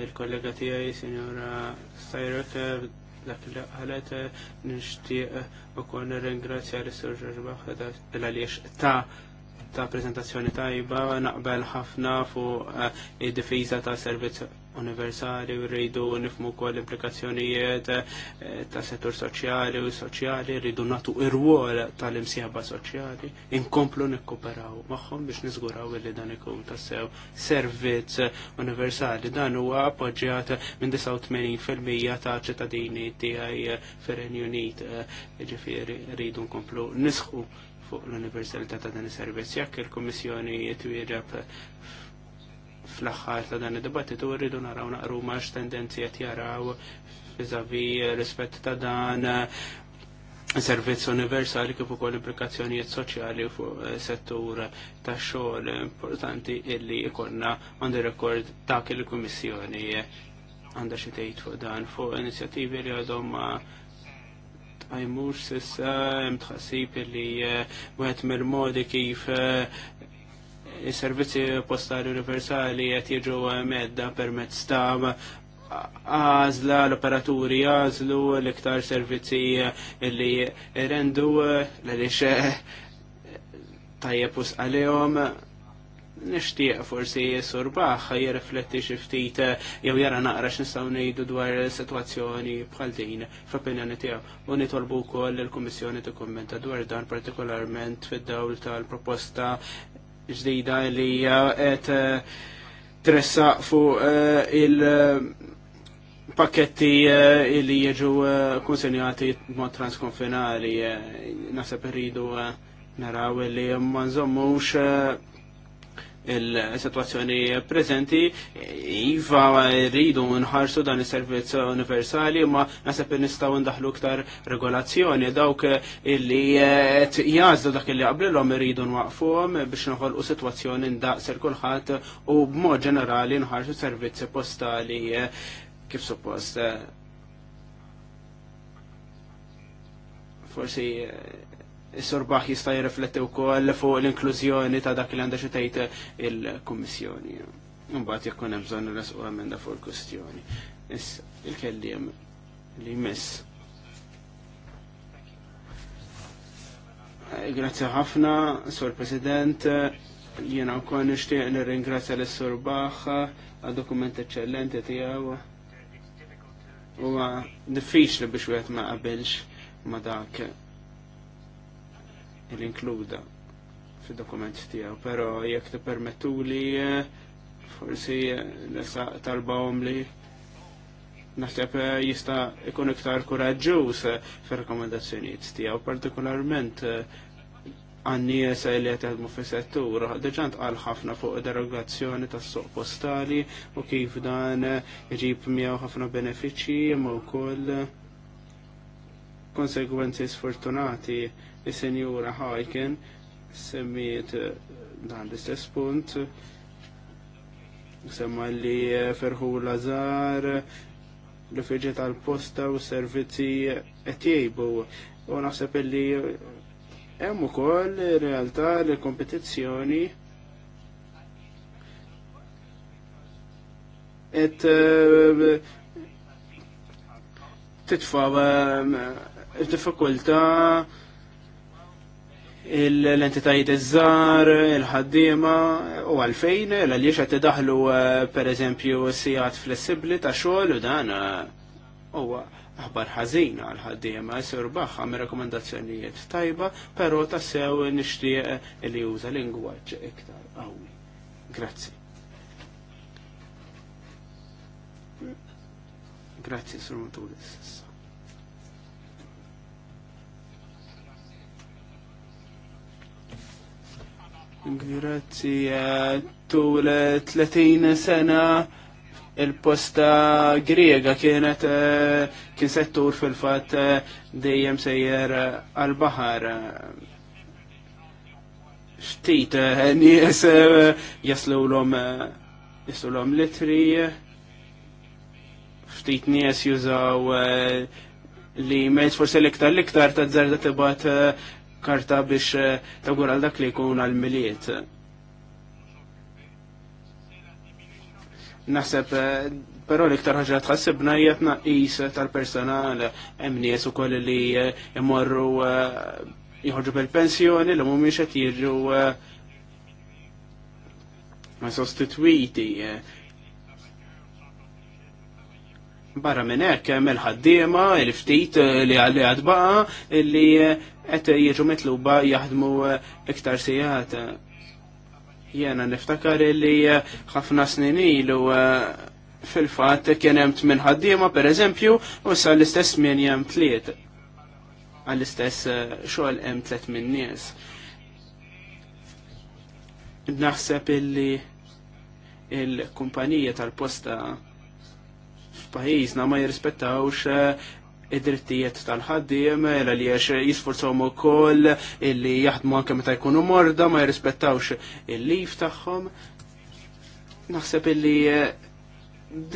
il-kollega tiegħi, Signora Stajrek, eh, dak li għalet eh, nishtiq u kon ringrazzja l-Sorġer Baħda l-għaliex ta' ta' prezentazzjoni tajba naqbel ħafna fu id difiza ta' servizz universali u rridu nifmu kol l-implikazzjonijiet eh, ta' settur soċjali u soċjali, rridu natu ir-wol tal-imsieba soċjali, inkomplu nikkuperaw magħhom biex niżguraw li dan ikun tas-sew servizz universali. Dan huwa appoġġjat minn 89% ta' ċittadini tiegħi fir-Renju Unit, eh, ġifieri rridu nkomplu nisħu fuq l-universalità ta' dan is-servizz. Jekk il-Kummissjoni jitwieġeb fl-axħar ta' dan id-dibattitu rridu naraw naqru max tendenzi għet jaraw vizavi rispett ta' dan eh, servizz universali kif ukoll implikazzjonijiet soċjali fuq eh, settur ta' xogħol importanti illi ikonna għandi rekord ta' il-Kummissjoni għandha xi tgħid fuq dan fuq inizjattivi li għadhom għajmux sissa tħassib li għet eh, mill-modi kif il-servizzi postali universali qed jiġu medda permezz ta' għazla l-operaturi għazlu l-iktar servizzi li rendu l-għalix tajjeb us għalihom nishtiq forsi surbaħ jirrifletti xi ftit jew jara naqra xnistaw ngħidu dwar sitwazzjoni bħal din f'opinjoni tiegħu u nitolbu wkoll il-Kummissjoni tikkummenta dwar dan partikolarment fid-dawl tal-proposta ġdida li qed eh, tressa fuq eh, il-paketti eh, li jiġu konsenjati mod transkonfinali. naħseb irridu naraw li ma nżommux il-situazzjoni prezenti, iva rridu nħarsu dan il-servizz universali, ma nasab nistaw ndaħlu ktar regolazzjoni, dawk illi eh, jazdu dak illi qablilhom irridu nwaqfuhom biex u situazzjoni ndaqser kulħadd u b'mod ġenerali nħarsu servizzi postali eh, kif suppost. Eh. Forsi Sorbaħ jista' jirrifletti wkoll fuq l-inklużjoni ta' dak li għandha xi tgħid il-Kummissjoni. Mbagħad jekk hemm bżonn nresqu emenda fuq il-kwistjoni. Issa il-kelliem li jmiss. Eh, grazzi ħafna, Sur President, jiena wkoll nixtieq nirringrazzja l surbaħ għal dokument eċċellenti tiegħu. Huwa diffiċli biex wieħed ma qabilx ma dak l-inkluda fi dokument tiegħu, però jekk permettu li eh, forsi eh, nista talba li naħseb eh, jista' ikun iktar kuraġġuż fir-rakkomandazzjonijiet tiegħu, partikolarment għannies li qed jaħdmu fis-settur, deġant qal ħafna fuq derogazzjoni tas-suq postali u kif dan iġib miegħu ħafna benefiċċji u wkoll konsegwenzi sfortunati Is-senjura ħajken semmiet eh, dan l-istess punt semma li eh, ferħu Lazar l eh, tal-posta u servizzi etjibu U naħseb li hemm ukoll realtà li kompetizzjoni et titfa' diffikultà l-entitajiet iż-żar, il-ħaddiema u għalfejn, l-għaliex għat daħlu eh, per eżempju sijat flessibli ta' xogħol u dan eh, huwa aħbar ħażin għal ħaddiema jsir baħ me rekomendazzjonijiet tajba, però ta' sew nixtieq eh, li juża lingwaġġ iktar qawwi. Grazzi. Grazzi, Sur Monturis. Grazzi, eh, tul 30 eh, sena il-posta griega kienet eh, kien settur fil-fat dejjem sejjer għal-bahar. Ftit nies jaslu l-om jaslu l-om litri, ftit nies jużaw li mejt forse l-iktar l-iktar ta' zarda tibat karta biex tagur eh, għal dak li jkun għal miliet. Naħseb, eh, però l-iktar ħaġa tħassibna hija tnaqqis tal-personal hemm nies ukoll li jmorru eh, jħorġu bil-pensjoni li mhumiex qed jiġu ma sostitwiti barra minn hekk hemm il-ħaddiema, eh, li ftit li għalli għadbaqa li eh, qed jiġu mitluba jaħdmu eh, iktar sigħat. Jena niftakar li ħafna snin ilu fil-fatt kien hemm tmien ħaddiema pereżempju u issa l-istess min hemm tliet. Għall-istess xogħol hemm tliet minn nies. Naħseb illi il-kumpanija tal-posta f'pajjiżna ma jirrispettawx eh, id-drittijiet tal-ħaddiem, għaliex jisforzaw ma koll illi jaħdmu anke meta jkunu morda, ma jirrispettawx il-lif tagħhom. Naħseb illi eh,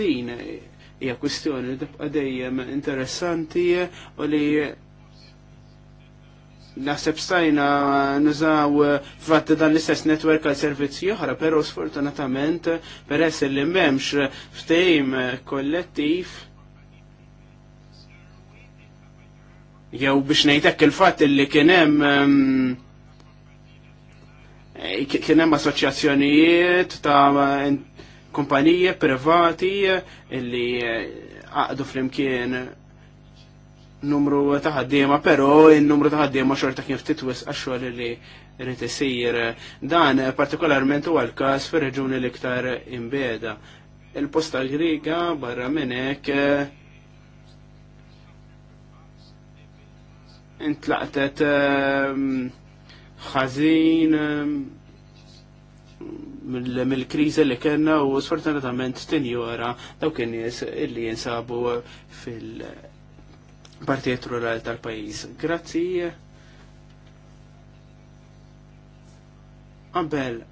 din hija kwistjoni li tibqa' dejjem interessanti u li naħseb stajna nużaw eh, fatt dan l-istess netwerk għal servizzi oħra, pero sfortunatament peress li memx ftejm eh, kollettiv jew biex ngħidlek il-fatt li kien hemm ehm, eh, kien hemm assoċjazzjonijiet ta' kumpanije privati illi għaqdu flimkien numru ta' ħaddiema, pero il-numru ta' ħaddiema xorta kif ftit wisq xogħol li rrid isir. Dan partikolarment huwa l-każ fir-reġuni l-iktar imbeda. Il-posta Griga barra minn hekk eh, intlaqtet eh, ħażin eh, mill-kriżi li kellna u sfortunatament tinjora dawk in-nies illi jinsabu fil- partijiet rurali tal-pajis. Grazzi. Qabel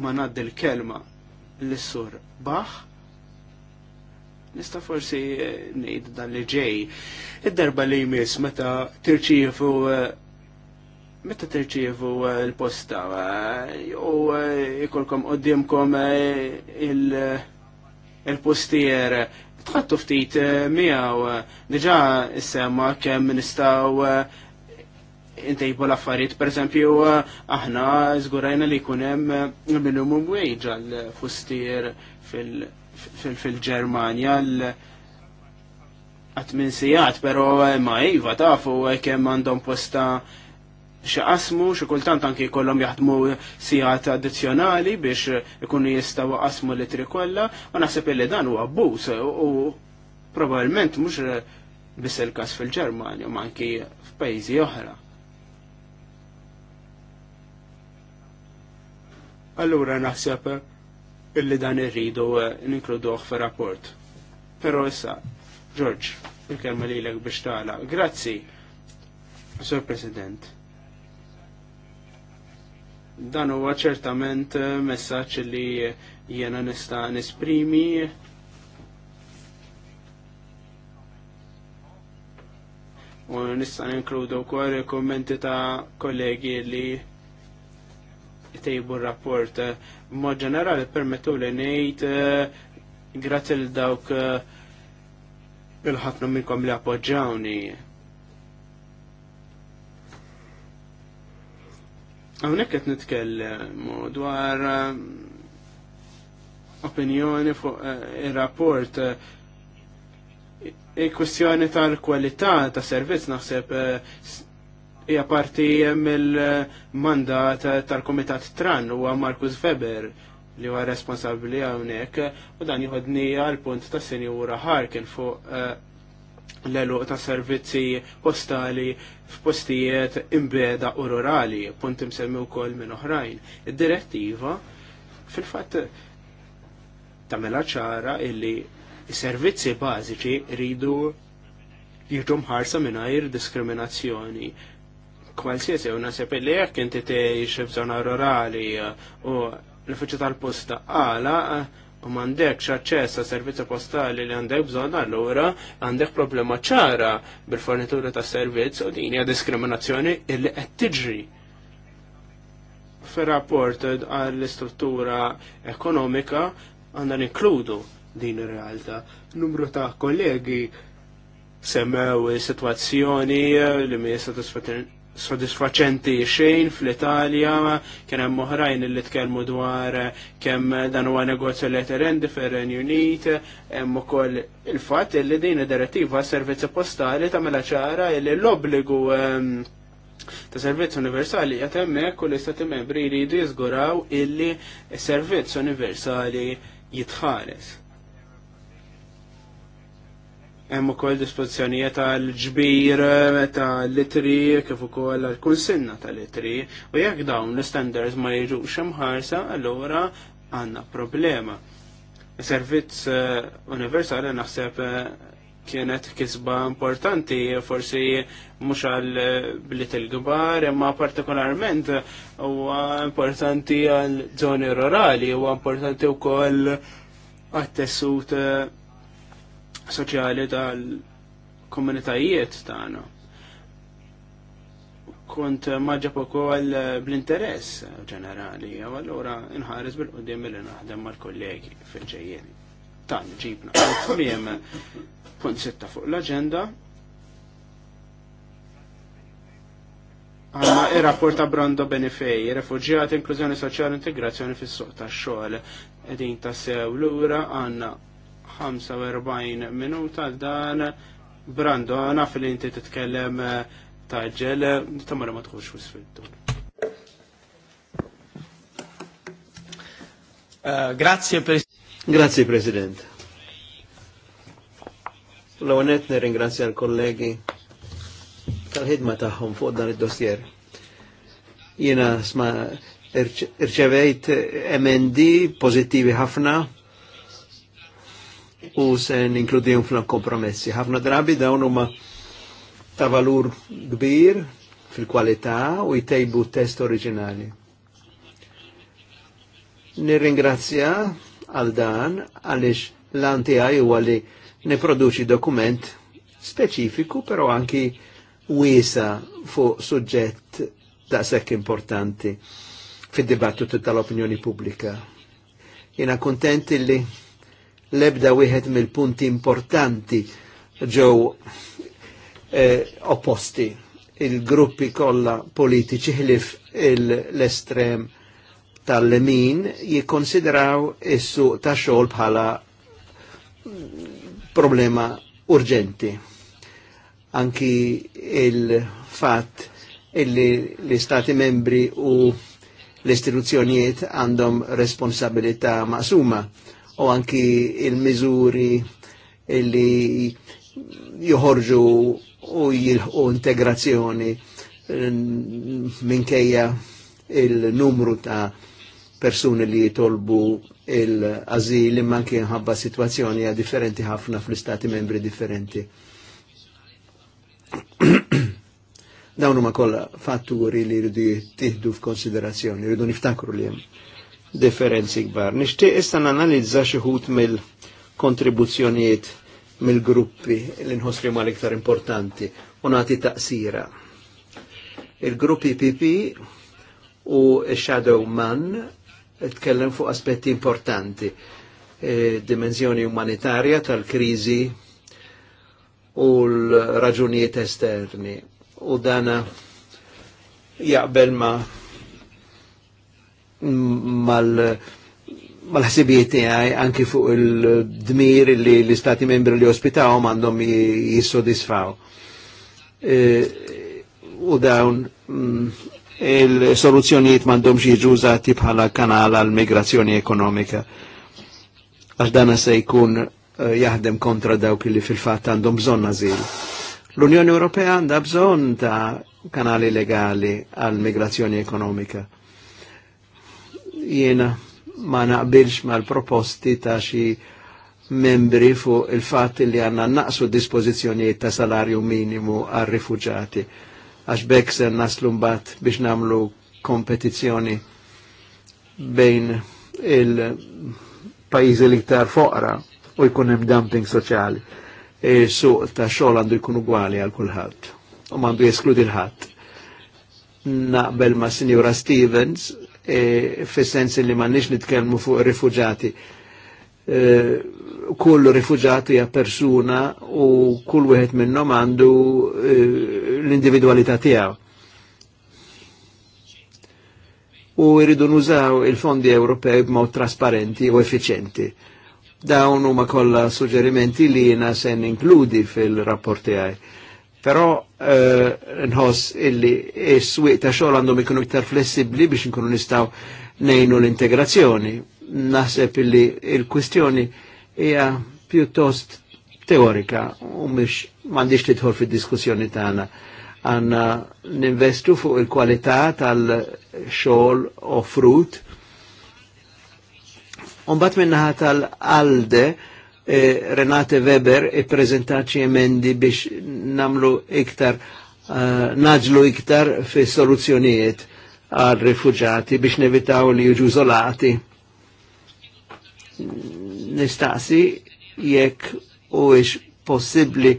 ma ngħaddi l-kelma l-sur Bach, nista forsi eh, ngħid dan li ġej. Id-darba li jmiss meta tirċievu eh, meta tirċievu eh, l-posta u ikolkom qoddimkom il-postier tħattu ftit eh, miegħu eh, diġa' issemma kemm nistaw eh, intejbu l-affarijiet, per esempio, aħna żgurajna li jkun hemm minimum wage għal fustier fil germania għat atmin sijat, pero ma' iva tafu kemm għandhom posta xaqasmu, xi kultant anki jkollhom jaħdmu sigħat addizzjonali biex ikunu jistaw qasmu li tri kollha, u naħseb li dan huwa abbuż u probabbilment mhux biss il-każ fil-Ġermanja, ma anki f'pajjiżi oħra. Allura naħseb illi dan irridu ninkluduh fir-rapport. Però issa, George, il-kelma lilek biex tagħlaq. Grazzi, Sur President. Dan huwa ċertament eh, messaġġ li jiena nista' nesprimi u nista' ninkludu wkoll kummenti ta' kollegi li tejbu rapport. Mod ġenerali permettu li ngħid eh, grazzi l dawk eh, il-ħafna minnkom li appoġġawni. Hawnhekk qed nitkellem dwar eh, opinjoni fuq eh, ir-rapport eh, il-kwestjoni tal-kwalità ta' servizz naħseb hija parti mill-mandat tal-Komitat Tran huwa Markus Weber li huwa responsabbli hawnhekk u dan jħodni għal punt ta' senjura Harkin fuq l-eluq ta' servizzi postali f'postijiet imbeda u rurali, punt imsemmi wkoll minn oħrajn. Id-direttiva fil-fatt mela ċara illi servizzi bażiċi ridu jiġu mħarsa mingħajr diskriminazzjoni kwalsiasi u nasib li jekk inti teħi f'żona rurali u l fuċi tal-posta għala u mandek xaċċess ta' servizzi postali li għandek bżonn allura għandek problema ċara bil-fornitura ta' servizz u din hija diskriminazzjoni illi qed tiġri fir-rapport għall-istruttura ekonomika għandan inkludu din ir-realtà. Numru ta' kollegi semmew situazzjoni li mi sodisfaċenti xejn fl-Italja, kien hemm oħrajn li tkellmu dwar kemm dan huwa negozju leteren different unit, hemm ukoll il-fatt li din id-direttiva servizzi postali tagħmilha ċara li l-obbligu ehm, ta' servizz universali qed hemmhekk u l-istati membri jridu jiżguraw illi s-servizz universali jitħares. Hemm ukoll dispożizzjonijiet tal-ġbir tal-litri kif ukoll għall sinna tal-litri u jekk dawn l-standards ma jiġux imħarsa allura għandna problema. Servizz eh, universali naħseb eh, kienet kisba importanti, forsi mhux għal eh, bliet il-gbar, imma partikolarment huwa importanti għal żoni rurali, huwa importanti wkoll għat-tessut soċjali tal-komunitajiet tagħna. Kont maġġab ukoll eh, bl-interess ġenerali, u allura inħares bil-qudiem li naħdem mal-kollegi fil-ġejjeni. Tan ġibna. Miem punt sitta fuq l-aġenda. Għanna il-rapport ta' Brando Benefej, refugjati, inklużjoni soċjali, integrazzjoni fis suq ta' xogħol. Edin ta' sew lura għanna 45 minuta dan Brando, naf li inti titkellem eh, taġġel, tamara ma tkunx wisfittu. Eh, grazie, Grazie President. L-għonet nirringrazzja l-kollegi tal-ħidma tagħhom fuq dan id-dossier. Jiena sma irċevejt MND pozittivi ħafna u se ninkludijum fl-kompromessi. ħafna drabi dawn huma ta' valur kbir fil-kwalità u jtejbu test oriġinali. Nirringrazzja għal dan għaliex l-antijaj u għalli niproduċi dokument speċifiku, pero anki wisa fuq suġġett ta' sekk importanti fid-dibattitu tal-opinjoni pubblika. Jena kontenti li lebda wieħed mill-punti importanti ġew eh, opposti il-gruppi kollha politiċi ħlif l-estrem tal-lemin jikkonsidraw is-suq ta' xogħol bħala problema urġenti. Anki il-fatt illi l-Istati membri u l-istituzzjonijiet għandhom responsabilità maqsuma u anki il mizuri illi joħorġu u jilħu integrazzjoni minkejja il-numru ta' persuni li jitolbu il-azil li manki ħabba situazzjoni differenti ħafna fl-istati membri differenti. Dawn huma kollha fatturi li rridu jittieħdu f'konsiderazzjoni, rridu niftakru li jem differenzi kbar. Nixtieq issa nanalizza xi mill-kontribuzzjonijiet mill-gruppi l inħosri ma l-iktar importanti u nati taqsira. Il-gruppi PP u Shadow Man tkellem fuq aspetti importanti. E, Dimenzjoni umanitarja tal-kriżi u l-raġunijiet esterni. U dana jaqbel ma' mal- mal-ħsibijiet għaj anki fuq il-dmir li l-istati membri li ospitaw għandhom jissodisfaw. E, u dawn mm, il-soluzzjonijiet m'għandhomx xieġu użati bħala kanal għal migrazzjoni ekonomika. Għax dana se jkun e, jaħdem kontra dawk li fil fat għandhom bżon azil. L-Unjoni Ewropea għandha bżon ta' kanali legali għal migrazzjoni ekonomika jiena ma naqbilx ma l proposti ta' xi membri fu il-fatt li għanna naqsu dispozizjoniet ta' salarju minimu għal rifuġati għax bekk se naslu mbagħad biex namlu kompetizzjoni bejn il-pajjiżi l-iktar foqra u jkun hemm dumping soċjali. E Suq ta' xogħol għandu jkun ugwali għal kulħadd u m'għandu jeskludi l-ħadd. Naqbel ma' Sinjura Stevens E, fissensi sens li mannix nitkelmu fuq rifuġati. E, kull rifuġati ja persuna u kull wieħed minnhom għandu e, l individualità tiegħu. U jridu nużaw il-fondi Ewropej b'mod trasparenti u effiċenti. Dawn huma kollha suġġerimenti li jiena se inkludi fil-rapport tiegħi Però eh, nħos illi s-swiq ta' xogħol għandhom ikunu iktar flessibli biex nkunu nistaw nejnu l-integrazzjoni. Naħseb illi il-kwistjoni hija pjuttost teorika u mhix m'għandix tidħol fid-diskussjoni tagħna. Għanna ninvestu fuq il-kwalità tal-xogħol o frut. offrut. Umbat minnaħa tal-alde, E, Renate Weber ippreżentat e emendi biex namlu iktar uh, naġlu iktar fi soluzzjonijiet għal rifugjati biex nevitaw li jiġu zolati. Nistaqsi jekk u ix possibli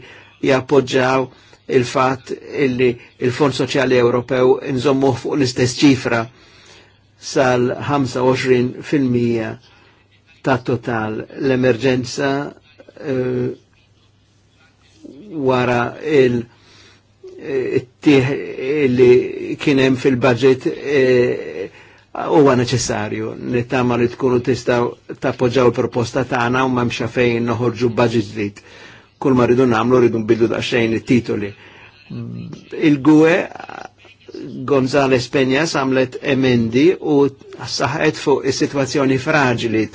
jappoġġaw il-fat illi il-Fond Soċjali Ewropew nżommu fuq l-istess ċifra sal-25% ta' total l-emerġenza uh, wara il- eh, li kienem fil-budget eh, u għan neċessarju li tama li tkunu tista tappoġaw il-proposta ta' għana u mamxa fejn noħorġu budget ġdid. Kull ma rridu nagħmlu rridu da' xejn il titoli Il-gwe Gonzales Peña samlet emendi u saħet fuq is-sitwazzjoni fragili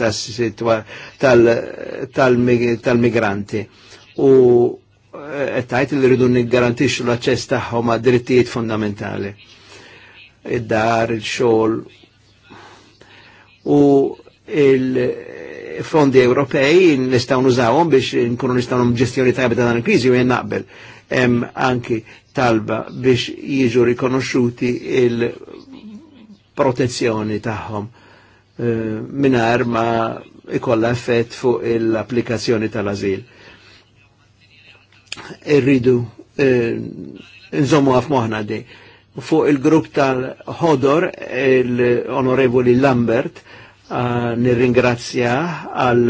tal-migranti. U eh, tajt li rridu garantixu l-aċċess taħħom għad drittijiet fundamentali. Id-dar, il xol u il-fondi Ewropej nistgħu nużawhom biex nkunu nistgħu ġestjoni tajba dan il-kriżi u jien naqbel. Anki talba biex jiġu rikonosciuti il-protezzjoni tagħhom eh, minar ma ikolla effett fuq l-applikazzjoni tal-azil. Irridu eh, nżommu għaf moħna di. Fuq il-grupp tal-ħodor, l-onorevoli Lambert, eh, nirringrazzja għal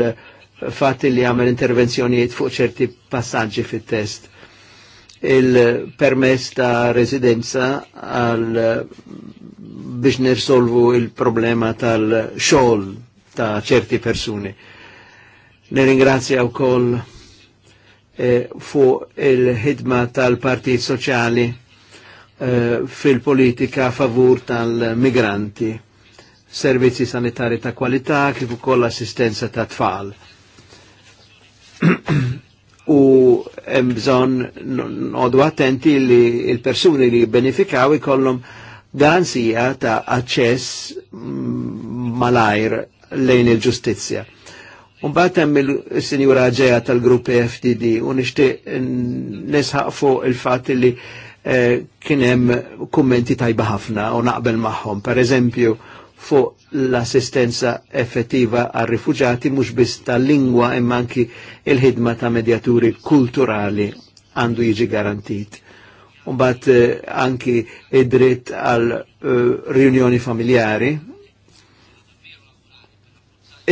fat li għamel intervenzjonijiet fuq ċerti passaggi fit-test il-permess ta' residenza għal biex nirsolvu il-problema tal-xol ta' ċerti persuni. Nirringrazzja u koll eh, il-ħidma tal-Partit Soċjali eh, fil-politika favur tal-migranti, servizzi sanitari ta' kwalità kif ukoll assistenza ta' tfal. u hemm bżonn nodu attenti li l-persuni li jibbenefikaw ikollhom garanzija ta' aċċess malajr lejn il-ġustizzja. Unbat hemm il-Sinjura ġeja tal-Grupp e FDD u nixtieq nisħaq fuq il-fatt li eh, kien hemm kummenti tajba ħafna u naqbel magħhom. Per eżempju, fuq l-assistenza effettiva għal rifugjati mhux biss tal-lingwa imma anki il-ħidma ta' medjaturi kulturali għandu jiġi garantit. Umbat eh, anki id-dritt għal eh, riunjoni familjari.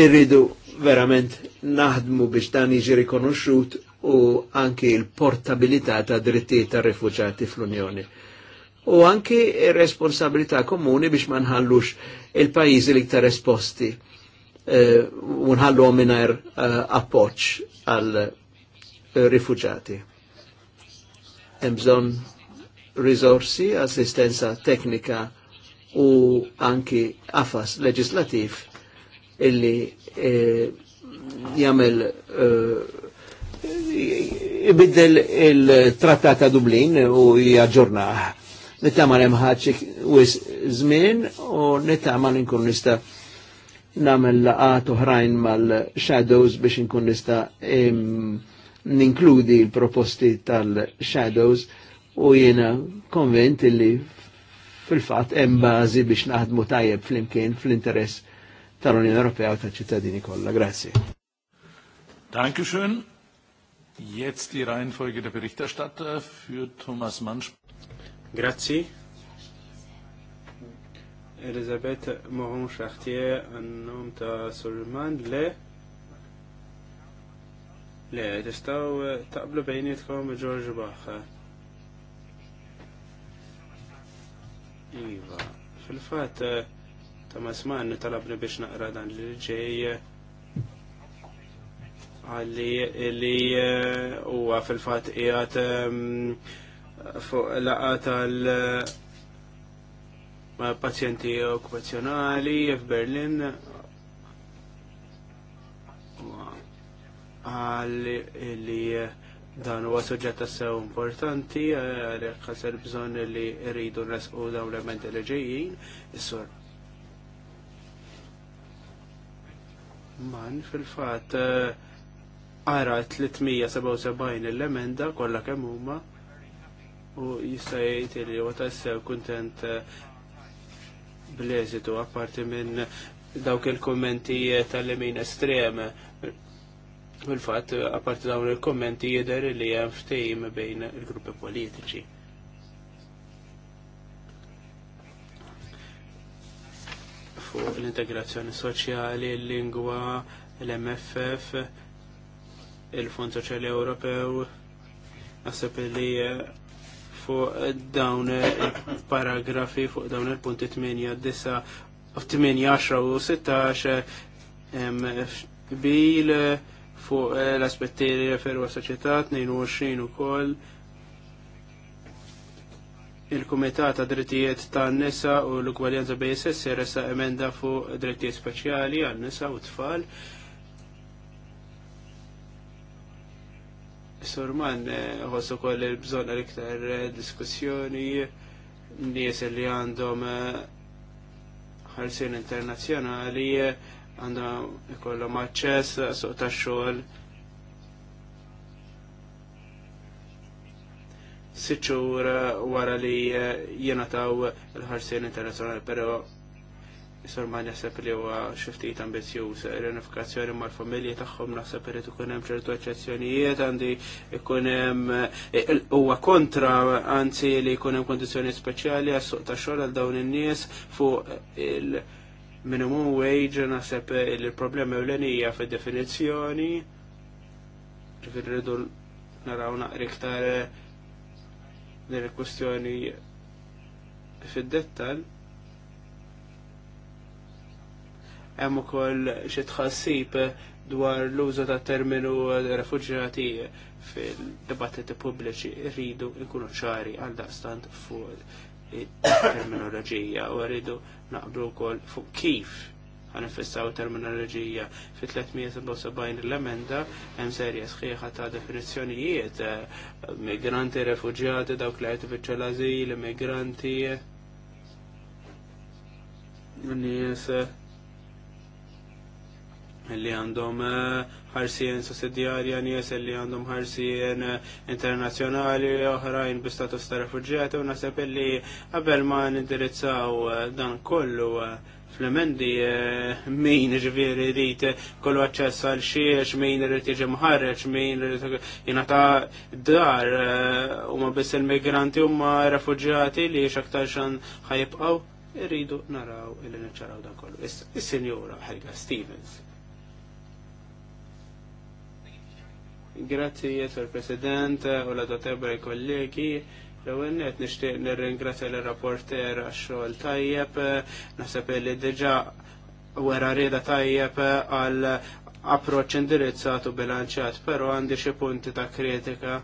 Irridu verament naħdmu biex dan jiġi rikonoxxut u anki l-portabilità ta' drittijiet ta' rifuġati fl-Unjoni u anki responsabilità komuni biex ma nħallux il-pajjiżi li ktar esposti eh, u nħallu uh, eh, appoġġ għal eh, rifuġati. Hemm bżonn risorsi, assistenza teknika u anki afas legislativ illi jamel uh, ibiddel il trattata Dublin u jaġġornaħ nittamal jemħadċik mħadx wis żmien u nittamal li nkun nista' namel laqat uħrajn mal-shadows biex nkun nista' ninkludi l-proposti tal-shadows u jiena konvent li fil fat hemm bażi biex naħdmu tajjeb fl-imkien fl-interess tal-Unjoni Ewropea u tal-ċittadini kollha. Grazie. Dankeschön. Jetzt die Reihenfolge der Berichterstatter für Thomas Mansch. Grazzi. Elizabeth Moron Chartier nom ta' Sulman le le tablo eh, taqblu bejnietkom George Bacha. Iva, fil-fat eh, ta' masman talabni biex naqra dan l ġej eh, għalli li huwa fil-fat qiegħed ehm, fuq laqa tal pazjenti okkupazzjonali f'Berlin għal li dan huwa suġġett sew importanti għalhekk ħaser bżonn li rridu nresqu dawn l-elementi li ġejjin is-sur. Man fil-fatt ara 377 l-emenda kollha kemm huma u jista' jgħid li huwa tassew kuntent eh, bl-eżitu apparti minn dawk il-kommenti eh, tal-lemin estrem. Fil-fatt, apparti dawn il-kommenti jidher li hemm ftehim bejn il-gruppi politiċi. Fuq l-integrazzjoni soċjali, l-lingwa, l-MFF, il-Fond Soċjali Ewropew, għasab li eh, fuq eh, dawn eh, il-paragrafi fuq dawn il-punti 8, 10 8, u 16 eh, bil fuq l-aspetti li referu għas-soċjetà 22 ukoll il-Kumitat ta' Drittijiet tan nisa u l-Ugwaljanza BSS resa emenda fuq drittijiet speċjali għan nisa u tfal Surman, għosu eh, koll il-bżon l-iktar eh, diskussjoni, nies li għandhom eh, ħarsin internazjonali, għandhom ikollhom aċċess suq ta' xogħol. Siċċur wara li jenataw il-ħarsin internazjonali, pero Isor ma naħseb li huwa xiftit ambizjuż, renifikazzjoni mal-familji tagħhom naħseb irid ikun hemm ċertu eċċezzjonijiet għandi ikun hemm huwa kontra anzi li jkun hemm kondizzjoni speċjali għas suq tax-xogħol għal dawn in-nies fuq il minimum wage naħseb il-problema ewlenija fid-definizzjoni ġifier rridu naraw naqri iktar din il-kwestjoni fid-dettall hemm ukoll xi tħassib dwar l-użu ta' terminu refuġjati fil-dibattiti pubbliċi rridu nkunu ċari għal daqstant fuq terminoloġija u rridu naqblu wkoll fuq kif infissaw terminoloġija fi 377 l-emenda hemm serja sħiħa ta' definizzjonijiet migranti, refuġjati, dawk li qed fiċċa l-azil, nies Illi għandhom eh, ħarsien sussidjarja nies illi għandhom ħarsien eh, internazzjonali li oħrajn bi status ta' refuġjati u naseb li qabel ma nindirizzaw eh, dan kollu fl-emendi min ġviri rrit kollu għacċess għal xiex, min rrit jġi mħarreċ, min rrit jinata dar u ma biss il-migranti u ma refugjati li xaktar xan ħajibqaw, irridu naraw il-nċaraw dan kollu. Is-senjura Helga Stevens. Grazzi, Sir President, u la dotebra kollegi. L-ewwel nishtiq nixtieq nirringrazzja l-rapporter għax-xogħol tajjeb, naħseb li diġà wera rida tajjeb għal approċċ indirizzat u bilanċjat, però għandi xi punti ta' kritika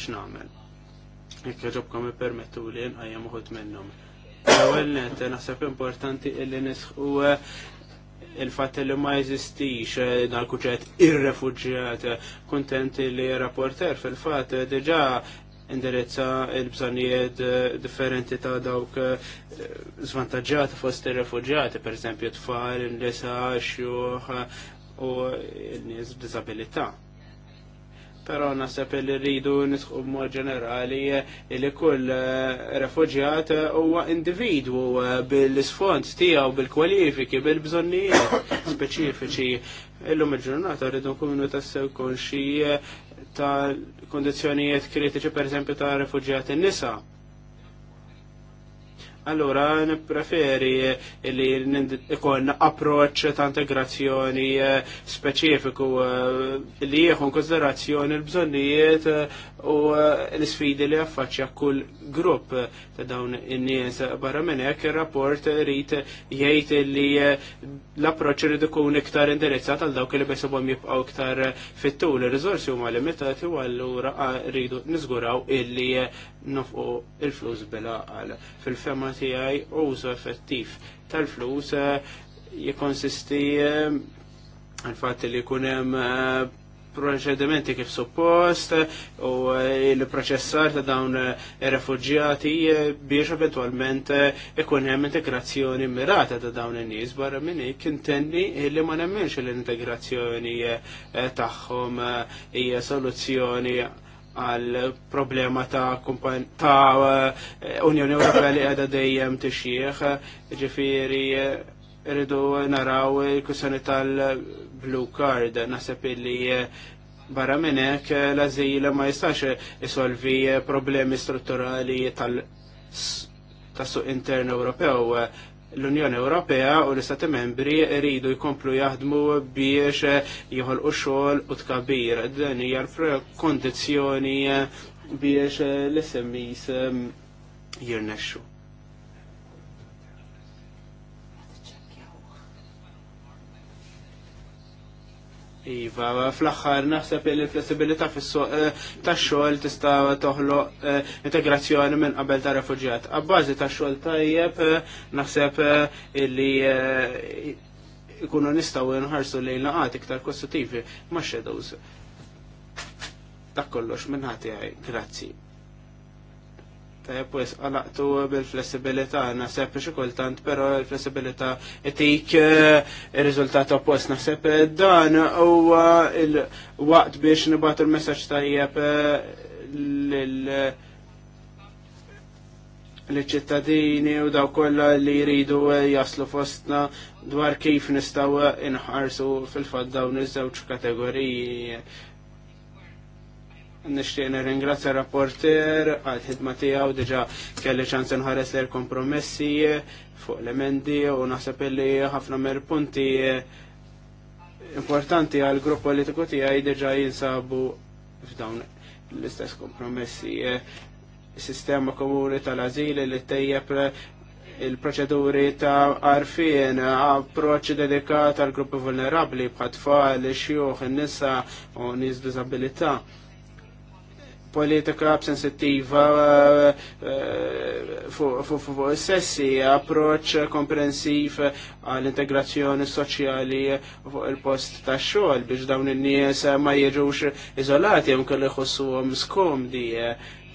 x'namel. Jekk ġobkom permettu li nqajjem uħud minnhom. L-ewwel net importanti illi nisħu il-fat li ma jeżistix eh, dal-kuċet ir-refugġjat. Kontent li rapporter fil-fat deġa indirizza il-bżonijiet eh, differenti ta' dawk eh, zvantagġati fost ir-refugġjati, per eżempju tfal, nisa, xjuħ u n-nies b'disabilità pero nasab li rridu nisħu mod ġenerali li kull eh, refugjat huwa individwu eh, bil-sfond tiegħu bil-kwalifiki bil-bżonnijiet speċifiċi. Illum il-ġurnata rridu nkunu tassew xi eh, ta' kondizjonijiet kritiċi pereżempju ta' refugjati nisa Allora, preferi eh, li ikon approċ ta' integrazzjoni eh, speċifiku eh, li jieħu konsiderazzjoni l-bżonnijiet u l-sfidi li affaċċja kull grupp ta' dawn in-nies. Barra minn hekk ir-rapport rrit jgħid li l-approċċ irid ikun iktar indirizzat għal dawk li besibhom jibqgħu iktar fit-tul. Ir-riżorsi huma limitati u allura rridu niżguraw illi nofqu il-flus għal fil-fema fil użu effettiv tal-flus eh, jikonsisti eh, għal-fatt li kunem eh, proċedimenti kif suppost u il-proċessar ta' dawn refugjati biex eventualment ikun hemm integrazzjoni mirata ta' dawn in-nies barra minn hekk intenni li ma nemmenx l-integrazzjoni tagħhom hija soluzzjoni għal problema ta' ta' eh, Unjoni Ewropea li għada dejjem t-xieħ, ġifiri rridu naraw il-kussjoni tal-blue card, nasab li eh, barra minnek l-azil ma jistax isolvi problemi strutturali tal-suq intern Ewropew l-Unjoni Ewropea u l-Istati Membri rridu jkomplu jaħdmu biex jħolqu xogħol u tkabbir. Dan hija l-kondizzjoni biex l-SMEs ehm, jirnexxu. Iva, fl-axħar naħseb li l flessibilità fis-suq eh, tax-xogħol tista' toħloq eh, integrazzjoni minn qabel ta' refuġjat. Abbażi ta' xogħol tajjeb eh, naħseb li jkunu nistgħu nħarsu lejn laqgħat iktar kostitutivi ma' shadows. Ta' kollox minn ħati grazzi tajab eh, wis għalaqtu bil-flessibilità, naħseb xi kultant, però l-flessibilità tik eh, ir-riżultat oppost naħseb eh, dan huwa il-waqt biex nibatu l-messaġġ tajjeb l-ċittadini u daw kollha li jridu jaslu fostna dwar kif nistgħu inħarsu fil-fatt dawn iż-żewġ kategoriji Nishtiq ringrazzja rapporter għal ħidma tiegħu diġà kelli ċans inħares l kompromessi fuq l-emendi u naħseb li ħafna mer punti importanti għal grupp politiku tiegħi diġà jinsabu f'dawn l-istess kompromessi sistema komuni tal-azil li tejjeb il-proċeduri ta' arfien, approċ dedikat għal gruppi vulnerabli bħat tfal, xjuħ, nisa u nis disabilità politika sensittiva eh, eh, fu sessi, approċ komprensiv għall-integrazzjoni soċjali fuq il-post ta' xogħol biex dawn in-nies ma jiġux iżolati hemm kelli jħossuhom skomdi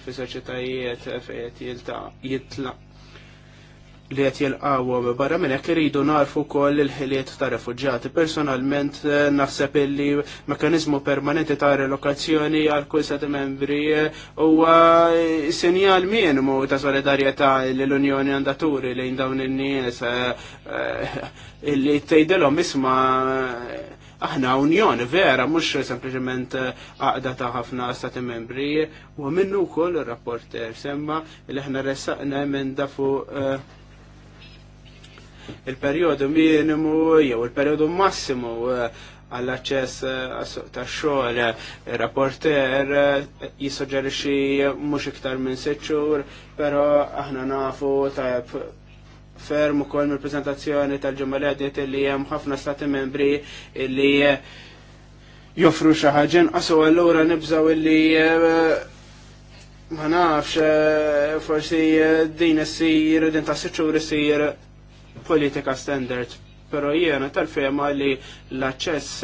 fi soċjetajiet fejn jitlaq li qed jilqawhom barra minn hekk iridu narfu wkoll il-ħiliet ta' refugġati. Personalment eh, naħseb illi mekanizmu permanenti ta' relokazzjoni għal kull sati membri eh, u eh, sinjal minimu ta' solidarjetà l-Unjoni għandaturi li lejn dawn in-nies illi tgħidilhom isma' aħna unjoni vera, mhux sempliciment għaqda ta' ħafna stati membri, u minnu wkoll ir rapporter semma li aħna ressaqna minn dafu il-periodu minimu jew il-periodu massimu eh, għall-aċċess ta' eh, tax-xogħol. Rapporter eh, jissuġġerixxi mhux iktar minn sitt xhur, però aħna nafu tajb ferm ukoll mill-preżentazzjoni tal-ġimgħa li li hemm ħafna stati membri li joffru xi ħaġa u allura nibżgħu illi ma nafx forsi din issir din ta' xhur issir politika standard, pero jiena tal-fema li l-aċċess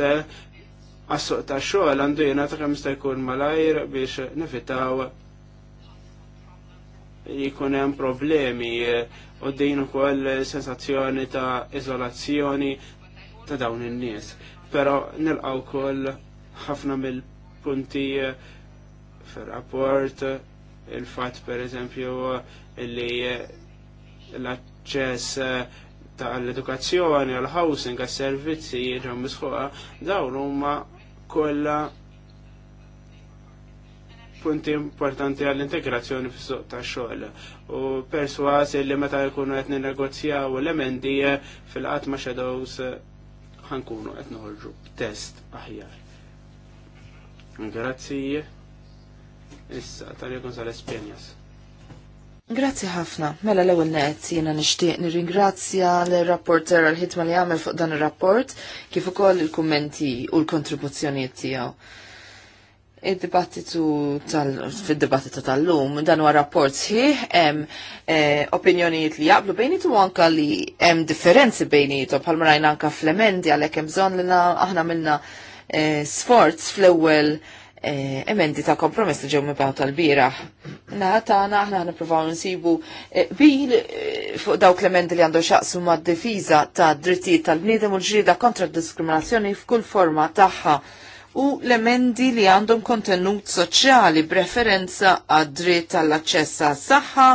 għas-suq ta' xogħol għandu jiena ta' kemm jkun malajr biex nevitaw jkun hemm problemi u din ukoll sensazzjoni ta' iżolazzjoni ta' dawn in-nies. Però nilqgħu wkoll ħafna mill-punti fir-rapport il-fatt pereżempju li l-aċċess ta' għall-edukazzjoni, għall-housing, għall-servizzi, ġew misħuqa, dawn huma kollha punti importanti għall-integrazzjoni fis-suq tax-xogħol. U perswasi li meta jkunu qed ninnegozjaw elementi fil-qatt ma' shadows ħankunu qed noħorġu test aħjar. Grazzi. Issa, tal-jekun sal-Espenjas. Grazzi ħafna. Mela l-ewwel net jiena nixtieq nirringrazzja l-rapporter għal ħidma li għamel fuq dan ir-rapport kif ukoll il-kummenti u l-kontribuzzjonijiet tiegħu. Id-dibattitu tal fid-dibattitu tal-lum dan huwa rapport sħiħ hemm eh, opinjonijiet li jaqblu bejnietu anka li hemm differenzi bejnietom bħalma rajna anka fl-emendi għalhekk hemm bżonn li aħna milna eh, sforz fl-ewwel Eh, emendi ta' kompromess li ġew mibgħu tal-bieraħ. Naħa tagħna aħna nippruvaw nsibu eh, bil eh, fuq dawk l-emendi li għandu xaqsu mad-difiża ta' drittijiet tal-bniedem u l ġrida kontra d-diskriminazzjoni f'kull forma tagħha u l-emendi li għandhom kontenut soċjali preferenza għad-dritt għall-aċċess għas saħħa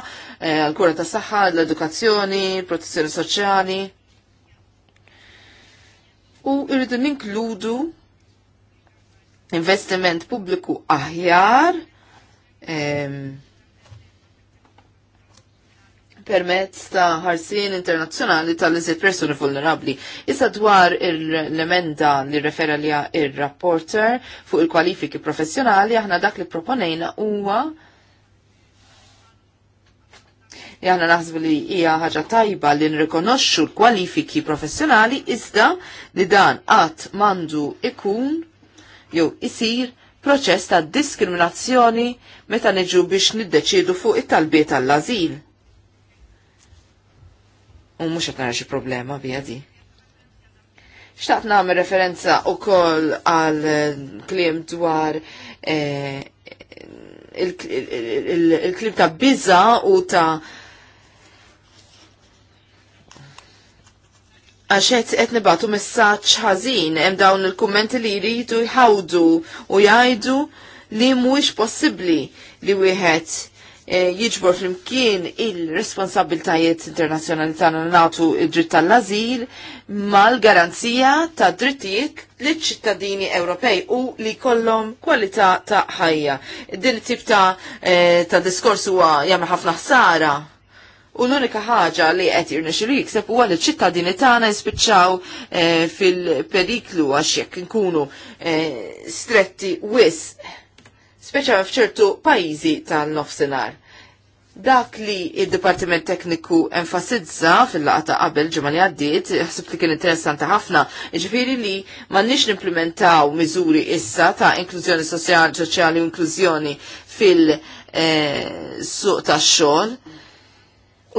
għal-kura ta' saħħa, l-edukazzjoni, protezzjoni soċjali. U irridu ninkludu investiment pubbliku aħjar permezz ta' ħarsien internazzjonali tal-iżiet persuni vulnerabli. Issa dwar l-emenda li referalja li il-rapporter fuq il-kwalifiki professjonali, aħna dak li proponejna huwa Jaħna naħsbu li hija ħaġa tajba li nrikonoxxu l-kwalifiki professjonali iżda li dan qatt mandu ikun jew isir proċess ta' diskriminazzjoni meta niġu biex niddeċidu fuq it-talbiet tal-azil. U mux għatna xi problema bija di. Xtaqt nagħmel referenza wkoll għal kliem dwar il-kliem ta' biża u ta' għaxet qed nibatu messaċ ħażin hemm dawn il-kummenti li jridu jħawdu u jgħidu li mhuwiex possibbli li wieħed eh, jiġbor flimkien il-responsabiltajiet internazzjonali tagħna nagħtu id-dritt tal-ażil mal-garanzija ta' drittijiet li ċittadini Ewropej u li kollhom kwalità ta' ħajja. Din it-tip ta', eh, ta diskors huwa jagħmel ħafna ħsara U l-unika ħaġa li qed jirnexxilu jikseb huwa li ċittadini tagħna jispiċċaw eh, fil-periklu għax jekk inkunu eh, stretti wis, speċa f'ċertu pajjiżi tan-nofsinhar. Dak li id dipartiment Tekniku enfasizza fil-laqata qabel ġimgħa li għaddiet, ħsib li kien interessanti ħafna, jiġifieri li m'għandniex nimplementaw miżuri issa ta' inklużjoni soċjali u inklużjoni fil-suq eh, tax xogħol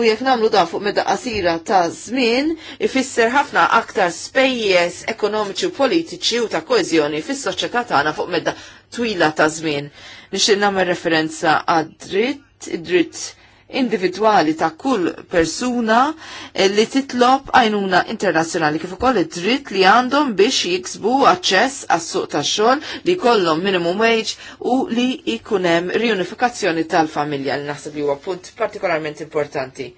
u jekk nagħmlu da fuq meda qasira ta' żmien, ifisser ħafna aktar spejjeż ekonomiċi u politiċi u ta' koeżjoni fis-soċjetà tagħna fuq meda twila ta' żmien. Nixtieq nagħmel referenza għad-dritt, id-dritt individwali ta' kull persuna eh, li titlob għajnuna internazzjonali kif ukoll id-dritt li għandhom biex jiksbu aċċess għas-suq tax-xogħol li jkollhom minimum wage u li jkun hemm riunifikazzjoni tal-familja li naħseb li huwa punt partikolarment importanti.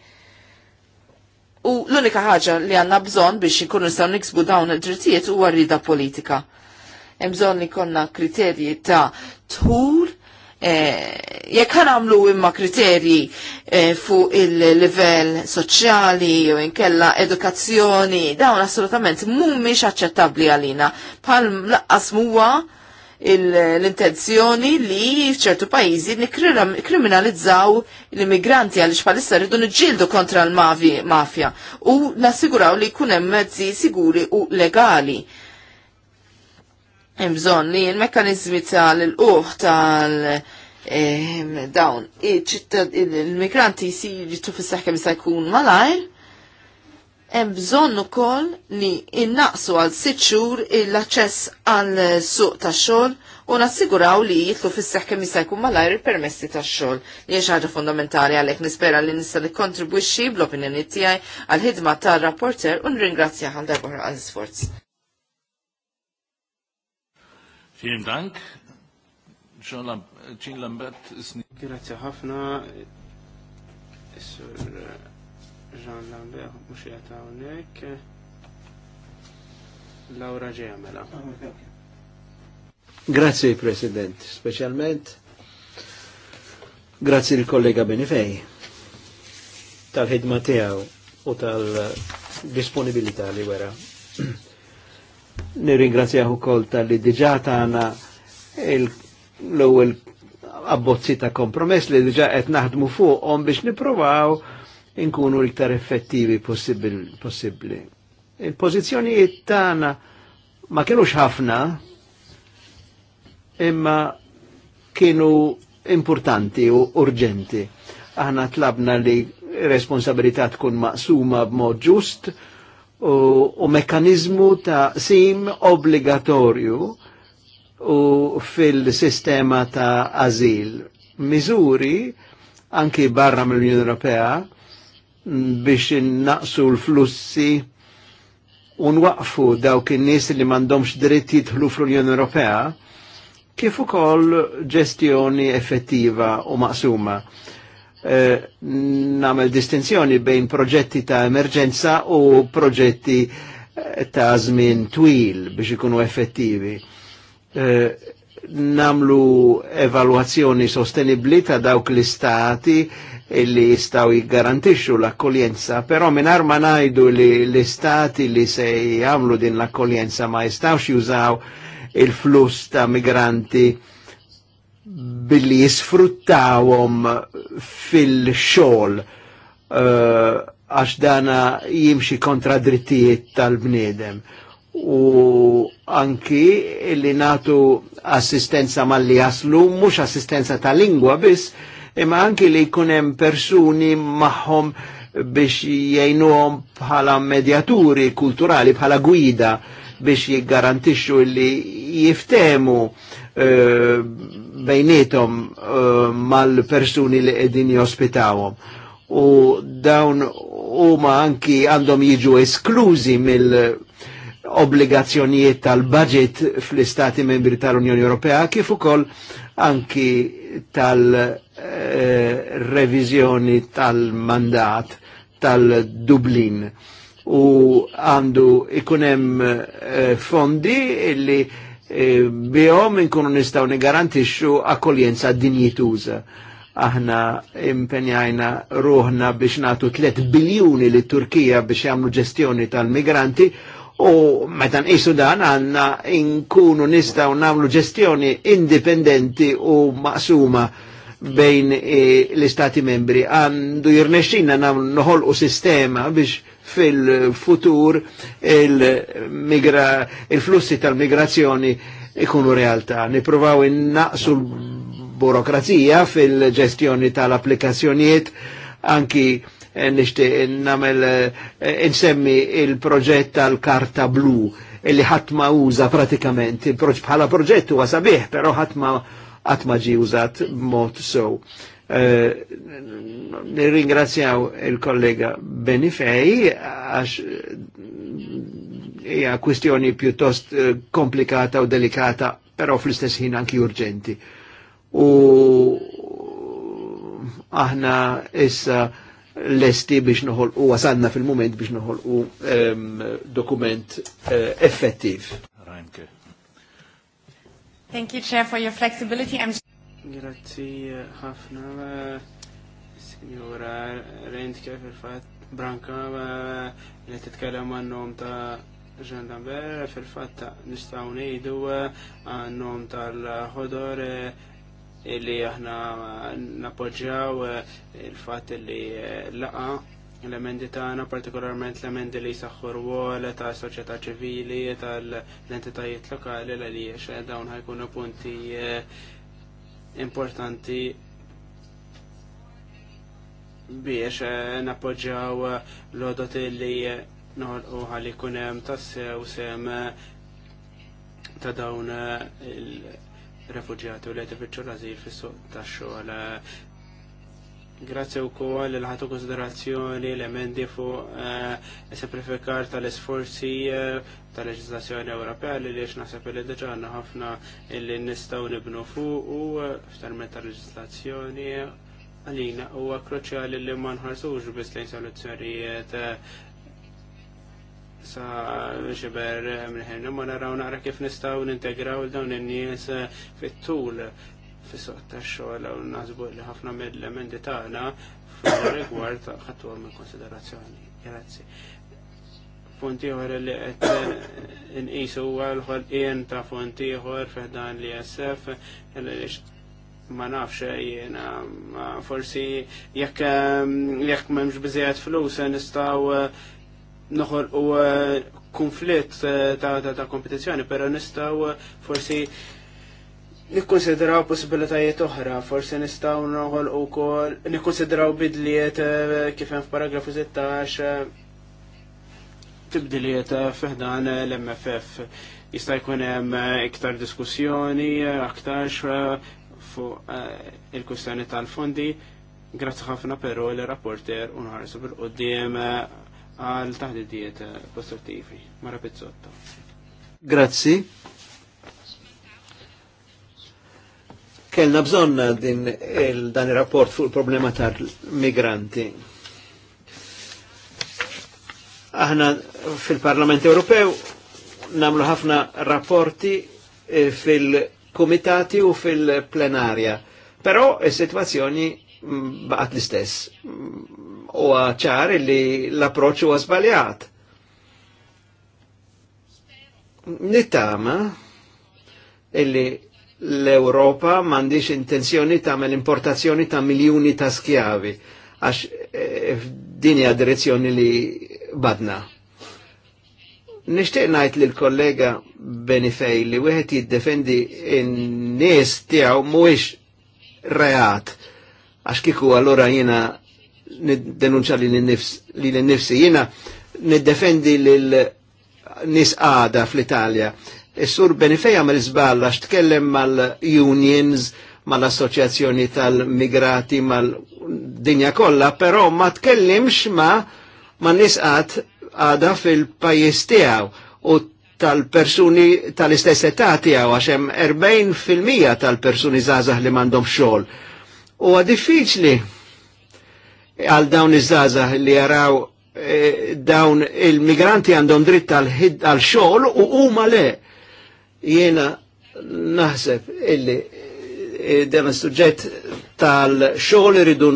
U l-unika ħaġa li għanna bżon biex ikunu nistgħu niksbu dawn id drittijiet huwa rida politika. Hemm bżonn li konna kriterji ta' tħul Eh, jekk għamlu imma kriterji eh, fuq il-livell soċjali u inkella edukazzjoni, dawn assolutament mhumiex aċċettabbli għalina. Pal laqqas huwa l-intenzjoni li f'ċertu pajjiżi nikkriminalizzaw l-immigranti għaliex bħalissa rridu niġġieldu kontra l-mafja u nassiguraw li jkun hemm mezzi siguri u legali hemm bżonn li l-mekkaniżmi tal-uħ tal-dawn ehm, il-migranti jisiru fissaħ kemm jista' jkun malajr, hemm bżonn ukoll li innaqsu għal sitt xhur l-aċċess għal suq tax-xogħol u nassiguraw li jitlu fissaħ kemm jista' jkun malajr il-permessi tax-xogħol. Li ħaġa fundamentali għalhekk nispera li nista' nikkontribwixxi bl-opinjoni tiegħi għal ħidma tar-rapporter u ringrazzja għal darba għal isforz Vielen Dank. Jean Lambert ist nicht. Grazie ħafna. Sur eh, Jean Lambert mhux qiegħed hawnhekk. Laura Ġemela. Grazie President, specialment grazie il kollega Benifej tal-ħidma tiegħu u tal-disponibilità li wera Nirringrazzjahu kol tal-li diġa tagħna l-ewwel abbozzi ta' kompromess li diġa qed naħdmu fuqhom biex nippruvaw inkunu iktar effettivi possibbli. Il-pożizzjonijiet tagħna ma kienux ħafna imma kienu importanti u urġenti. Aħna tlabna li responsabilità tkun maqsuma b'mod ġust u, u mekanizmu ta' sim obbligatorju u fil-sistema ta' azil. Miżuri anki barra mill-Unjoni Ewropea biex naqsu l-flussi u nwaqfu dawk in-nies li m'għandhomx dritt jidħlu fl-Unjoni Ewropea kif ukoll ġestjoni effettiva u maqsuma. Eh, namel distinzjoni bejn proġetti ta' emerġenza u proġetti eh, ta' żmien twil biex ikunu effettivi. Eh, namlu evalwazzjoni sostenibli ta' dawk l-istati illi jistaw jgarantixxu l-akkoljenza, però minar ma najdu li l-istati li se jagħmlu din l-akkoljenza ma jistawx jużaw il-flus ta' migranti billi jisfruttawhom fil-xogħol eh, għax dana jimxi kontra drittijiet tal-bniedem u anki li natu assistenza malli li jaslu, mux assistenza tal-lingwa biss, imma anki li jkunem persuni maħom biex jajnuhom bħala medjaturi kulturali, bħala gwida biex jiggarantixxu li jiftemu Eh, bejnietom eh, mal-persuni li qegħdin jospitawhom u dawn huma anki għandhom jiġu esklużi mill obbligazzjonijiet tal-budget fl-istati membri tal-Unjoni Ewropea kif ukoll anki tal-revizjoni eh, tal-mandat tal-Dublin u għandu ikunem eh, fondi illi eh, Eh, bihom inkunu nistaw nigarantixxu akkoljenza dinjituża. Aħna impenjajna ruħna biex natu 3 biljuni li Turkija biex jagħmlu ġestjoni tal-migranti u meta nqisu dan għandna inkunu nistgħu nagħmlu ġestjoni indipendenti u maqsuma bejn eh, l-istati membri għandu jirnexxina noħolqu sistema biex fil-futur il-flussi il tal-migrazzjoni ikunu realtà. Niprovaw innaqsu l-burokrazija fil-ġestjoni tal-applikazzjonijiet anki eh, nishti namel eh, insemmi il-proġett tal-karta blu illi eh, ħatma uża pratikament bħala proġett huwa sabiħ, però ħatma ħatma ġi użat mod so. Eh, Nirringrazzjaw il-kollega Benifej għax eh, hija kwistjoni pjuttost eh, komplikata u delikata, però fl-istess ħin anki urġenti. U aħna issa lesti biex noħol u wasanna fil-moment biex noħol u um, ehm, dokument uh, effettiv. Thank you, Chair, for your flexibility. I'm Grazzi ħafna, signora Rent kif il-fat Branka li titkellem għannom ta' Jean Lambert fil-fat nistaw nejdu għannom tal-ħodor illi aħna napoġġaw il-fat illi laqa l-emendi tagħna partikolarment l-emendi li jsaħħu rwol ta' soċjetà ċivili tal-entitajiet lokali l għaliex dawn ħajkunu punti importanti biex eh, nappoġġaw eh, l-odot li eh, noħolqu ħalli kun hemm tassew sem ta' dawn il-refuġjati u li tifittxu l-azil fis-suq tax-xogħol. Grazzi wkoll li ħatu konsiderazzjoni l-emendi fuq semplifikar tal-isforzi ta' leġislazzjoni Ewropea li liex naħseb li diġà għandna ħafna illi nistgħu nibnu fuq u f'termin ta' leġislazzjoni għalina huwa kruċjali li ma nħarsux biss lejn soluzzjonijiet eh, sa xiber eh, minn ma naraw nara kif nistgħu nintegraw dawn in-nies eh, fit-tul fis-soq tax-xogħol u nasbu li ħafna mill-emendi tagħna fil-rigward ħadtuhom in konsiderazzjoni. Grazzi fontiħor li għed eh, n-isu għal l jen ta' punti ieħor f'dan li SF ma nafx eh, jiena forsi jekk eh, jek memx biżejjed flus nistgħu noħol u konflitt ta' ta, ta kompetizjoni, pero nistaw forsi Nikkonsideraw possibilitajiet oħra, forse nistaw noħol u kol, nikkonsideraw bidliet kifem f'paragrafu 16 tibdiliet eh, fiħdan eh, l-MFF. Jista' jkun hemm eh, iktar diskussjoni, xra fuq il-kustjoni tal-fondi. Grazzi ħafna però l-rapporter nħarsu bil-qoddim għal taħdidiet kostruttivi. Mara Pizzotta. Grazzi. Kellna bżonna din il, dan il-rapport fuq il-problema tal-migranti Aħna fil-Parlament Ewropew namlu ħafna rapporti eh, fil-komitati u fil-plenarja. Però is situazzjoni mm, baqat l-istess. Mm, u ċar li l-approċċ huwa sbaljat. Nittama illi l-Europa mandiċ intenzjoni tagħmel importazzjoni ta' miljuni ta' skjavi għax eh, dinja direzzjoni li badna. Nishtiq najt li l-kollega Benifej li wieħed jiddefendi n-nies tiegħu mhuwiex reat għax kiku allura jiena denunċa li l-nifsi jiena niddefendi l-nis għada fl-Italja. Is-sur Benifej għamel għax tkellem mal-unions, mal-assoċjazzjoni tal-migrati, mal-dinja kollha, però ma tkellimx ma' ma nisqat għada fil-pajis tijaw u tal-persuni tal-istess età tiegħu għax hemm 40% tal-persuni zazah li mandom xogħol. U diffiċli għal dawn iż-żgħażagħ li jaraw e, dawn il-migranti għandhom dritt għal xogħol u huma le. Jiena naħseb illi e, dan is-suġġett tal-xogħol iridu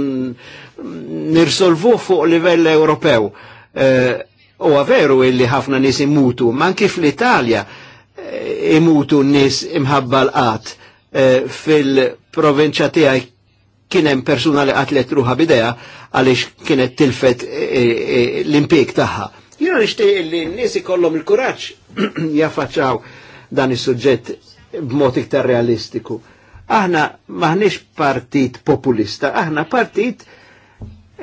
nirsolvu fuq livell Ewropew. Eh, U veru illi ħafna nis imutu, man kif l-Italja eh, imutu nis imħabba l-qat eh, fil-provinċa tiegħi kienem persuna li qatlet ruħa bideja għaliex kienet tilfet l-impik tagħha. Jina nixtieq li n-nies ikollhom il-kuraġġ jaffaċċaw dan is-suġġett b'mod iktar realistiku. Aħna maħniex partit populista, aħna partit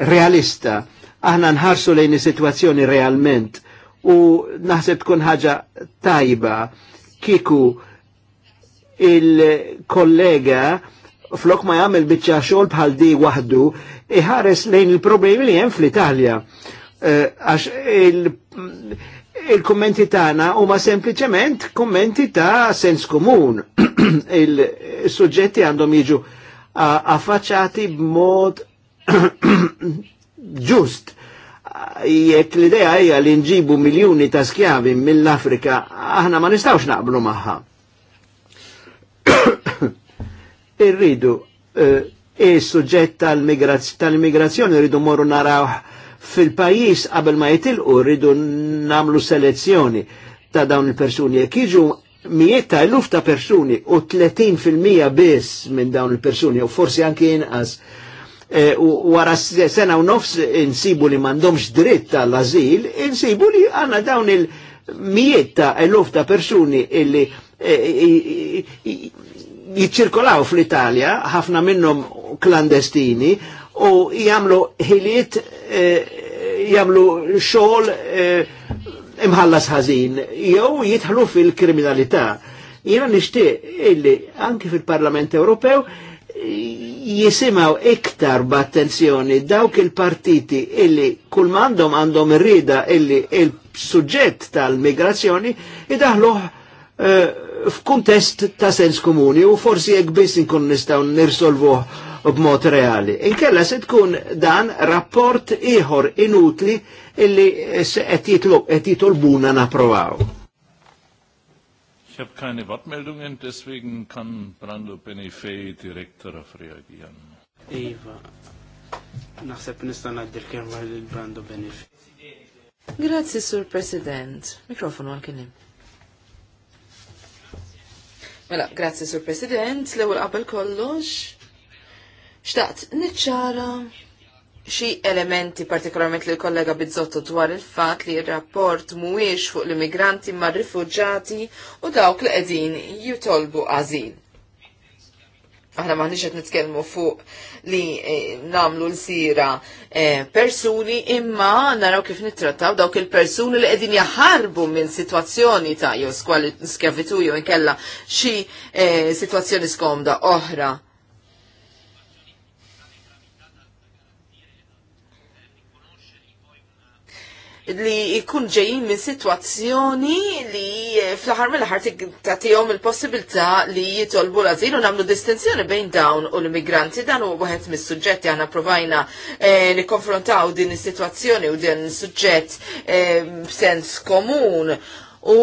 realista. Aħna nħarsu lejn is-sitwazzjoni realment u naħseb tkun ħaġa tajba kiku il-kollega flok ma jagħmel biċċa xogħol bħal di waħdu iħares lejn il-problemi li hemm fl-Italja. Eh, għax il-kommenti tagħna huma sempliċement kommenti ta' sens komun. Il-suġġetti għandhom jiġu affaċċati b'mod ġust jekk l-idea hija li nġibu miljuni ta' skjavi mill-Afrika, aħna ma nistawx naqblu magħha. Irridu eh, is-suġġett tal-immigrazzjoni rridu morru naraw fil-pajjiż qabel ma jitilqu rridu namlu selezzjoni ta' dawn il-persuni jekk jiġu mijiet ta' iluf ta' persuni u 30% biss minn dawn il-persuni u forsi anke inqas Eh, wara sena u nofs insibu li mandomx dritt tal-azil, insibu li għanna dawn il-mijiet ta' eluf ta' persuni illi eh, jiċirkolaw fl-Italja, ħafna minnom klandestini, u jamlu ħiliet eh, jamlu xogħol imħallas ħażin, jew jitħlu fil-kriminalità. Jena nishtiq illi anki fil-Parlament Ewropew jisimaw iktar b'attenzjoni dawk il-partiti illi kull mandom għandhom rida illi il-suġġett tal-migrazzjoni idaħluħ uh, eh, f'kuntest ta' sens komuni u forsi jekk biss nkun nistgħu nirsolvuh b'mod reali. Inkella se tkun dan rapport ieħor inutli illi qed jitolbuna napprovaw habe keine Wortmeldungen, deswegen kann Brando Benefei direkt darauf reagieren. Eva, nach nista' ngħaddi l Kermal Brando Benefei. Grazie, Sir President. Mikrofonu għal-kelim. Mela, grazie, Sir President. L-ewwel qabel kollox. Xtaqt, niċċara xi elementi partikolarment li l-kollega Bizzotto dwar il-fat li il-rapport mhuwiex fuq l-immigranti ma' rifugġati u dawk li qegħdin jitolbu għażil. Aħna maħniġ qed nitkellmu fuq li eh, namlu l-sira eh, persuni imma naraw kif nittrattaw dawk il-persuni li qegħdin jaħarbu minn situazzjoni ta' jew skjavitu jew inkella xi eh, situazzjoni skomda oħra li jkun ġejjin minn sitwazzjoni li fl-aħħar mill-aħħar tagħtihom il-possibilità li jitolbu l-azil u nagħmlu distinzjoni bejn dawn u l-immigranti dan huwa wieħed mis-suġġetti aħna provajna eh, nikkonfrontaw din is-sitwazzjoni u din is-suġġett eh, b'sens komun u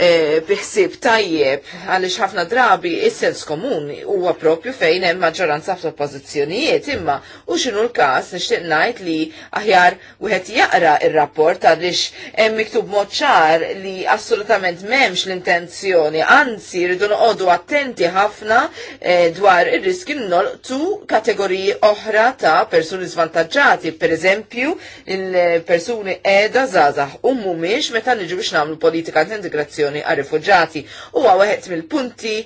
e, biħsib tajjeb għaliex ħafna drabi is-sens komun huwa propju fejn hemm maġġoranza ħafna pożizzjonijiet imma u x'inhu l-każ nixtieq ngħid li aħjar wieħed jaqra r rapport għaliex hemm miktub mod ċar li assolutament m'hemmx l-intenzjoni anzi rridu noqogħdu attenti ħafna e, dwar ir-riski nolqtu kategoriji oħra ta' persuni żvantaġġati, pereżempju il-persuni qiegħda żgħażagħ u mhumiex meta niġu biex nagħmlu politika ta' integrazzjoni għar rifuġati u għawet mill-punti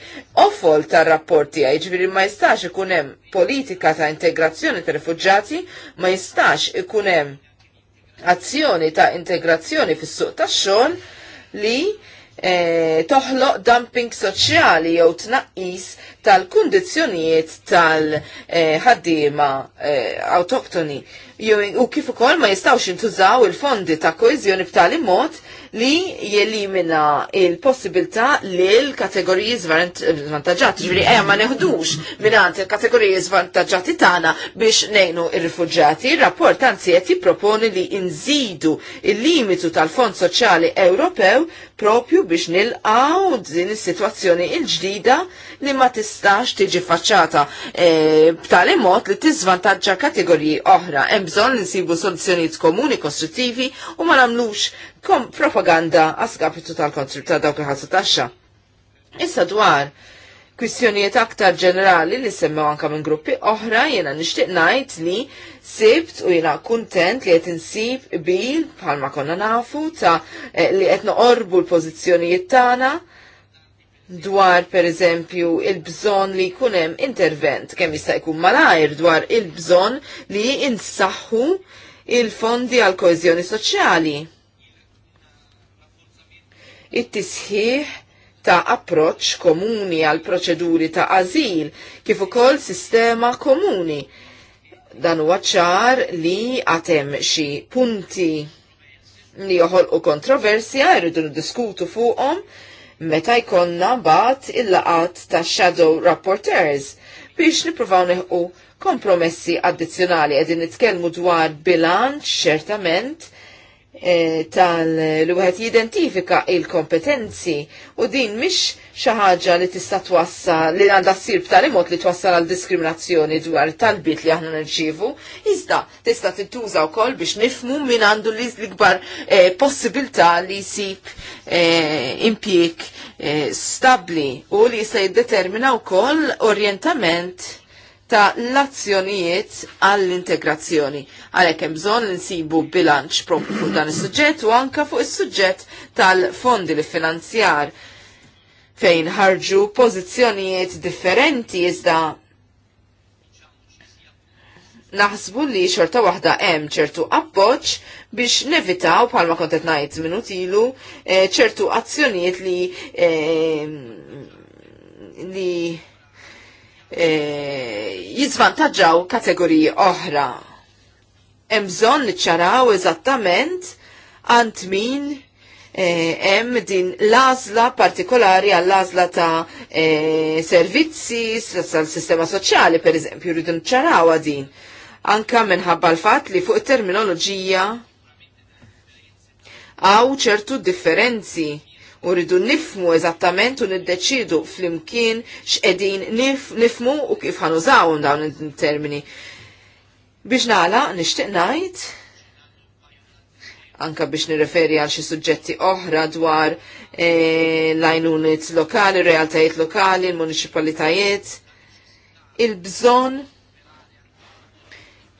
offol ta' rapporti għaj ġviri ma jistax ikunem politika ta' integrazzjoni ta' rifuġati ma jistax ikunem azzjoni ta' integrazzjoni fis-suq tax-xogħol li eh, toħloq dumping soċjali jew tnaqqis tal-kondizjonijiet tal-ħaddima eh, autoktoni. U kif ukoll ma jistawx intużaw il-fondi ta' koezjoni b'tali mod li jelimina il-possibilità li l-kategoriji zvantagġati, ġviri eja eh, ma neħdux minant il-kategoriji zvantagġati tana biex nejnu il-rifugġati. Il-rapport anzi qed jipproponi li inżidu il-limitu tal-Fond Soċjali Ewropew propju biex nil-għaw din is-sitwazzjoni il-ġdida li ma tis tistax tiġi faċċata e, b'tali mod li tiżvantaġġa kategoriji oħra. Hemm bżonn nsibu soluzzjonijiet komuni kostruttivi u ma nagħmlux propaganda għaskapitu tal-kontri ta' dawk il-ħassu taxxa. Issa dwar kwistjonijiet aktar ġenerali li semmew anka minn gruppi oħra jena nixtieq ngħid li sibt u jena kuntent li qed insib bil bħalma konna nafu ta' e, li qed noqorbu l-pożizzjonijiet tagħna dwar per eżempju il-bżon li kunem intervent kemm jista' jkun malajr dwar il-bżon li insaħħu il-fondi għal koezjoni soċjali. It-tisħiħ ta' approċ komuni għal proċeduri ta' azil kif ukoll sistema komuni. Dan huwa ċar li għatem xi punti li joħolqu kontroversja jridu diskutu fuqhom meta jkonna bat il-laqat ta' shadow rapporteurs biex nipruvaw neħu kompromessi addizzjonali Għedin nitkellmu dwar bilanċ ċertament tal eh, tal-wieħed jidentifika il-kompetenzi u din mhix xi ħaġa li tista' twassal li għandha ssir b'tali mod li twassal għal diskriminazzjoni dwar tal-bit li aħna nirċievu, iżda tista' tintuża wkoll biex nifmu min għandu l-ikbar eh, possibilità li jsib eh, impjieg stabbli u li jista' jiddetermina wkoll orjentament ta' l-azzjonijiet għall-integrazzjoni. Għalhekk hemm bżonn insibu bilanċ propju fuq dan is-suġġett u anka fuq is-suġġett tal-fondi li finanzjar fejn ħarġu pożizzjonijiet differenti iżda naħsbu li xorta waħda hemm ċertu appoġġ biex nevitaw bħalma kontet ngħid minut ilu eh, ċertu azzjonijiet li eh, li jizvantagġaw kategoriji oħra. Hemm bżonn niċċaraw eżattament għant min hemm din l-għażla partikolari għall-għażla ta' servizzi, sal sistema soċjali pereżempju rridu niċċarawha din. Anka minħabba l-fatt li fuq it-terminoloġija għaw ċertu differenzi U rridu nifmu eżattament u niddeċidu fl-imkien x'qegħdin nif, nifmu u kif ħanużaw dawn il-termini. Biex nagħla nixtieq ngħid anka biex nirreferi għal xi suġġetti oħra dwar e, l-għajnuniet lokali, realtajiet lokali, l-municipalitajiet, il-bżon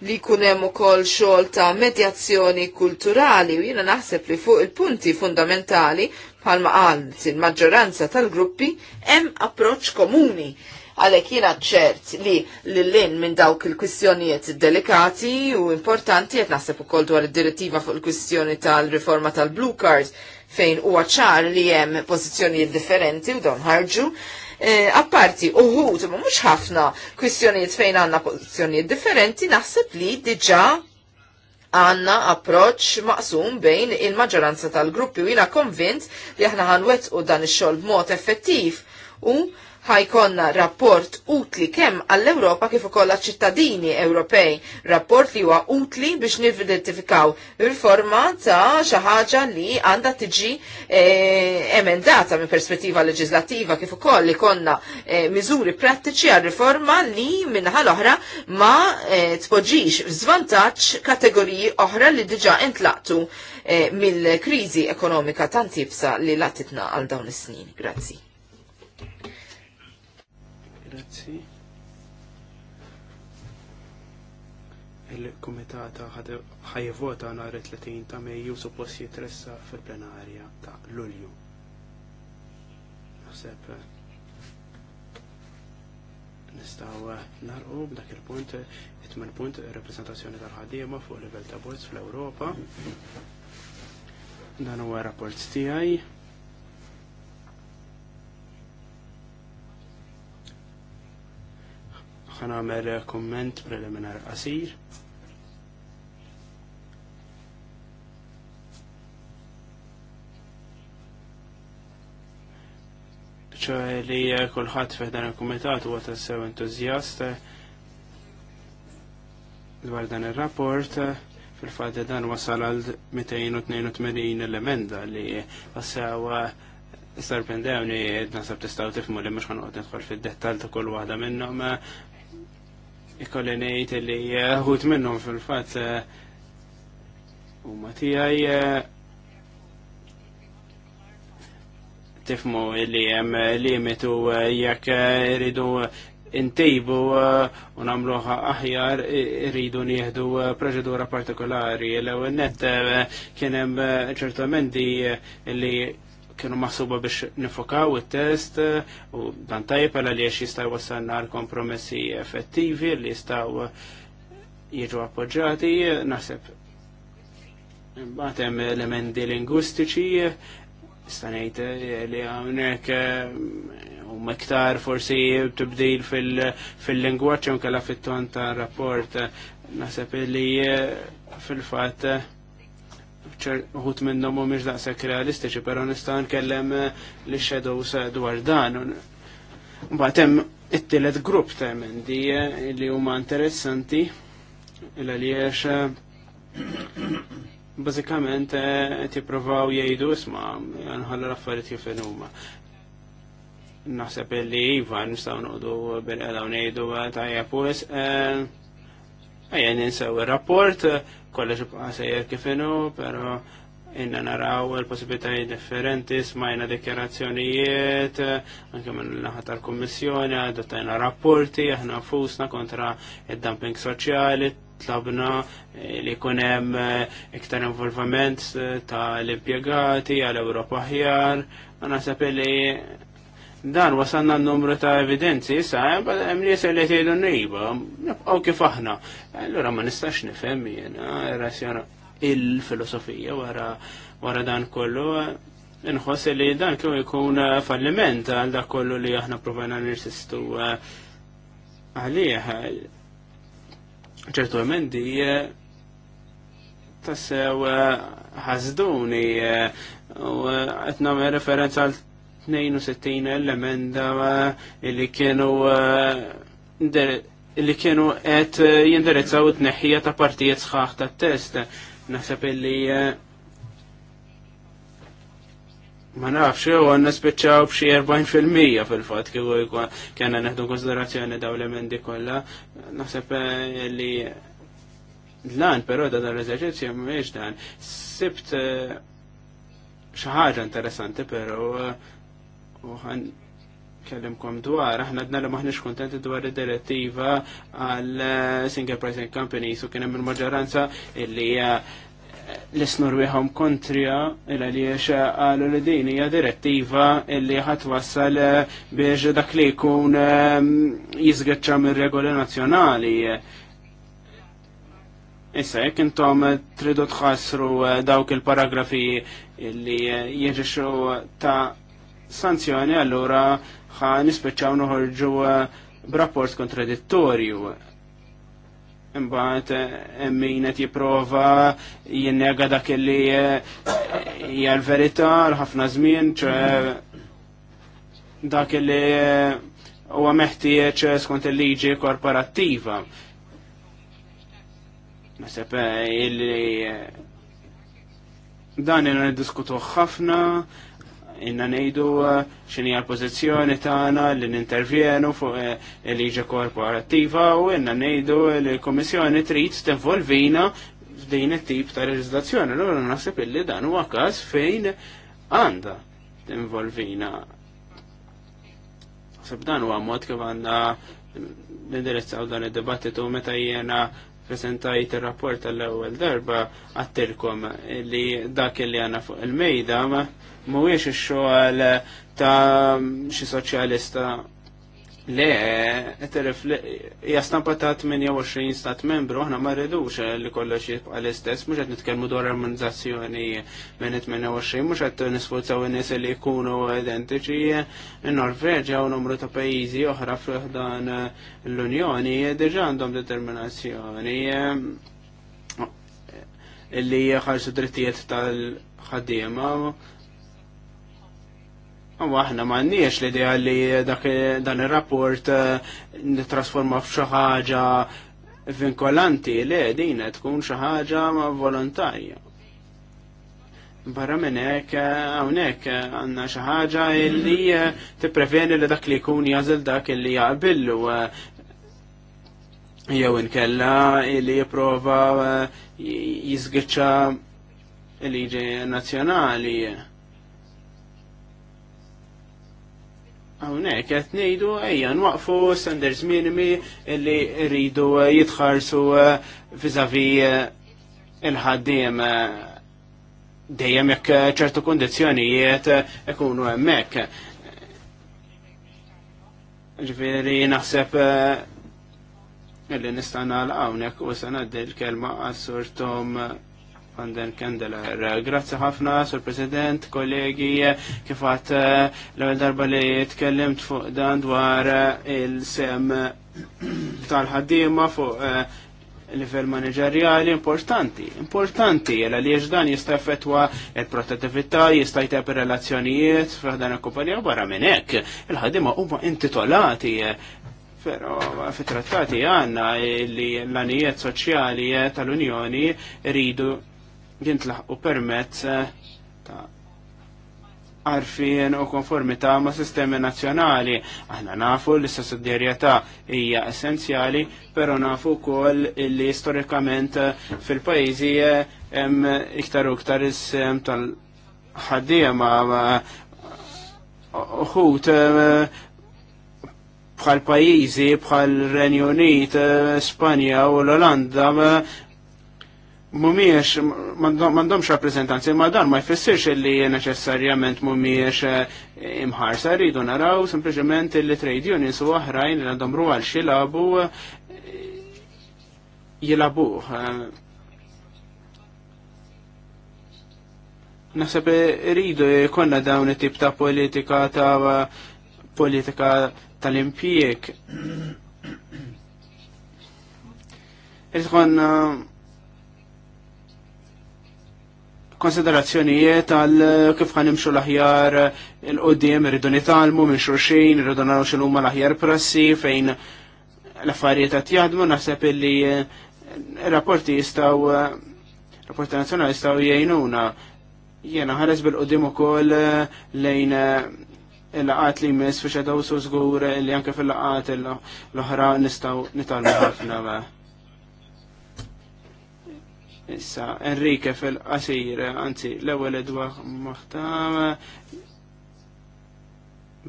li kunem u kol xol ta' medjazzjoni kulturali u jina naħseb li fuq il-punti fundamentali palma għal il-maġġoranza tal-gruppi hemm approċ komuni għalek jina ċert li l-lin minn dawk il-kwistjonijiet delikati u importanti jett naħseb u kol dwar id-direttiva fuq il-kwistjoni tal-riforma tal-blue card fejn u ċar li jem pozizjonijiet differenti u dawn ħarġu. Eh, apparti uħut, ma mux ħafna kwistjonijiet fejn għanna pozizjonijiet differenti, naħseb li diġa għanna approċ maqsum bejn il-maġġoranza tal-gruppi u jina konvint li aħna ħanwet u dan ix-xogħol b'mod effettiv u ħajkonna rapport utli kemm għall-Ewropa kif ukoll ċittadini Ewropej, rapport li huwa utli biex il riforma ta' xi ħaġa li għandha tiġi eh, emendata minn perspettiva leġislattiva kif ukoll li konna eh, miżuri prattiċi għal riforma li l oħra ma eh, tpoġġix f'żvantaġġ kategoriji oħra li diġà intlaqtu mill-kriżi ekonomika tantibsa li latitna għal dawn is-snin. Grazzi. Grazzi. Il-Kumitata ħajvota nhar 30 ta' Mejju suppost jitressa fil-plenarja ta' Lulju. Naħseb eh, nistgħu eh, narqu b'dak il-punt, it-tmen punt rappresentazzjoni tal-ħaddiema fuq livell ta' bozz fl-Ewropa. Dan huwa rapport tiegħi. ħanamer eh, komment preliminar qasir. ċoħe li eh, kullħat f'dan il-komitat huwa tassew entuzjast eh, dwar dan il-rapport fil-fatt dan wasal għal 282 l-emenda li tassew Sorprendewni, nasab tistaw tifmu li mux ħanqot nidħol fil-dettal ta' kull wahda minnom, ikolli ngħid li jħut eh, minnum fil-fatt eh, huma tiegħi eh, tifmu li jem hemm limitu jek iridu intejbu u namluħa aħjar rridu nieħdu proċedura partikolari. L-ewwel net kienem hemm ċertamendi li kienu maħsuba biex nifokaw il-test eh, u dan tajjeb għal li jistaw għasanna l-kompromessi effettivi li jistaw eh, jieġu appoġġati, eh, naħseb. Batem elementi lingwistiċi, stanejt li għamnek u mektar forsi tibdil fil-lingwaċ fil kalla fit-ton ta' rapport, naħseb li fil-fat ċerħut minnom u mħiġ daqsek realistiċi, pero nistan kellem eh, li shadows eh, dwar dan. Mbagħad hemm it-tielet grupp ta' emendi eh, li huma interessanti il għaliex bażikament qed jippruvaw jgħidu isma' nħallu raffariet jifin kif huma. Naħseb li iva nistgħu noqogħdu bil-qeda ngħidu tajjeb u Ejja ninsaw il rapport kollox ibqa' kifinu, kif inhu, inna naraw il-possibilitajiet differenti, smajna dekjerazzjonijiet, anke minn naħa tal-Kummissjoni, għadottajna rapporti, aħna fusna kontra id-dumping soċjali, tlabna li jkun hemm eh, iktar involvament eh, tal impjegati għal Ewropa ħjar, ma naħseb li Dan wasanna n-numru ta' evidenzi, issa, eh, hemm nies li t-jidu n-nejba, nibqgħu kif aħna. ma nistax nifhem jiena razzjona il-filosofija wara wara dan kollu eh, nħossi li dan kju jkun eh, falliment għal dak kollu li aħna provajna nirsistu għalija. ċertu emendi tassew ħazduni u għetna referenza għal 62 emenda eh, li kienu eh, li kienu qed eh, jindirizzaw t tneħħija ta' partijiet sħaħ tat-test. Naħseb illi Ma nafx, u għanna speċaw bxie 40% fil-fat kif kena neħdu konsiderazzjoni daw l-emendi kolla. Naħseb li l-lan, da dan l-eżerċizzju mhijiex dan. Sibt xi ħaġa interessanti, però u ħan kellimkom dwar, aħna dna li maħnix kontenti dwar id-direttiva għal uh, single pricing companies u kienem il-maġġoranza illi uh, l-isnur wieħom kontrija illa li uh, għalu li din hija direttiva illi ħat wassal biex dak li jkun um, jizgħetċa mir regoli nazzjonali. Issa, jekk intom tridu tħassru dawk il-paragrafi illi jieġiċu ta' sanzjoni allura ħa nispeċaw noħorġu eh, b'rapport kontradittorju. Imbagħad eh, hemm min qed jipprova jinnega dak li eh, hija l-verità għal ħafna żmien, ċe dak li huwa meħtieġ skont il-liġi korporattiva. Naseb illi dan il-diskutu ħafna, inna nejdu uh, xini għal-pozizjoni tagħna li nintervjenu fuq eh, il-liġa korporattiva u inna nejdu li l-Komissjoni trid tinvolvina f'din it-tip ta' leġislazzjoni. Allura naħseb illi dan huwa każ fejn għandha tinvolvina. Sab dan huwa mod kif għandna indirizzaw dan id-dibattitu meta jiena presentajt il-rapport tal-ewwel darba għattilkom li dak li għana fuq il-mejda ma mhuwiex ix-xogħol ta' xi soċjalista Le, teref, hija stampa ta' 28 stat membru, aħna ma rridux li kollox jibqa' l-istess, mhux qed nitkellmu dwar armonizzazzjoni minn 28, mhux qed nisforzaw in-nies li jkunu identiċi. n norveġja u numru ta' pajjiżi oħra f'dan l-Unjoni deġa għandhom determinazzjoni li ħarġu drittijiet tal-ħaddiema U aħna m'għandniex l-idea li dan ir-rapport eh, nitrasforma f'xi ħaġa vinkolanti le din tkun xi ħaġa volontarja. Barra minn hekk eh, hawnhekk eh, għandna xi ħaġa li tippreveni li dak li kun jażel dak li jaqbillu jew inkella li jipprova jiżgiċċa il-liġi nazzjonali. Għawnek, għet nejdu, ejja, nwaqfu standards minimi illi rridu eh, jitħarsu eh, vizavi eh, il-ħaddim dejjem jekk ċertu kondizjonijiet ikunu hemmhekk. Ġifieri naħseb illi nista' nagħlaq hawnhekk u se ngħaddi l-kelma għas-surtom Vanden Kendeler. Grazzi ħafna, Sur President, kollegi, kif għat eh, l-ewel darba li tkellimt fuq dan dwar eh, il-sem tal-ħaddima fuq eh, livell manageriali importanti, importanti, jela li dan jista' effettwa il-protettività, jista' jtep relazzjonijiet f'dan il-kumpanija barra minn hekk. Il-ħadima huma intitolati Pero fit-trattati għanna li l-anijiet soċjali tal-Unjoni rridu jintlaħqu permezz eh, ta' għarfien u konformità ma' sistemi nazzjonali. Aħna nafu li s-sussidjarjetà hija essenzjali, pero nafu wkoll li storikament eh, fil-pajjiżi eh, hemm iktar u iktar is tal-ħaddiema uħut bħal pajizi, bħal Renjonit, Spanja u l-Olanda mumiex, xa prezentanzi, ma dan ma jfessirx li neċessarjament mumiex eh, imħarsa, rridu naraw sempliciment li trade unions u oħrajn li għandhom ruħal xilabu eh, jilabu. Eh. Naħseb rridu jkollna dawn it-tip ta' politika ta' politika tal-impijek. Irrid konsiderazzjonijiet għal eh, kif imxu l-aħjar eh, il-qoddim, irridu nitalmu minn xurxin, irridu naraw xil umma l-aħjar prassi fejn l-affarijiet għat jadmu, naħseb illi eh, rapporti jistgħu rapporti nazzjonali jistgħu jgħinuna. Jena ħares bil-qoddim ukoll lejn il-laqat li jmiss fi xedaw su żgur li anke fil-laqat l-oħra nistgħu nitalmu ħafna. Issa, Enrique fil-qasir, anzi, l-ewel edwaħ maħtam,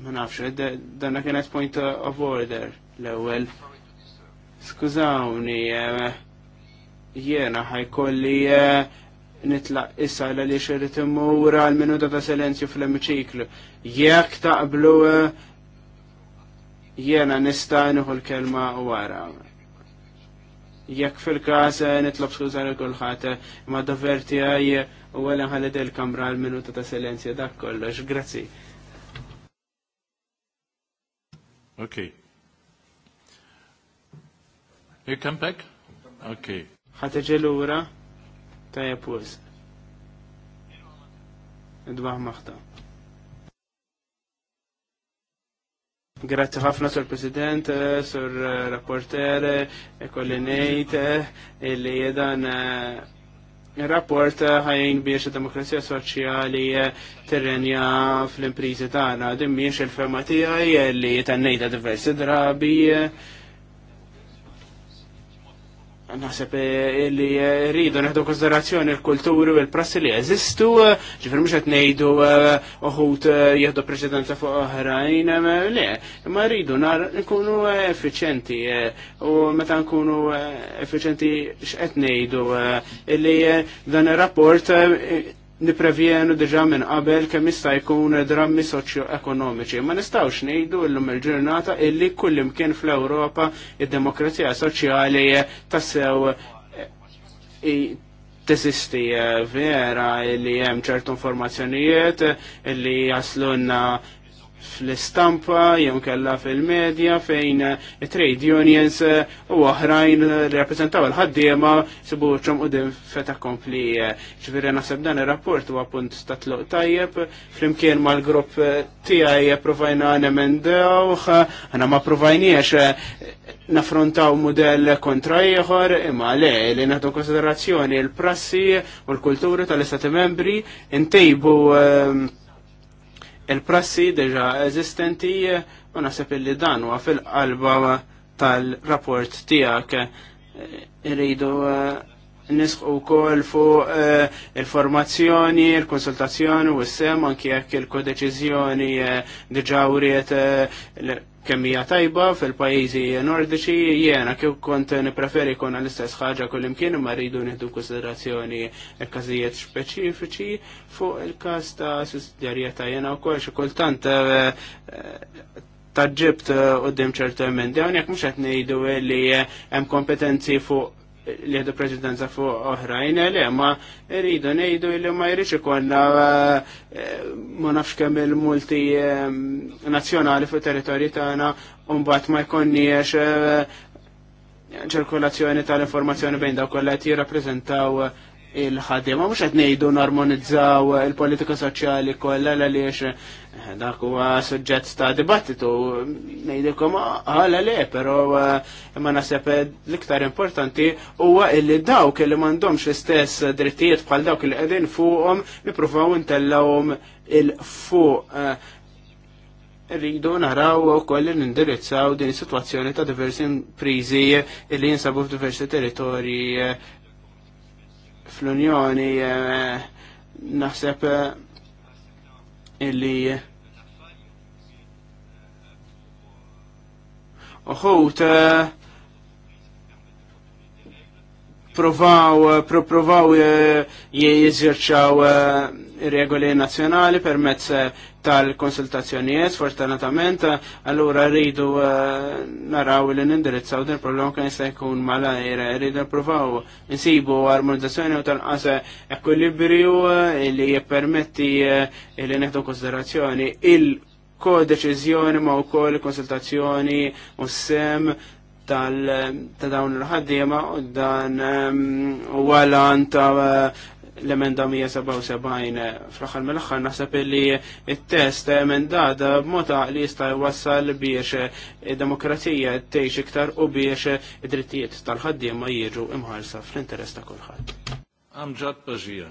ma nafx, danna kienet point of order, l-ewel. Skużawni, eh, jena ħajkolli eh, nitlaq issa l li xirrit imura l-minuta ta' silenzju fl-emiċiklu. Jek taqblu eh, jena nista' nħu l-kelma wara jekk fil-kas eh, nitlob skuża li kulħadd eh, ma dover għaj eh, u għela ħaled il-kamra għal minuta ta' silenzja dak kollox. Grazzi. Ok. You come back? Ok. Ħateġi l-ura ta' id Dwaħ maħta. Grazzi ħafna sur President, eh, sur eh, Rapporter, eh, kollinejt, illi jedan Il-rapport ħajn biex demokrazija soċjali terrenja fl-imprizi tagħna. Din mhijiex il-fema tiegħi li tannejta diversi drabi Naħseb eh, li eh, rridu neħdu konsiderazzjoni l-kulturi u l-prassi li jeżistu, eh, ġifir mhux qed ngħidu uħut jieħdu preċedenza fuq oħrajn, le, Ma rridu nkunu efficienti u meta nkunu efficienti x'qed ngħidu li dan il rapport niprevjenu diġa minn qabel kemm jista' jkun drammi soċjo-ekonomiċi. Ma nistgħux ngħidu llum il-ġurnata illi kull imkien fl-Ewropa id-demokrazija soċjali tassew eh, teżisti eh, vera illi hemm ċertu informazzjonijiet illi jaslunna fl-istampa jew kella fil-medja fejn trade unions eh, u oħrajn rappresentaw l-ħaddiema sibu ċom u din feta kompli ċviri eh. nasib dan il-rapport u appunt ta' tluq tajjeb flimkien mal grupp eh, tijaj provajna nemendaw għana ma provajniex nafrontaw model kontra ieħor imma le li natu konsiderazzjoni l-prassi u l-kulturi tal-istati membri intejbu il-prassi deġa eżistenti u nasib illi dan huwa fil-qalba tal-rapport tiegħek iridu eh, nisħu kol fuq eh, il-formazzjoni, il-konsultazzjoni u s-sem anki jekk il-kodeċizjoni eh, diġawriet uriet kemmija tajba fil-pajizi nordiċi jena kif kont nipreferi kun l-istess ħaġa kull imkien ma rridu nieħdu konsiderazzjoni każijiet speċifiċi fuq il-każ ta' sussidjarieta jena u xi kultant eh, taġġibt eh, qudiem ċertu emendi hawnhekk mhux qed ngħidu li eh, hemm kompetenzi fuq li għadu prezidenza fuq oħrajn, li ma rridu nejdu li ma jirriċ ikonna eh, ma nafx kemm il-multi eh, nazjonali fuq territorju tagħna u mbagħad ma jkonniex eh, ċirkolazzjoni tal-informazzjoni bejn dawk kollha qed jirrappreżentaw il-ħadima, mux għet nejdu normalizzaw il-politika soċjali kolla għaliex eh, dak huwa suġġett ta' dibattitu, nejdikom għala ah, ah, le, pero eh, imma nasib l-iktar importanti huwa illi dawk li mandomx l-istess drittijiet bħal dawk li qegħdin fuqhom nippruvaw intellawhom il-fuq eh, rridu naraw u koll nindirizzaw din situazzjoni ta' diversi imprizi li jinsabu f'diversi territori fl-Unjoni eh, naħseb eh, illi eh, uħut provaw, provaw jizirċaw regoli nazzjonali permezz eh, tal-konsultazzjonijiet, fortunatament, eh, allura rridu eh, naraw li nindirizzaw din problema kien se jkun mala malajr, rridu nipruvaw insibu armonizzazzjoni u tal-qas ekwilibriju li jippermetti li neħdu konsiderazzjoni il-kodeċiżjoni ma wkoll konsultazzjoni u sem tal dawn il-ħaddiema u dan ehm, u għalan ta' l-emenda 177 eh, fl-axar mill-axar naħseb li il-test emendada b-mota li jista' jwassal biex eh, demokrazija tgħix iktar u biex eh, id-drittijiet tal-ħaddiem ma jiġu imħarsa fl-interess ta' kulħadd. Amġad Baġija.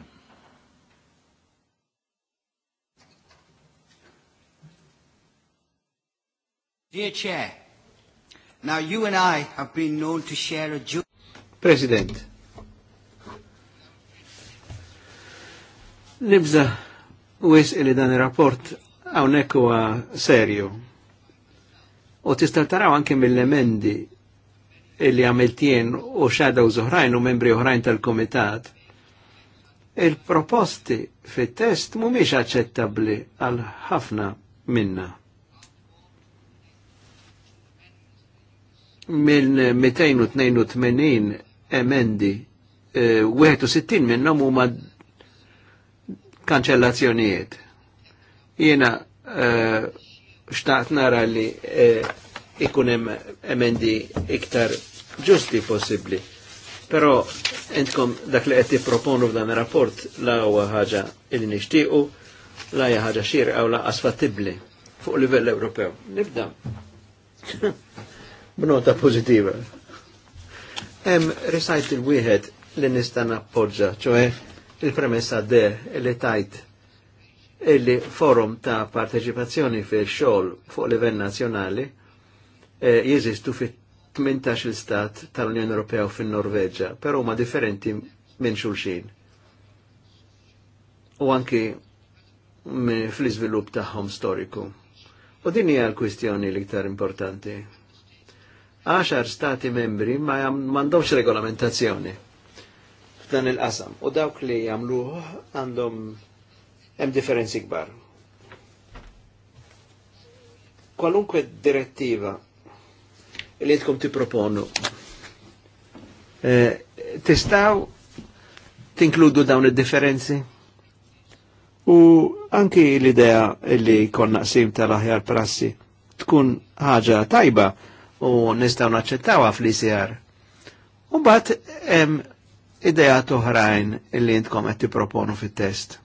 Dear Chair, now you and I have been known to share a joke. President, Nibza wis li dan il-rapport għawnek huwa serju. U tistaltaraw taraw anke mill-emendi illi għamiltien u u zoħrajn u membri oħrajn tal-komitat. Il-proposti fit-test mumiex aċċettabli għal ħafna minna. Minn 282 emendi, 61 eh, minnhom huma kanċellazzjonijiet. Jena uh, eh, xtaqt nara li uh, ikun hemm emendi iktar ġusti possibbli. Però entkom dak li qed tipproponu f'dan ir-rapport la huwa ħaġa li nixtiequ la hija ħaġa xir għaw la fattibbli fuq livell Ewropew. Nibda. B'nota pożittiva. Hemm recital wieħed li nista' nappoġġa, ċoe il-premessa de li tajt illi forum ta' parteċipazzjoni fil xogħol fuq livell nazzjonali eh, jeżistu fit 18 il-stat tal-Unjoni Ewropea u fin-Norveġġa, però huma differenti minn xulxin. U anki fl-iżvilupp tagħhom storiku. U din hija l-kwistjoni l-iktar importanti. Għaxar stati membri ma m'għandhomx regolamentazzjoni dan il-qasam. U dawk li jamluħ għandhom hemm differenzi kbar. Kwalunkwe direttiva li tkun tipproponu eh, tistaw tinkludu dawn id-differenzi? U anki l-idea li konna sim tal-aħjar prassi tkun ħaġa tajba u nistaw naċċettawha fl-ICR. Umbat bat ideja toħrajn illi intkom qed proponu fit-test.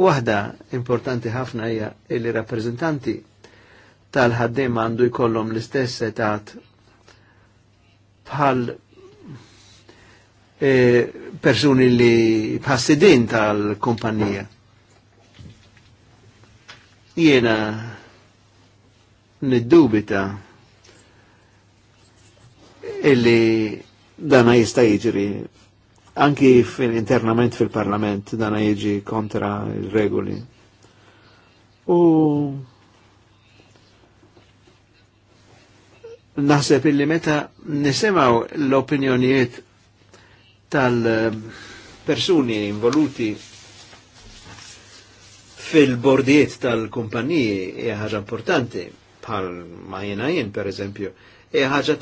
Wahda importanti ħafna hija illi rappresentanti tal ħaddim għandu jkollhom l-istess etat bħal e, persuni li bħassidin tal-kumpanija. Jena niddubita illi dana jista' jiġri anki fil-internament fil-parlament dana jiġi kontra il reguli U naħseb illi meta nisimaw l-opinjonijiet tal-persuni involuti fil bordiet tal-kumpaniji hija ħaġa importanti bħal ma jena jien per eżempju hija ħaġa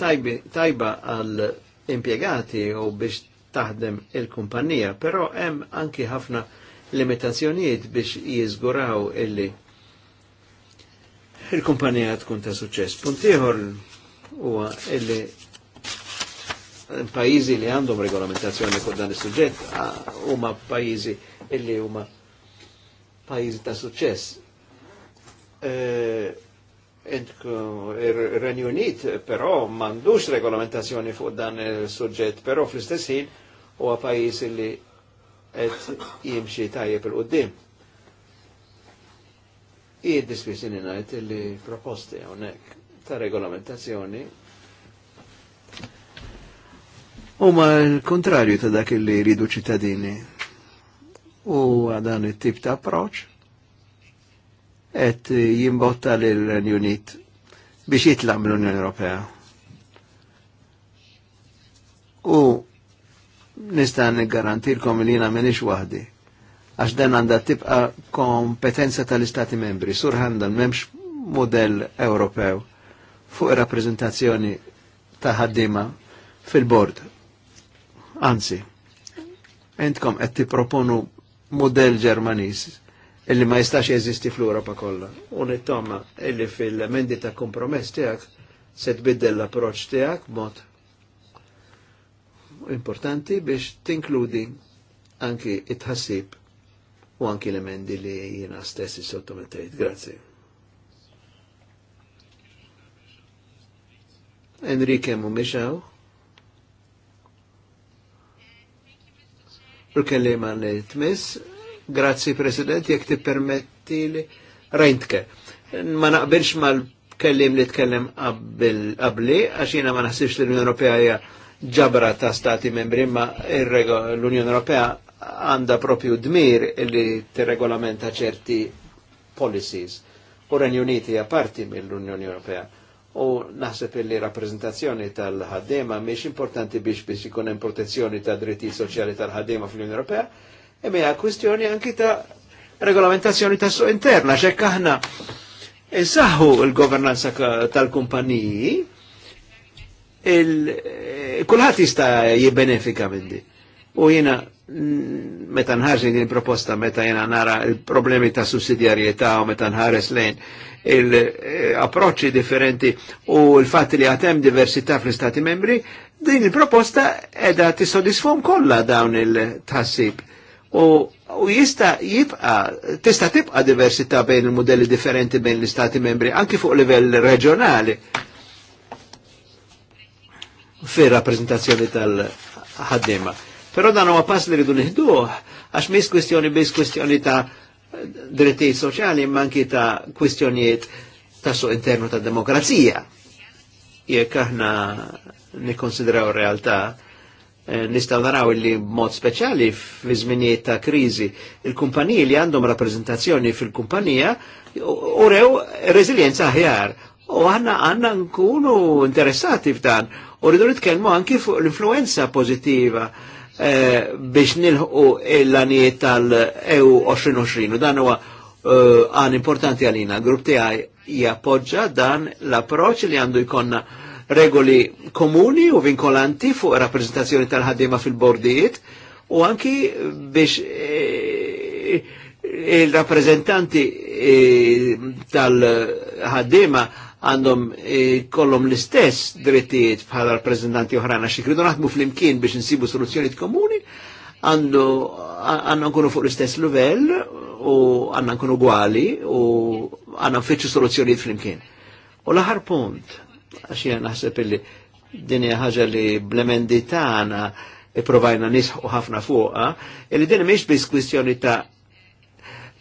tajba għal impjegati u biex taħdem il-kumpanija, però hemm anki ħafna limitazzjonijiet biex jiżguraw illi il-kumpanija tkun ta' suċċess. Punt ieħor huwa illi pajizi li għandhom regolamentazzjoni kod dan is-suġġett ah, huma pajizi illi huma pajizi ta' suċċess. Eh, Er-, renju Unit però mandux regolamentazzjoni fuq dan il-suġġett, però fl-istess ħin huwa pajjiż li qed jimxi tajjeb il qudiem Ijed dispiċini ngħid li proposti hawnhekk ta' regolamentazzjoni huma l-kontrarju ta' dak li jridu ċittadini. U dan it-tip ta' approċċ et jimbotta l-Unit biex jitlam l-Unjoni Ewropea. U nista' niggarantilkom li jiena m'iniex waħdi għax dan għandha tibqa kompetenza tal-Istati membri. Sur Handel m'hemmx model Ewropew fuq ir-rappreżentazzjoni ta' ħaddiema fil-bord. Anzi, entkom qed tipproponu model Ġermaniż illi ma jistax jeżisti fl-Europa kollha. U nittama illi fil-mendi ta' kompromess tiegħek se tbiddel l-approċċ tiegħek mod importanti biex tinkludi anki it-ħassib u anki l-emendi li jiena stessi sottomettejt. Grazie. Enrique Mumixaw. U kellima li tmiss, Grazzi President, jek ti permetti li rajntke. Ma naqbilx mal-kellim li tkellem qabli, għax jena ma naħsibx li l-Unjoni Ewropea hija ġabra ta' stati membri, ma l-Unjoni Ewropea għanda propju dmir li t-regolamenta ċerti policies. U Uniti hija parti mill-Unjoni Ewropea. U naħseb li rappresentazzjoni tal-ħaddema mhix importanti biex biex ikun hemm protezzjoni ta' dritti soċjali tal-ħaddema fl-Unjoni Ewropea, Imma kwistjoni anki ta' regolamentazzjoni ta' suq interna, xekk aħna sahu l-governanza tal-kumpaniji, eh, kulħadd jista' jibbenefika minn di. U jiena mm, meta nħarġin din proposta meta jena nara il-problemi ta' sussidjarjetà u meta nħares lejn il-approċċi differenti u l fatti li għatem diversità fl-Stati membri, din il-proposta edha tissodisfum kollha dawn il-tħassib. U, u jista jibqa, tista tibqa diversità bejn il-modelli differenti bejn l-istati membri, anki fuq livell reġjonali fi rappresentazzjoni tal-ħaddima. Però dan huwa pass li ridu nieħduh għax mis kwistjoni biss kwistjoni ta' drittijiet soċjali manki ta' kwistjonijiet ta' suq internu ta' demokrazija. Jekk aħna nikkonsidraw realtà Eh, nistaw naraw li mod speċali fi żminijiet ta' kriżi il-kumpaniji li għandhom rappreżentazzjoni fil-kumpanija u rew reżiljenza aħjar. U għanna għanna nkunu interessati f'dan u rridu nitkellmu anki fuq l-influenza pozittiva eh, biex nilħu l-għaniet tal-EU 2020 u dan huwa eh, għan importanti għalina. Grupp tiegħi jappoġġa dan l approċ li għandu jkollna regoli komuni u vinkolanti fuq rappresentazzjoni tal-ħaddiema fil-bordijiet u anki biex eh, il-rappresentanti eh, tal-ħaddiema għandhom eh, kollom l-istess drittijiet bħala rappresentanti oħrana xi kridu naħdmu fl-imkien biex insibu soluzzjonijiet komuni għandu nkunu fuq l-istess livell u għandhom nkunu gwali u għandhom fitxu soluzzjonijiet fl-imkien. U l-aħar punt, għax jena naħseb illi din hija ħaġa li blemendi tagħna ipprovajna nisħu ħafna fuqha, illi din miex biss kwistjoni ta'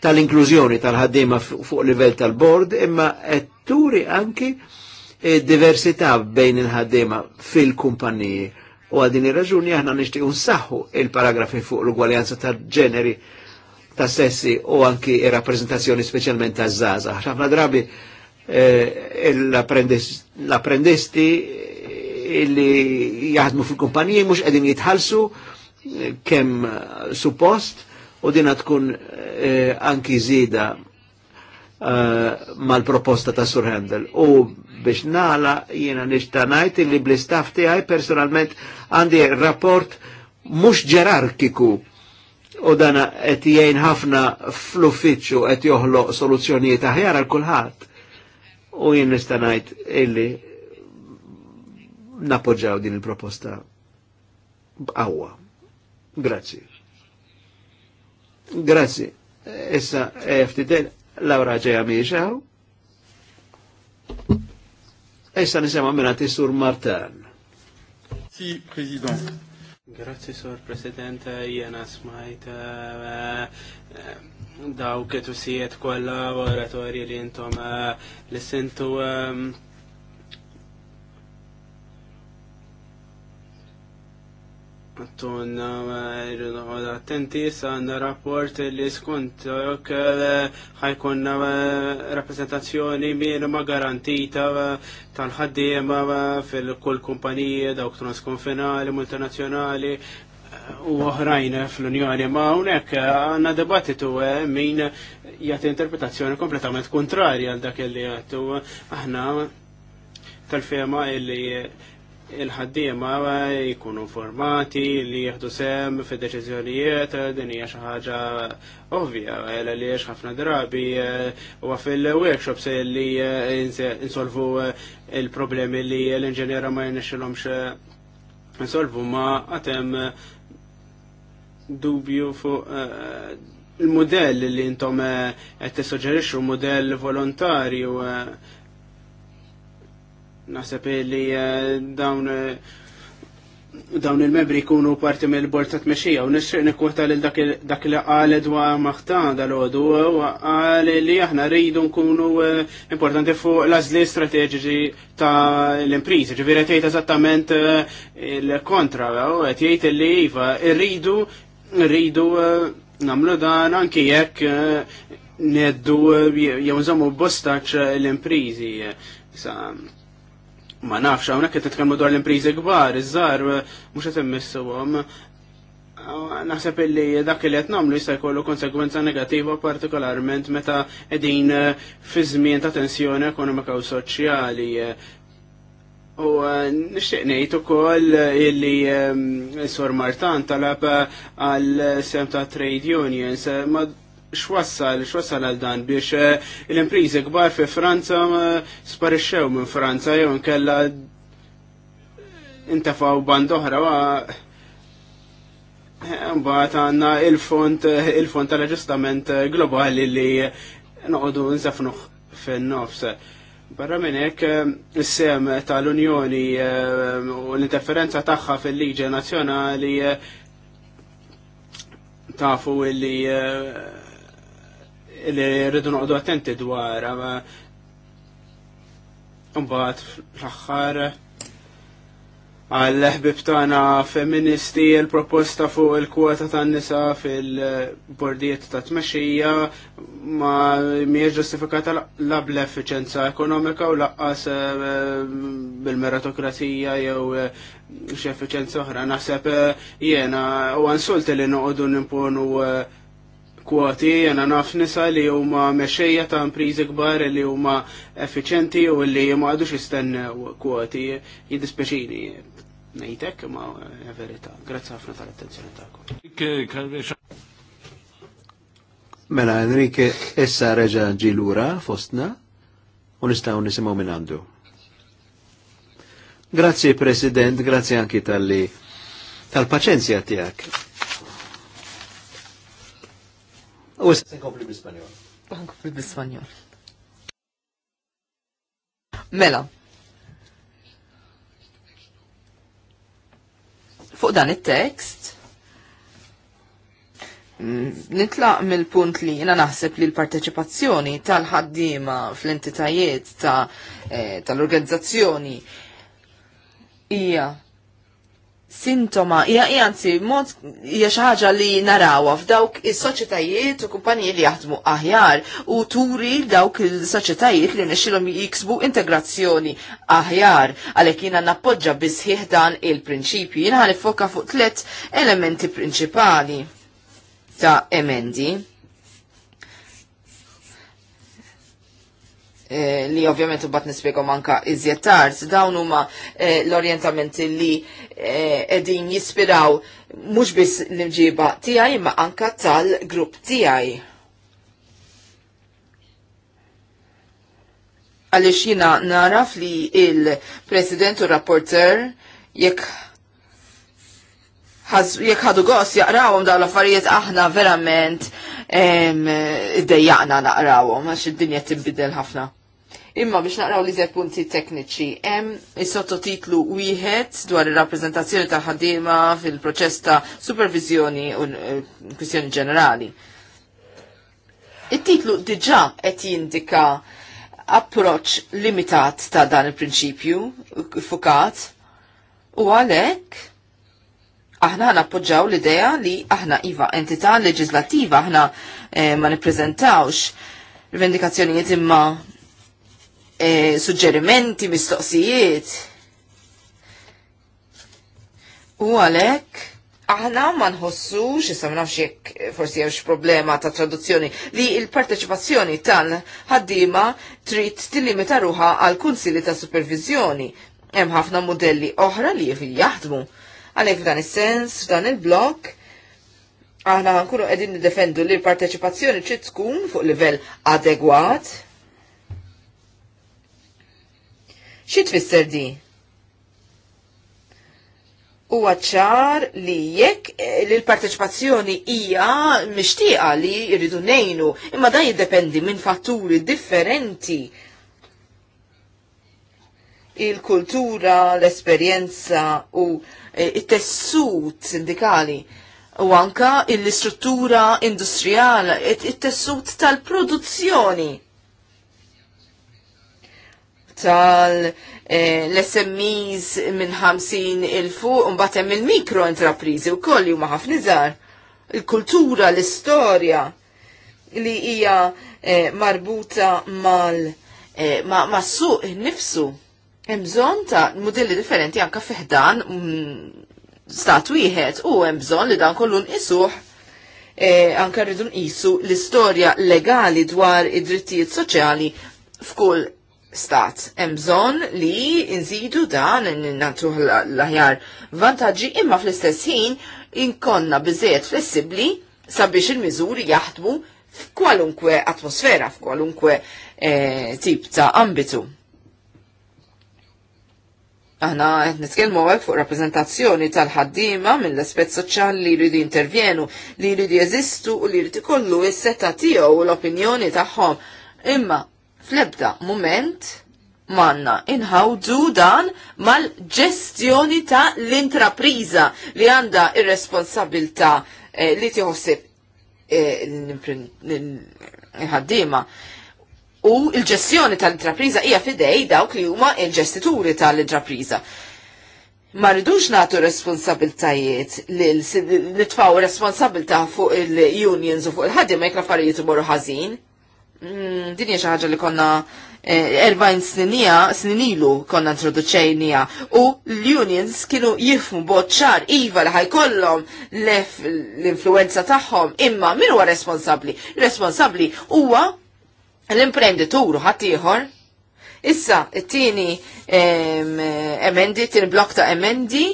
tal-inklużjoni tal-ħaddiema fuq livell tal-bord, imma qed turi anki eh, diversità bejn il ħaddima fil kumpanniji U għadin ir-raġuni aħna nixtieq nsaħħu il-paragrafi fuq l-ugwaljanza tal-ġeneri ta' sessi u anki ir-rappreżentazzjoni speċjalment ta' żgħażagħ. Ħafna drabi Eh, l-apprendisti eh, illi jaħdmu fil-kumpaniji mux għedin jitħalsu eh, kem suppost u dina tkun eh, anki zida eh, mal-proposta ta' Sur Handel. U biex nala jena nishtanajt illi bl-istaff tiegħi personalment għandi rapport mux ġerarkiku u dana qed jgħin ħafna fl-uffiċċju qed joħloq soluzzjonijiet aħjar għal kulħadd u jien nistanajt illi napoġġaw din il-proposta b'għawa. Grazzi. Grazzi. Issa eh, FTT Laura ġeja miexaw. Eh? Issa nisema minna tisur Martan. Si, President. Grazzi, Sor President, jena smajt eh, eh, dawk it-tusijiet kollha oratorji li jintom eh, l-sentu Tonna irridu eh, attenti għandna rapport li skont jok eh, ħajkonna eh, rappresentazzjoni ma' garantita tal-ħaddiema fil-kull kumpanija dawk transkonfinali, multinazzjonali u oħrajn fl-Unjoni. Ma hawnhekk għandna debattitu min jagħti interpretazzjoni kompletament kontrarja għal dak li għattu aħna tal-fema illi il-ħaddiema jkunu formati li jieħdu sem fid-deċiżjonijiet din hija xi ħaġa ovvja li hiex ħafna drabi u fil-workshops li insolvu il-problemi li l-inġeniera ma jnexxilhomx insolvu ma għatem dubju fuq eh, il-modell li intom eh, qed tissuġġerixxu modell volontarju eh, Naħseb li eh, dawn eh, dawn il-membri jkunu parti mill bord ta' tmexxija u nixtieq nikwota lil dak li qal edwa maħtan dal-għodu eh, qal li aħna rridu nkunu importanti fuq l-għażli strateġiċi ta' l-impriżi. Ġifieri tgħid eżattament il-kontra u qed jgħid li iva rridu rridu nagħmlu dan anki jekk neddu jew nżommu bostaċ l-impriżi. Sa' ma nafx, hawnhekk qed nitkellmu dwar l-impriżi kbar, iż-żar mhux qed immissuhom. Naħseb illi dak li qed nagħmlu jista' jkollu konsekwenza negattiva partikolarment meta qegħdin eh, fi żmien ta' tensjoni ekonomika u soċjali. U eh, nixtieq ngħid ukoll illi eh, Sur Martan talab għal sem ta' trade unions xwassal, xwassal għal dan biex eh, l-imprizi kbar fi Franza sparixxew minn Franza jew nkella intafaw band oħra eh, Mbagħad għandna il-font il-font tal-aġġustament globali li noqogħdu nsafnuh fin-nofs. Barra minn hekk eh, is-sem tal-Unjoni u l-interferenza tagħha fil-liġi nazzjonali tafu li li rridu noqdu attenti dwar. Mbagħad fl-aħħar għall-ħbib tagħna feministi l-proposta fuq il-kwota tan-nisa fil-bordijiet ta' tmexxija ma mhijiex ġustifikata l-ab l-effiċenza ekonomika u laqqas e, bil-meritokrazija jew e, xi efficienza oħra. Naħseb e, jiena u għansult li noqogħdu nimponu uh, kwoti, jena naf nisa li huma mexxejja ta' imprizi kbar li huma effiċenti u li ma għadux jistennew kwati jiddispeċini. Nejtek ma verità. Grazzi ħafna tal-attenzjoni tagħkom. Mela Enrique issa reġa ġilura fostna u nistgħu nisimgħu minn għandu. Grazzi President, grazie anki tal tal-paċenzja tiegħek U s bl Nkompli bl Mela. Fuq dan it-tekst, mm, nitlaq mill-punt li jina naħseb li l-parteċipazzjoni tal-ħaddima fl-entitajiet eh, tal-organizzazzjoni hija sintoma, hija anzi mod hija xi ħaġa li narawha f'dawk is-soċjetajiet u kumpaniji li jaħdmu aħjar u turi dawk il-soċjetajiet li nesċilom jiksbu integrazzjoni aħjar għalhekk jiena nappoġġa bisħieħ dan il-prinċipju. Jiena ħanifoka fuq tliet elementi prinċipali ta' emendi Eh, li ovvjament bat nispiegħu manka iżjed tard, dawn huma eh, l-orjentamenti li qegħdin eh, jispiraw mhux biss l-imġiba tiegħi ma anka tal-grupp tiegħi. Għaliex jiena naraf li il-President u rapporter jekk jekk ħadu gost jaqrawhom dawn l-affarijiet aħna verament id-dejjaqna naqrawhom għax id-dinja tibbidel ħafna. Imma biex naqraw li zed punti tekniċi, hemm is-sottotitlu wieħed dwar ir-rappreżentazzjoni ta' ħaddiema fil-proċess ta' supervizjoni u eh, kwistjoni ġenerali. It-titlu diġà qed jindika approċ limitat ta' dan il-prinċipju fukat u għalhekk aħna nappoġġaw l-idea li aħna iva entità leġislativa aħna eh, ma nippreżentawx rivendikazzjonijiet imma Eh, suġġerimenti, mistoqsijiet. U għalek, aħna ma nħossux, issa ma nafx jekk forsi hemmx problema ta' traduzzjoni, li l-parteċipazzjoni tal-ħaddiema trid tillimita ruħa għal kunsili ta' supervizjoni. Hemm ħafna modelli oħra li jaħdmu. Għalhekk f'dan is-sens, f'dan il-blok, aħna nkunu qegħdin niddefendu li l-parteċipazzjoni trid tkun fuq livell adegwat Xi tfisser di? Huwa ċar li jekk eh, li l-parteċipazzjoni hija mixtieqa li jridu ngħinu, imma da jiddependi minn fatturi differenti il-kultura, l-esperjenza u eh, il-tessut sindikali u anka l-istruttura industrijala, il-tessut tal-produzzjoni tal-SMEs eh, minn 50 il-fuq, un batem il-mikro intraprizi u koll huma ħafna żgħar. Il-kultura, l-istorja li hija eh, marbuta mal eh, ma, suq nifsu. Hemm bżonn ta' modelli differenti anke fiħdan mm, stat wieħed u hemm bżonn li dan kollu nqisuh anke rridu nqisu l-istorja legali dwar id-drittijiet soċjali f'kull stat. Hemm bżonn li nżidu dan nagħtu l-aħjar vantaġġi imma fl-istess ħin inkonna biżejjed flessibbli sabiex il-miżuri jaħdmu f'kwalunkwe atmosfera, f'kwalunkwe eh, tip ta' ambitu. Aħna qed nitkellmu hekk fuq rappreżentazzjoni tal-ħaddiema mill-aspett soċjali li jridu jintervjenu, li jridu jeżistu u li jrid ikollu is seta tiegħu u l-opinjoni tagħhom. Imma Flebda moment manna inħawdu dan mal-ġestjoni ta' l-intrapriza li għanda ir-responsabilta eh, li tiħossib eh, l U il-ġestjoni tal-intrapriza hija fidej dawk li huma il-ġestituri tal-intrapriza. Ma rridux natu responsabiltajiet li nitfaw responsabilta fuq il-unions u fuq il-ħaddim jek l-affarijiet imorru ħażin. Mm, din hija xi ħaġa li konna 40 eh, sninija, sninilu konna introduċejnija u l-unions kienu jifmu boċċar iva li ħajkollhom l-influenza tagħhom imma min huwa responsabbli? Responsabbli huwa l-imprenditur ħadd ieħor. Issa it-tieni emendi, tieni blok ta' emendi,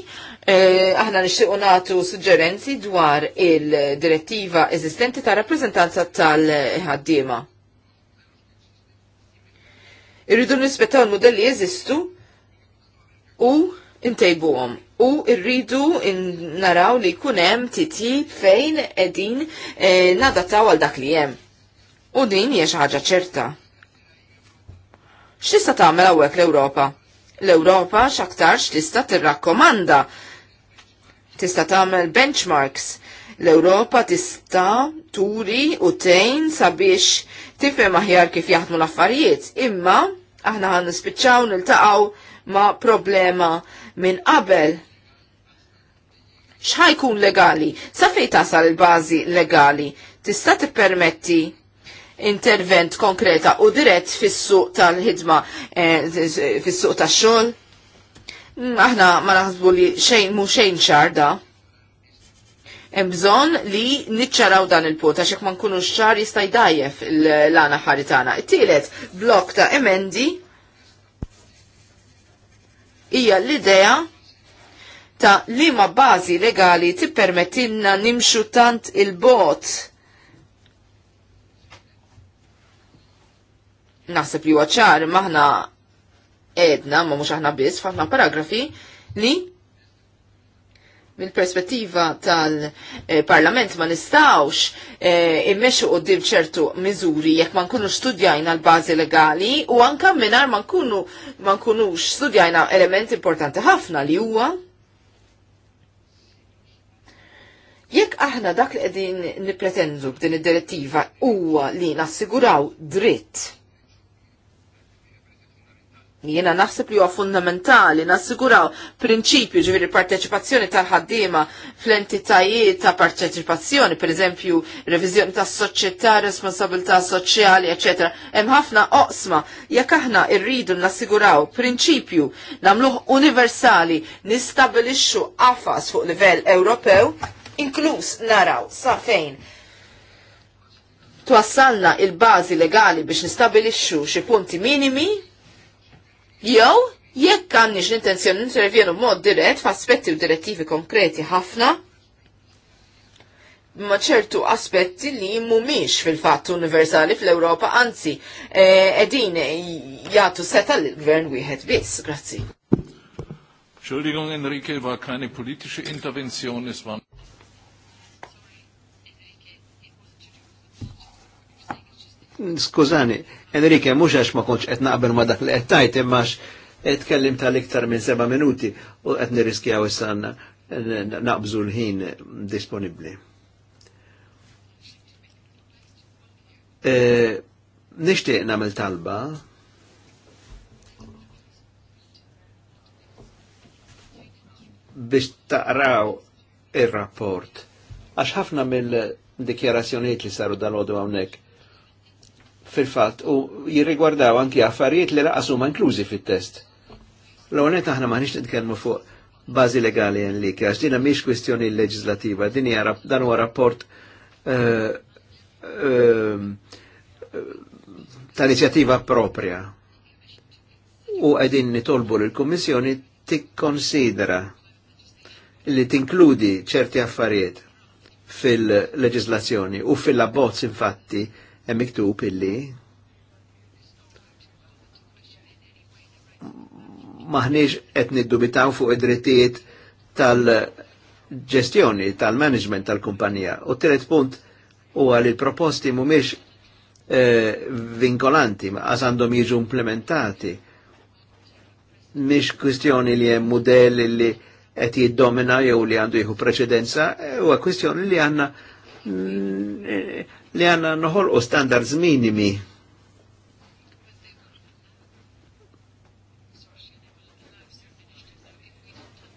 eh, aħna nixtiequ nagħtu suġġerenzi dwar il-direttiva eżistenti ta' rappreżentanza tal-ħaddiema Irridu nispetaw il-modelli jeżistu u intejbuhom. U irridu naraw li kunem titjib fejn edin e, eh, nadataw għal dak li jem. U din hija xi ħaġa ċerta. ta' tagħmel hawnhekk l-Ewropa? L-Ewropa x'aktarx tista' tirrakkomanda. Tista' tagħmel benchmarks L-Europa tista turi u tejn sabiex tifhem aħjar kif jaħdmu l-affarijiet, imma aħna ħan nispiċċaw niltaqgħu ma' problema minn qabel xħajkun legali? Sa fej tasal il-bazi legali? Tista tippermetti intervent konkreta u dirett fis-suq tal-ħidma, eh, fis-suq tax-xogħol? Mm, aħna ma naħsbu li xejn mu xejn xarda. Hemm bżonn li niċċaraw dan il pota għax ma nkunux ċar jista' jdajjef l lana ħaritana. It-tielet blok ta' emendi hija l-idea ta' li ma' bażi legali tippermettilna nimxu tant il-bot naħseb li huwa ċar maħna edna, ma mhux aħna biss f'ħafna paragrafi li mill-perspettiva tal-parlament ma nistawx e, immexu qoddim ċertu miżuri jekk ma nkunu studjajna l-bazi legali u anka minar ma nkunu ma nkunux studjajna element importanti ħafna li huwa Jekk aħna dak li qegħdin nippretendu b'din id-direttiva huwa li nassiguraw dritt Jiena naħseb li huwa fundamentali nassiguraw prinċipju ġifieri parteċipazzjoni tal-ħaddiema fl-entitajiet ta' parteċipazzjoni, pereżempju reviżjoni tas soċjetà, responsabilità soċjali, eċetera. Hemm ħafna oqsma jekk aħna rridu nassiguraw prinċipju nagħmluh universali nistabilixxu qafas fuq livell Ewropew, inkluż naraw sa fejn twassalna il-bażi legali biex nistabilixxu xi punti minimi jew jekk għandniex l-intenzjoni intervjenu b'mod dirett f'aspetti u direttivi konkreti ħafna ma ċertu aspetti li mumiex fil-fatt universali fl-Europa, anzi, edin eh, jgħatu seta l-gvern wieħed biss. Grazzi. Entschuldigung, Enrique, war keine politische Intervention, es war... Skużani, Enrique, mhux għax ma kontx qed naqbel ma dak li qed tajt imma kellim tal-iktar minn seba' minuti u qed nirriskjaw issa naqbżu l-ħin disponibbli. E, Nixtieq nagħmel talba biex taqraw ir-rapport. Għax ħafna mill-dikjarazzjoniet li saru dal ħodu għawnek fil-fatt u jirrigwardaw anki affarijiet li laqas inklużi fit-test. L-għonet aħna maħniex nitkellmu fuq bażi legali li għax dina miex kwestjoni leġislativa, din dan huwa rapport eh, eh, tal-inizjattiva propria. U għedin nitolbu l-Kommissjoni tikkonsidera li tinkludi ċerti affarijiet fil-leġislazzjoni u fil-abbozz infatti hemm miktub illi maħniex qed niddubitaw fuq id-drittijiet tal-ġestjoni, tal-management tal-kumpanija. U tret punt huwa li l-proposti mhumiex eh, vinkolanti, għas għandhom jiġu implementati. Mhix kwistjoni li hemm model li qed jiddomina jew li għandu jieħu preċedenza, huwa kwistjoni li għandna mm, eh, li għanna nħol u standards minimi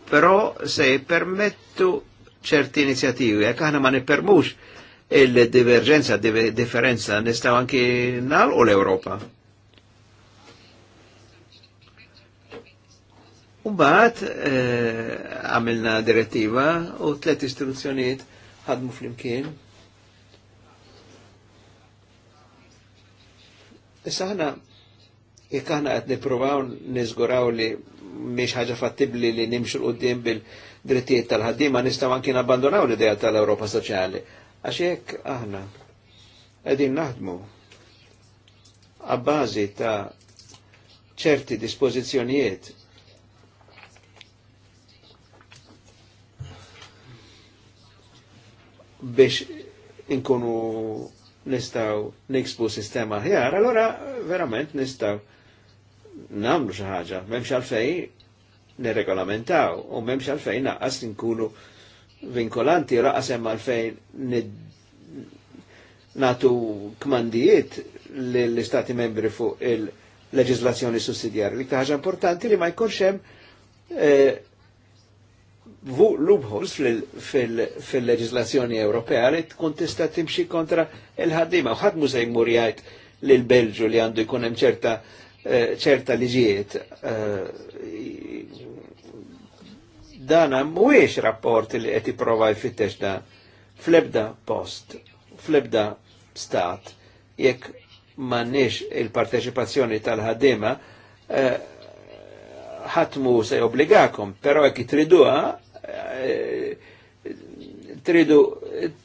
Pero se permettu ċerti inizjativi, jek aħna ma nipermux il-divergenza, differenza, nistaw anki nal u l-Europa. Umbaħt eh, għamilna direttiva u tlet istruzzjoniet ħadmu fl-imkien Issa ħana, jekk ħana għet niprovaw nizguraw li miex ħaġa fattibli li nimxu l-qoddim bil-drittijiet tal-ħaddima, nistaw anki nabbandonaw l-ideja tal-Europa Soċjali. Għax jekk aħna qegħdin naħdmu għabbażi ta' ċerti dispożizzjonijiet biex inkunu nistaw niksbu sistema ħjar, allora verament nistaw namlu xaħġa, memx għalfej nirregolamentaw, u memx għalfej naqqas nkunu vinkolanti, raqqas hemm għalfej natu kmandijiet l-istati membri fuq il-leġizlazzjoni sussidjarja. Dik ħaġa importanti li ma jkunx hemm eh, loopholes fil-leġislazzjoni Ewropea li tkun tista' timxi kontra il-ħaddima. Uħad ħadd mużej murjajt lil Belġu li għandu jkun hemm ċerta eh, ċerta liġijiet. Eh, dan mhuwiex rapport li qed jipprova jfittex dan flebda post, flebda stat, jekk m'għandniex il-parteċipazzjoni tal-ħaddiema, eh, ħatmu se obbligakom, pero jek jitriduha, tridu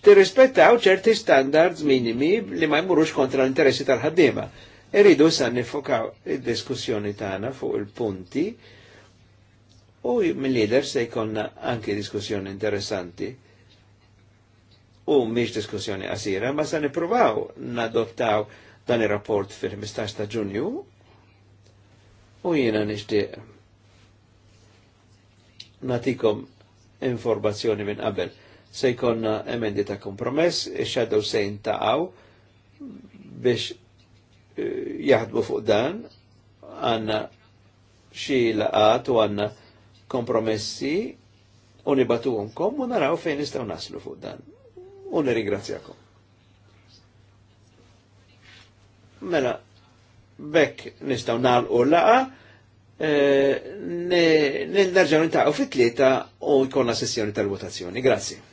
tirrispettaw ċerti standards minimi li ma jmurux kontra l-interessi tal ħaddima Irridu sa nifokaw il diskussjoni tagħna fuq il-punti u mill leader se jkollna anki diskussjoni interessanti. U miex diskussjoni qasira, ma sa nipruvaw nadottaw dan ir-rapport fil-15 ta' Ġunju u jiena nixtieq natikom informazzjoni minn qabel. Se jkonna emendi ta' kompromess, ix-shadow sejn taqaw biex eh, jaħdmu fuq dan, għanna xie laqat u għanna kompromessi u nibatuhomkom u naraw fejn nistgħu naslu fuq dan. U nirringrazzjakom. Mela, bekk nistgħu nagħlqu laqa' Eh, nerġaw nintaqgħu fit-tlieta u jkollna sessjoni tal-votazzjoni. Grazie.